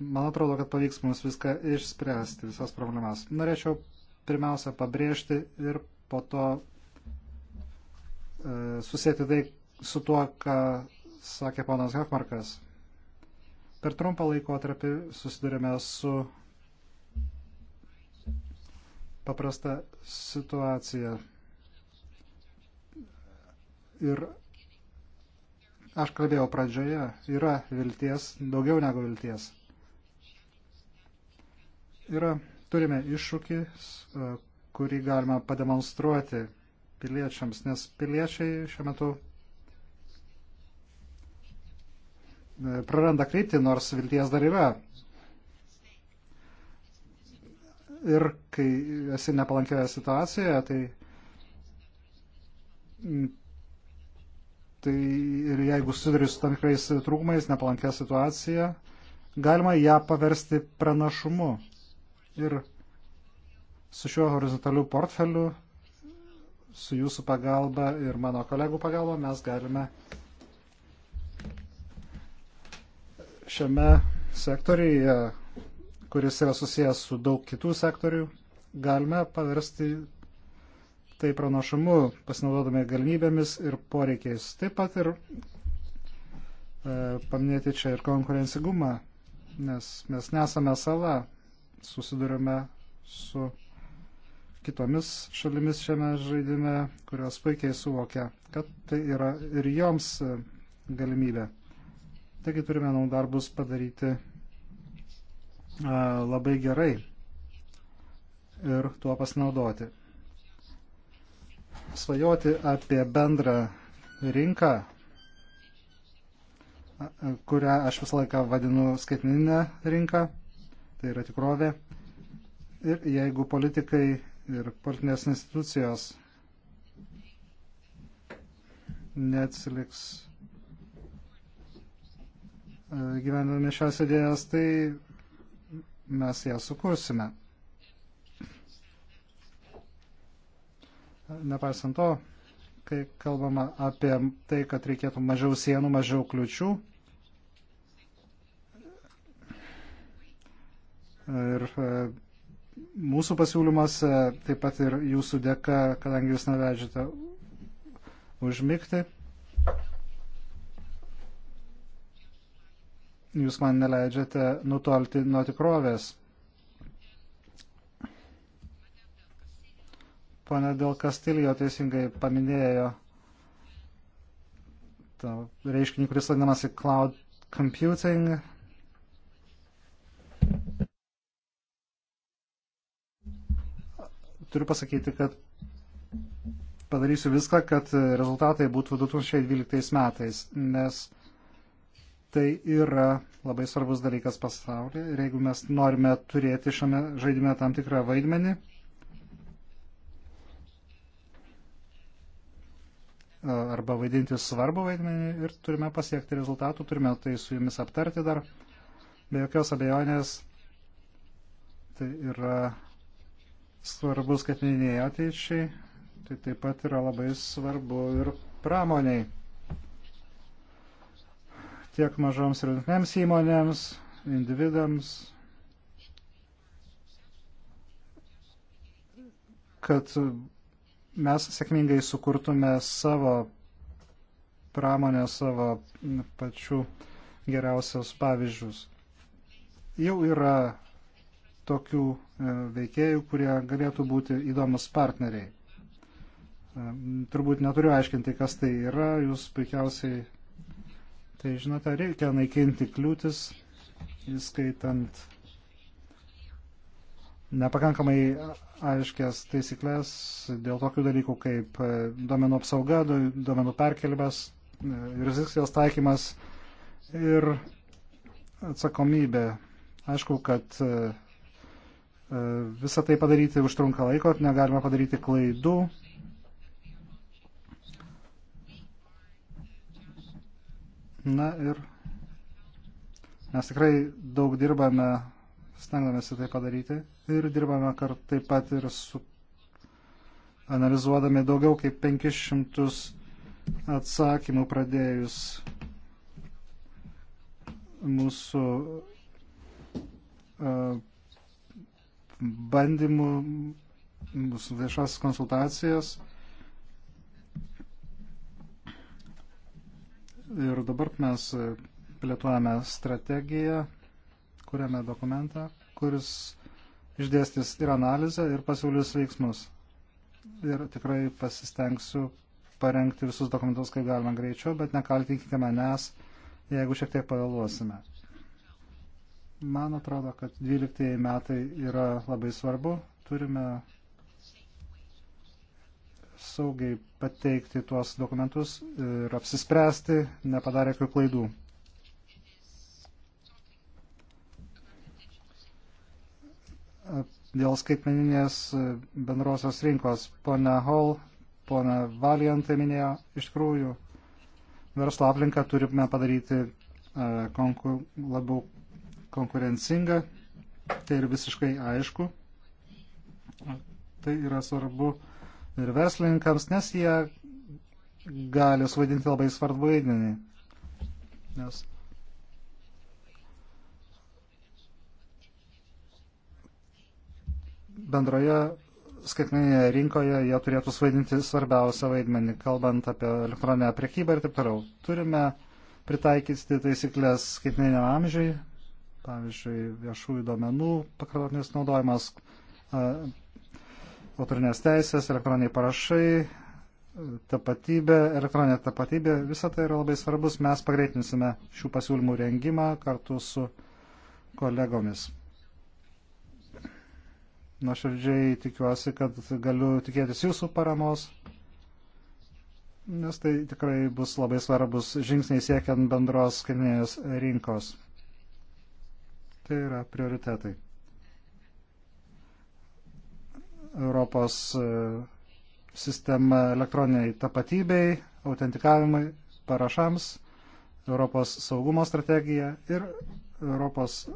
man atrodo, kad pavyks mums viską išspręsti, visas problemas. Norėčiau pirmiausia pabrėžti ir po to e, susėti tai su tuo, ką sakė ponas Hakmarkas, per trumpą laikotarpį susidurėme su paprasta situacija. Ir aš kalbėjau pradžioje, yra vilties, daugiau negu vilties. Yra, turime iššūkį, kurį galima pademonstruoti piliečiams, nes piliečiai šiuo metu praranda kryptį, nors vilties dar yra. Ir kai esi nepalankioje situacijoje, tai, tai ir jeigu susiduri su tam tikrais trūkumais, nepalankia situacija, galima ją paversti pranašumu. Ir su šiuo horizontaliu portfeliu, su jūsų pagalba ir mano kolegų pagalba mes galime uh, šiame sektoriuje, kuris yra susijęs su daug kitų sektorių, galime paversti tai pranašumu, pasinaudodami galimybėmis ir poreikiais. Taip pat ir e, paminėti čia ir konkurencigumą, nes mes nesame sala, susidurime su kitomis šalimis šiame žaidime, kurios puikiai suvokia, kad tai yra ir joms e, galimybė. Taigi turime namų darbus padaryti labai gerai ir tuo pasinaudoti. Svajoti apie bendrą rinką, kurią aš visą laiką vadinu skaitmininę rinką, tai yra tikrovė. Ir jeigu politikai ir politinės institucijos neatsiliks E, gyvendami šias idėjas, tai mes ją sukursime. Nepaisant to, kai kalbama apie tai, kad reikėtų mažiau sienų, mažiau kliučių ir e, mūsų pasiūlymas, e, taip pat ir jūsų dėka, kadangi jūs nevedžiate užmygti, jūs man neleidžiate nutolti nuo tikrovės. Pane Del Castillo teisingai paminėjo tą reiškinį, kuris vadinamas į cloud computing. Turiu pasakyti, kad padarysiu viską, kad rezultatai būtų 2012 metais, nes tai yra labai svarbus dalykas pasaulyje ir jeigu mes norime turėti šiame žaidime tam tikrą vaidmenį, arba vaidinti svarbų vaidmenį ir turime pasiekti rezultatų, turime tai su jumis aptarti dar. Be jokios abejonės, tai yra svarbus skaitmeniniai ateičiai, tai taip pat yra labai svarbu ir pramoniai tiek mažoms ir vidutinėms įmonėms, individams, kad mes sėkmingai sukurtume savo pramonę, savo pačių geriausios pavyzdžius. Jau yra tokių e, veikėjų, kurie galėtų būti įdomus partneriai. E, turbūt neturiu aiškinti, kas tai yra, jūs puikiausiai Tai žinote, reikia naikinti kliūtis, įskaitant nepakankamai aiškias taisyklės dėl tokių dalykų kaip e, duomenų apsauga, duomenų perkelimas, e, jurisdikcijos taikymas ir atsakomybė. Aišku, kad e, visą tai padaryti užtrunka laiko, negalima padaryti klaidų, Na ir mes tikrai daug dirbame, stengiamės tai padaryti ir dirbame kart, taip pat ir su analizuodami daugiau kaip 500 atsakymų pradėjus mūsų bandymų, mūsų viešas konsultacijas. Ir dabar mes plėtojame strategiją, kuriame dokumentą, kuris išdėstys ir analizę, ir pasiūlys veiksmus. Ir tikrai pasistengsiu parengti visus dokumentus kaip galima greičiau, bet nekaltinkite manęs, jeigu šiek tiek pavėluosime. Man atrodo, kad 12 metai yra labai svarbu. Turime saugiai pateikti tuos dokumentus ir apsispręsti, nepadarė jokių klaidų. Dėl skaitmeninės bendrosios rinkos, pone Hall, pone Valiantai minėjo, iš tikrųjų, verslo aplinką turime padaryti e, konku, labiau konkurencingą, tai ir visiškai aišku. Tai yra svarbu uh, ir verslininkams, nes jie gali suvaidinti labai svarbu vaidmenį. Nes bendroje skaitmeninėje rinkoje jie turėtų suvaidinti svarbiausią vaidmenį, kalbant apie elektroninę prekybą ir taip toliau. Turime pritaikyti taisyklės skaitmeniniam amžiui, pavyzdžiui, viešųjų duomenų pakartotinis naudojimas, autorinės teisės, elektroniniai parašai, tapatybė, elektroninė tapatybė, visa tai yra labai svarbus. Mes pagreitinsime šių pasiūlymų rengimą kartu su kolegomis. Nuoširdžiai tikiuosi, kad galiu tikėtis jūsų paramos, nes tai tikrai bus labai svarbus žingsniai siekiant bendros skaitinės rinkos. Tai yra prioritetai. Europos e, sistema elektroniniai tapatybei, autentikavimui, parašams, Europos saugumo strategija ir Europos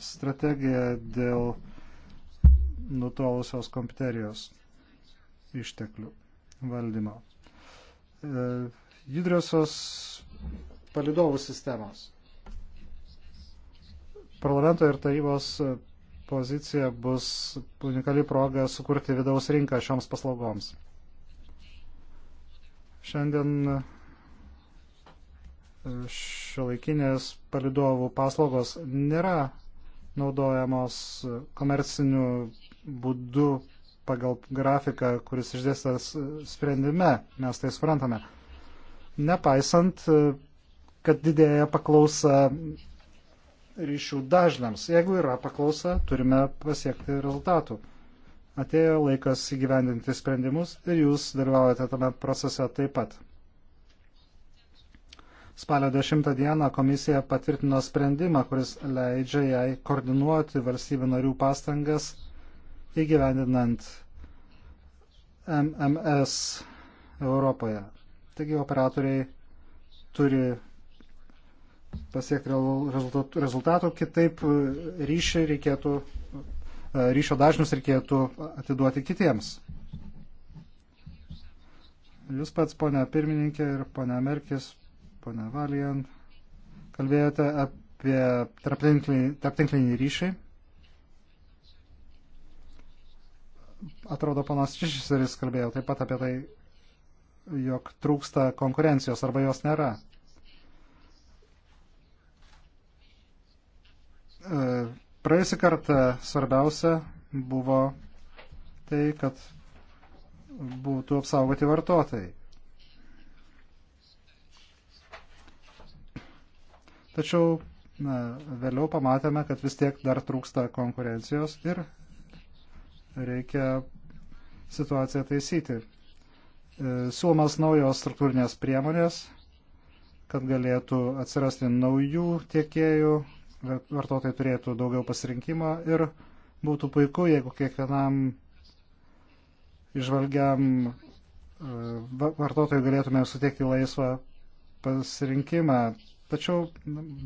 strategija dėl nutolusios kompiuterijos išteklių valdymo. E, judriosios palidovų sistemos. Parlamento ir tarybos pozicija bus unikali proga sukurti vidaus rinką šioms paslaugoms. Šiandien e, šiuolaikinės palidovų paslaugos nėra naudojamos komerciniu būdu pagal grafiką, kuris išdėstas sprendime, mes tai suprantame. Nepaisant, e, kad didėja paklausa ryšių dažnams. Jeigu yra paklausa, turime pasiekti rezultatų. Atėjo laikas įgyvendinti sprendimus ir jūs dalyvaujate tame procese taip pat. Spalio 10 dieną komisija patvirtino sprendimą, kuris leidžia jai koordinuoti valstybių narių pastangas įgyvendinant MMS Europoje. Taigi operatoriai turi pasiekti rezultatų, kitaip e, ryšį reikėtų, e, ryšio dažnius reikėtų atiduoti kitiems. Jūs pats, ponia pirmininkė ir ponia Merkis, ponia Valijan, kalbėjote apie tarptinklinį ryšį. Atrodo, panas Čišiseris kalbėjo taip pat apie tai, jog trūksta konkurencijos arba jos nėra. E, praėjusį kartą svarbiausia buvo tai, kad būtų apsaugoti vartotojai. Tačiau na, vėliau pamatėme, kad vis tiek dar trūksta konkurencijos ir reikia situaciją taisyti. E, Siūlomas naujos struktūrinės priemonės, kad galėtų atsirasti naujų tiekėjų, vartotojai turėtų daugiau pasirinkimo ir būtų puiku, jeigu kiekvienam išvalgiam e, vartotojui galėtume suteikti laisvą pasirinkimą. Tačiau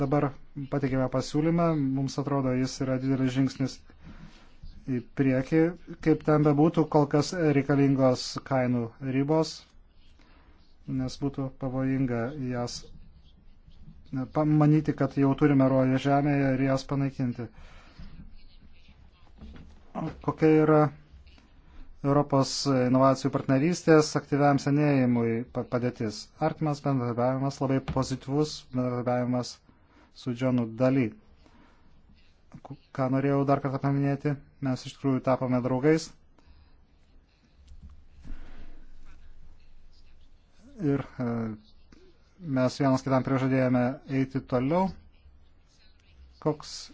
dabar patikėme pasiūlymą, mums atrodo, jis yra didelis žingsnis į priekį. Kaip ten bebūtų, kol kas reikalingos kainų ribos, nes būtų pavojinga jas manyti, kad jau turime roję žemėje ir jas panaikinti. Kokia yra Europos inovacijų partnerystės aktyviam senėjimui padėtis? Artimas bendradarbiavimas, labai pozityvus bendradarbiavimas su Džonu Daly. Ką norėjau dar kartą paminėti, mes iš tikrųjų tapome draugais. Ir e, mes vienas kitam prižadėjome eiti toliau. Koks e,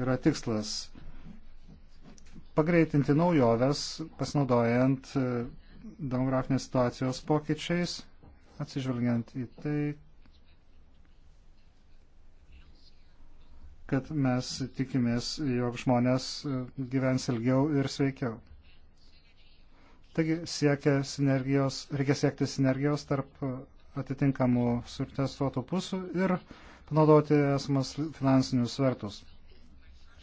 yra tikslas? Pagreitinti naujoves, pasinaudojant e, demografinės situacijos pokyčiais, atsižvelgiant į tai, kad mes tikimės, jog žmonės e, gyvens ilgiau ir sveikiau. Taigi siekia sinergijos, reikia siekti sinergijos tarp atitinkamų sutestuotų pusių ir panaudoti esamas finansinius svertus.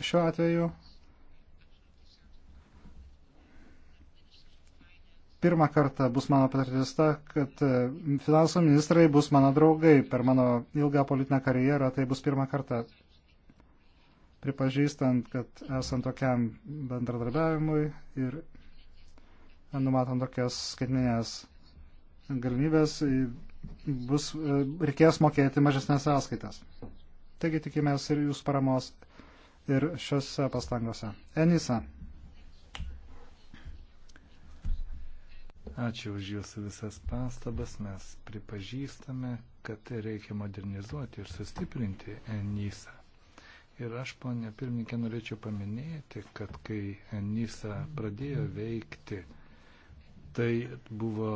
Šiuo atveju pirmą kartą bus mano patirtis ta, kad finansų ministrai bus mano draugai per mano ilgą politinę karjerą, tai bus pirmą kartą pripažįstant, kad esant tokiam bendradarbiavimui ir numatant tokias skaitinės galimybės bus, e, reikės mokėti mažesnės sąskaitas. Taigi tikimės ir jūs paramos ir šiuose pastangose. Enisa. Ačiū už jūsų visas pastabas. Mes pripažįstame, kad reikia modernizuoti ir sustiprinti Enisa. Ir aš, ponė pirmininkė, norėčiau paminėti, kad kai Enisa pradėjo veikti, tai buvo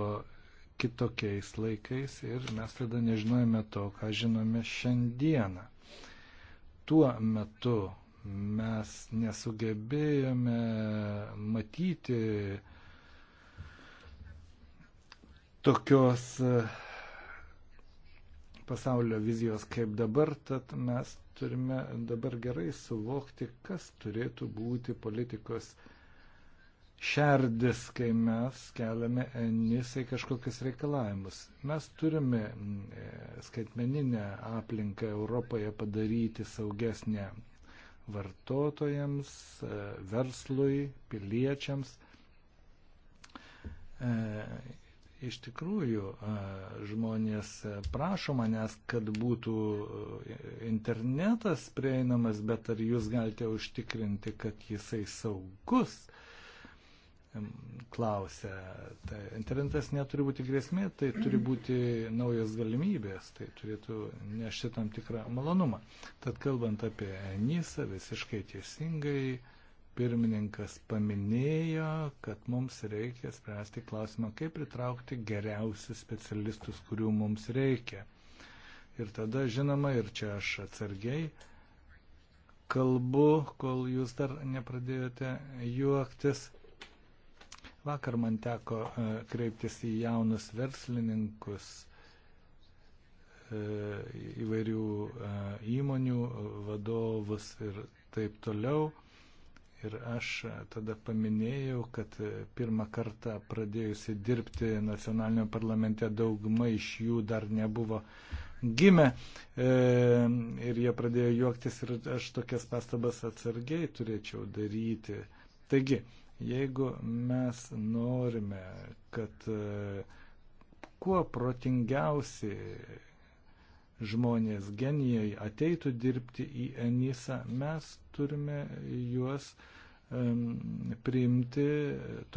kitokiais laikais ir mes tada nežinojame to, ką žinome šiandieną. Tuo metu mes nesugebėjome matyti tokios e, pasaulio vizijos kaip dabar, tad mes turime dabar gerai suvokti, kas turėtų būti politikos vizija šerdis, kai mes keliame enisai kažkokius reikalavimus. Mes turime mm, e, skaitmeninę aplinką Europoje padaryti saugesnę vartotojams, e, verslui, piliečiams. E, iš tikrųjų, žmonės prašo manęs, kad būtų internetas prieinamas, bet ar jūs galite užtikrinti, kad jisai saugus? klausia. Tai internetas neturi būti grėsmė, tai turi būti naujos galimybės, tai turėtų nešti tam tikrą malonumą. Tad kalbant apie Enysą, visiškai teisingai pirmininkas paminėjo, kad mums reikia spręsti klausimą, kaip pritraukti geriausius specialistus, kurių mums reikia. Ir tada, žinoma, ir čia aš atsargiai kalbu, kol jūs dar nepradėjote juoktis, Vakar man teko e, kreiptis į jaunus verslininkus e, įvairių e, įmonių vadovus ir taip toliau. Ir aš tada paminėjau, kad pirmą kartą pradėjusi dirbti nacionalinio parlamente dauguma iš jų dar nebuvo gimę. Ir jie pradėjo juoktis ir aš tokias pastabas atsargiai turėčiau daryti. Taigi, Jeigu mes norime, kad e, kuo protingiausi žmonės genijai ateitų dirbti į Enisa, mes turime juos um, priimti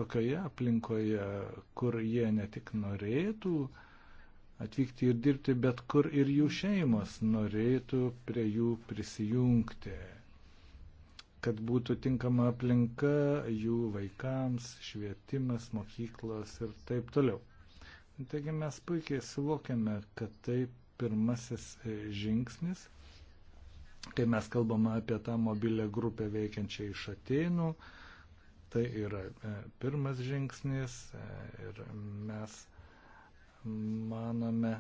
tokioje aplinkoje, kur jie ne tik norėtų atvykti ir dirbti, bet kur ir jų šeimos norėtų prie jų prisijungti kad būtų tinkama aplinka jų vaikams, švietimas, mokyklos ir taip toliau. Taigi mes puikiai suvokiame, kad tai pirmasis e, žingsnis, kai mes kalbame apie tą mobilę grupę veikiančią iš Atenų, tai yra e, pirmas žingsnis e, ir mes manome,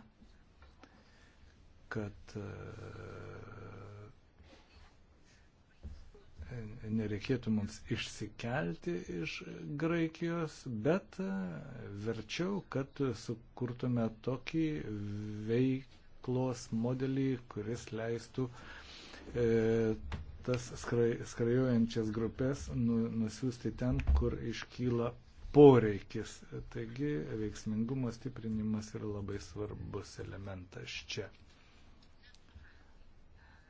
kad nereikėtų mums išsikelti iš Graikijos, bet e, verčiau, kad sukurtume tokį veiklos modelį, kuris leistų e, tas skrai, skrajojančias grupės nu, nusiųsti ten, kur iškyla poreikis. Taigi veiksmingumo stiprinimas yra labai svarbus elementas čia.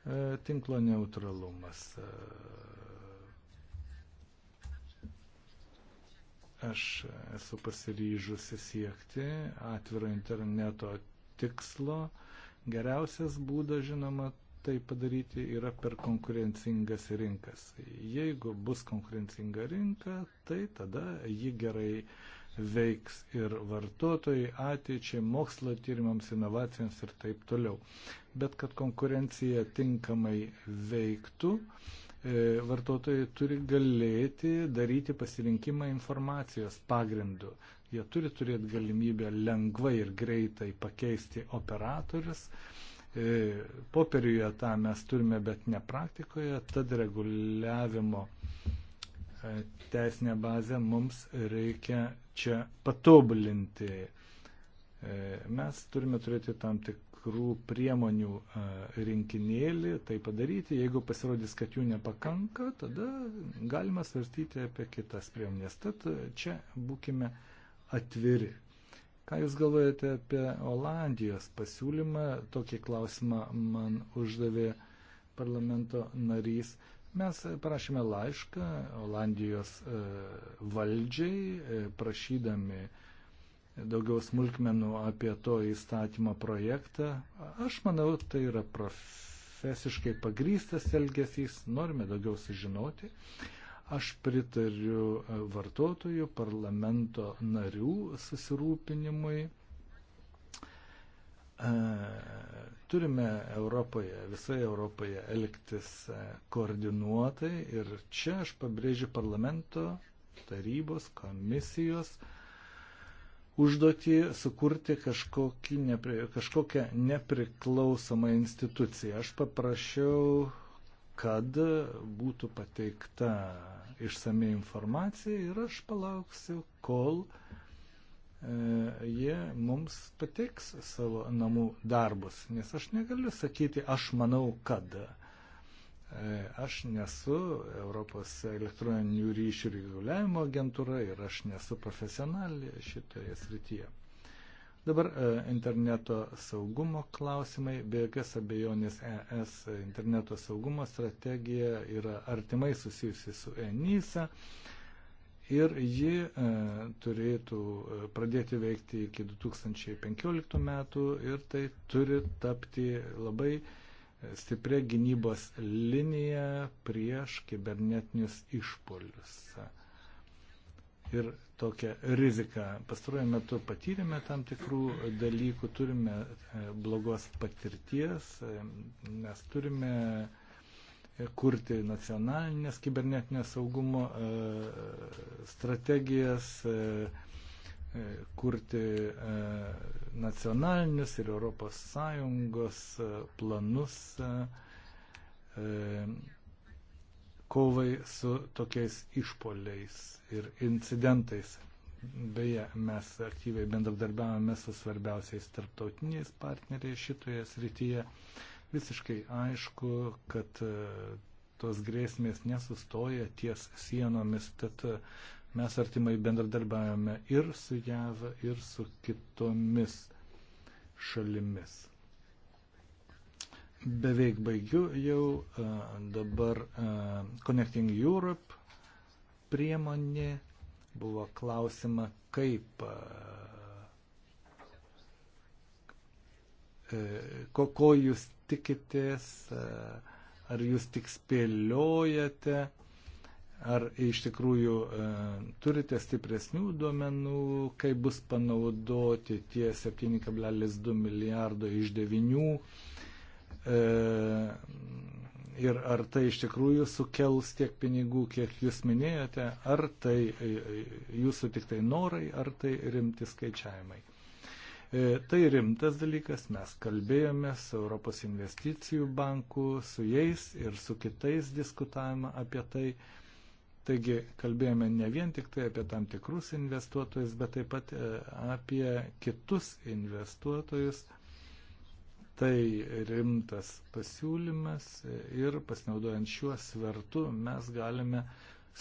E, tinklo neutralumas. E, aš esu pasiryžusi siekti atviro interneto tikslo. Geriausias būdas, žinoma, tai padaryti yra per konkurencingas rinkas. Jeigu bus konkurencinga rinka, tai tada ji gerai uh, veiks ir vartotojai ateičiai, mokslo tyrimams, inovacijams ir taip toliau. Bet kad konkurencija tinkamai veiktų, e, vartotojai turi galėti daryti pasirinkimą informacijos pagrindu. Jie turi turėti galimybę lengvai ir greitai pakeisti operatorius. E, popieriuje tą mes turime, bet ne praktikoje, tad reguliavimo teisinę bazę mums reikia čia patobulinti. E, mes turime turėti tam tikrų priemonių e, rinkinėlį tai padaryti. Jeigu pasirodys, kad jų nepakanka, tada galima svarstyti apie kitas priemonės. Tad e, čia būkime atviri. Ką Jūs galvojate apie Olandijos pasiūlymą? Tokį klausimą man uždavė parlamento narys Mes parašėme laišką Olandijos e, valdžiai, e, prašydami daugiau smulkmenų apie to įstatymo projektą. Aš manau, tai yra profesiškai pagrystas elgesys, norime daugiau sužinoti. Aš pritariu e, vartotojų, parlamento narių susirūpinimui Turime Europoje, visoje Europoje elgtis koordinuotai ir čia aš pabrėžiu parlamento, tarybos, komisijos užduotį sukurti nepri, kažkokią nepriklausomą instituciją. Aš paprašiau, kad būtų pateikta išsame informacija ir aš palauksiu, kol uh, E, jie mums patiks savo namų darbus, nes aš negaliu sakyti, aš manau, kad e, aš nesu Europos elektroninių ryšių reguliavimo agentūra ir aš nesu profesionalė šitoje srityje. Dabar e, interneto saugumo klausimai, be jokios abejonės ES interneto saugumo strategija yra artimai susijusi su ENISA. E, ir ji e, turėtų e, pradėti veikti iki 2015 metų ir tai turi tapti labai e, stipria gynybos linija prieš kibernetinius išpolius. Ir tokią riziką pastaruoju metu patyrėme tam tikrų dalykų, turime blogos patirties, nes turime E, kurti nacionalinės kibernetinės saugumo e, strategijas, e, kurti nacionalinius ir ES planus kovai su tokiais išpoliais ir incidentais. Beje, mes aktyviai bendradarbiavame su svarbiausiais tarptautiniais partneriais šitoje srityje. E, Visiškai aišku, kad e, tos grėsmės nesustoja ties sienomis, tad e, mes artimai bendradarbiavame ir su JAV, ir su kitomis šalimis. Beveik baigiu jau e, dabar Connecting Europe priemonė buvo klausima, kaip ko, ko jūs tikitės, ar jūs tik spėliojate, ar iš tikrųjų e, turite stipresnių duomenų, kaip bus panaudoti tie 7,2 milijardo iš 9 e, ir ar tai iš tikrųjų sukels tiek pinigų, kiek jūs minėjote, ar tai e, jūsų tik tai norai, ar tai rimti skaičiavimai. E, tai rimtas dalykas, mes kalbėjome su Europos investicijų banku, su jais ir su kitais diskutavimą apie tai. Taigi kalbėjome ne vien tik tai apie tam tikrus investuotojus, bet taip pat e, apie kitus investuotojus. Tai rimtas pasiūlymas e, ir pasinaudojant šiuo svertu mes galime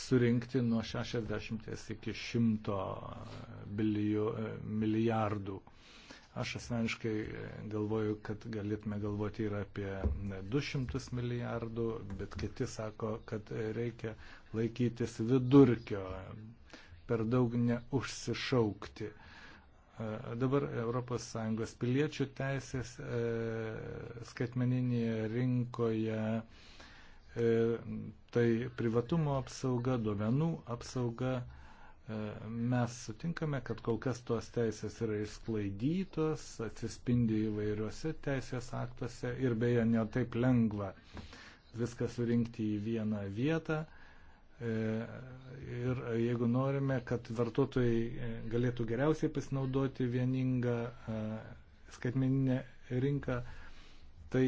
surinkti nuo 60 iki 100 milijardų Aš asmeniškai e, galvoju, kad galėtume galvoti ir apie 200 e, milijardų, bet kiti sako, kad e, reikia laikytis vidurkio, per daug neužsišaukti. Dabar ES piliečių teisės skaitmeninėje rinkoje tai privatumo apsauga, duomenų apsauga E, mes sutinkame, kad kol kas tuos teisės yra išsklaidytos, atsispindi įvairiuose teisės aktuose ir beje, ne taip lengva viską surinkti į vieną vietą. E, ir jeigu norime, kad vartotojai e, galėtų geriausiai pasinaudoti vieningą skaitmeninę rinką, tai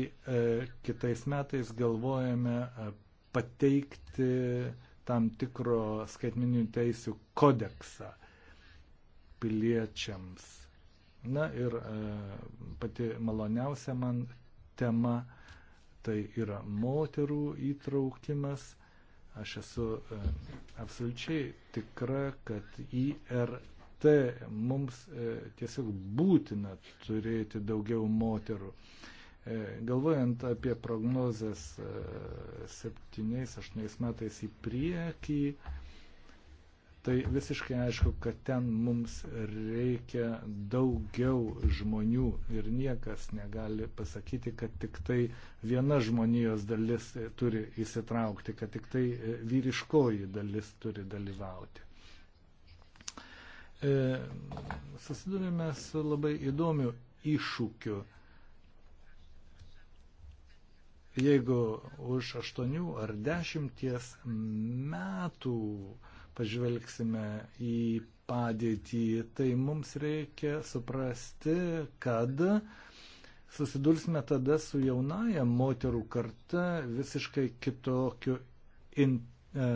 kitais metais galvojame pateikti tam tikro skaitmeninių teisių kodeksą piliečiams. Na ir e, pati maloniausia man tema tai yra moterų įtraukimas. Aš esu e, absoliučiai tikra, kad IRT mums e, tiesiog būtina turėti daugiau moterų. E, E, galvojant apie prognozes 7-8 e, metais į priekį, tai visiškai aišku, kad ten mums reikia daugiau žmonių ir niekas negali pasakyti, kad tik tai viena žmonijos dalis e, turi įsitraukti, kad tik tai vyriškoji dalis turi dalyvauti. E, susidurime su labai įdomiu iššūkiu jeigu už 8 ar 10 metų pažvelgsime į padėtį, tai mums reikia suprasti, kad susidursime tada su jaunaja moterų karta visiškai kitokiu in, e, e,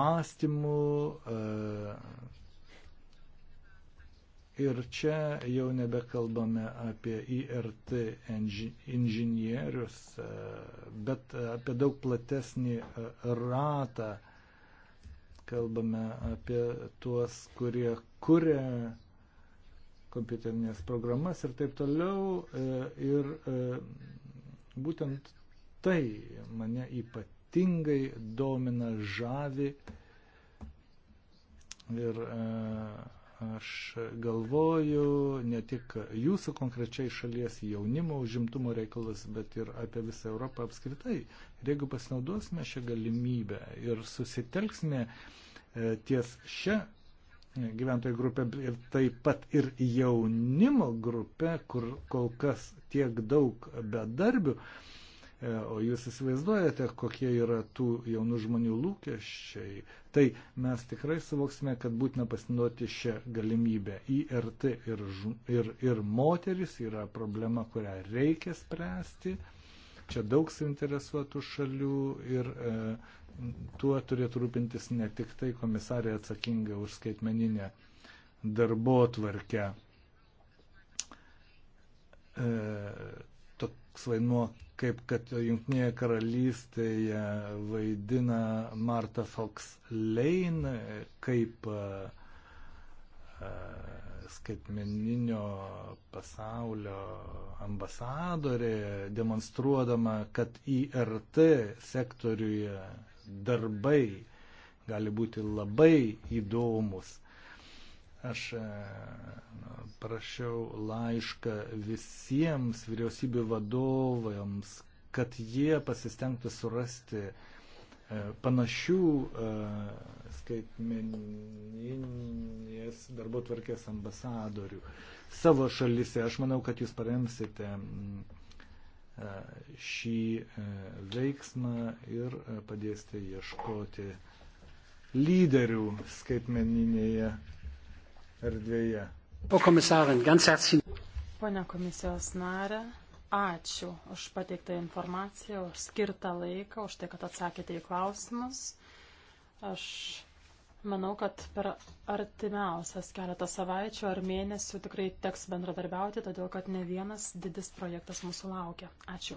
mąstymu, e, Ir čia jau nebekalbame apie IRT inžinierius, e, bet apie daug platesnį e, ratą. Kalbame apie tuos, kurie kuria kompiuterinės programas ir taip toliau. E, ir būtent tai mane ypatingai domina, žavi. Ir uh, Aš galvoju ne tik jūsų konkrečiai šalies jaunimo užimtumo reikalus, bet ir apie visą Europą apskritai. Ir jeigu pasinaudosime šią galimybę ir susitelksime e, ties šią e, gyventojų grupę ir taip pat ir jaunimo grupę, kur kol kas tiek daug bedarbių, E, o jūs įsivaizduojate, kokie yra tų jaunų žmonių lūkesčiai. Tai mes tikrai suvoksime, kad būtina pasinaudoti šią galimybę. IRT ir, ir, ir moteris yra problema, kurią reikia spręsti. Čia daug suinteresuotų šalių ir e, tuo turėtų rūpintis ne tik tai komisarė atsakinga už skaitmeninę darbo tvarkę. E, vaidmuo, kaip kad Junktinėje karalystėje vaidina Marta Fox Lane, kaip e, e, skaitmeninio pasaulio ambasadorė, demonstruodama, kad IRT sektoriuje darbai gali būti labai įdomus. Aš e, parašiau laišką visiems vyriausybių vadovams, kad jie pasistengtų surasti e, panašių e, skaitmeninės darbo tvarkės ambasadorių savo šalise. Aš manau, kad jūs paremsite šį veiksmą ir padėsite ieškoti lyderių skaitmeninėje erdvėje. Po komisarant, ganz herzlichen. Pone komisijos narė, ačiū už pateiktą informaciją, už skirtą laiką, už tai, kad atsakėte į klausimus. Aš Manau, kad per artimiausias keletą savaičių ar mėnesių tikrai teks bendradarbiauti, todėl kad ne vienas didis projektas mūsų laukia. Ačiū.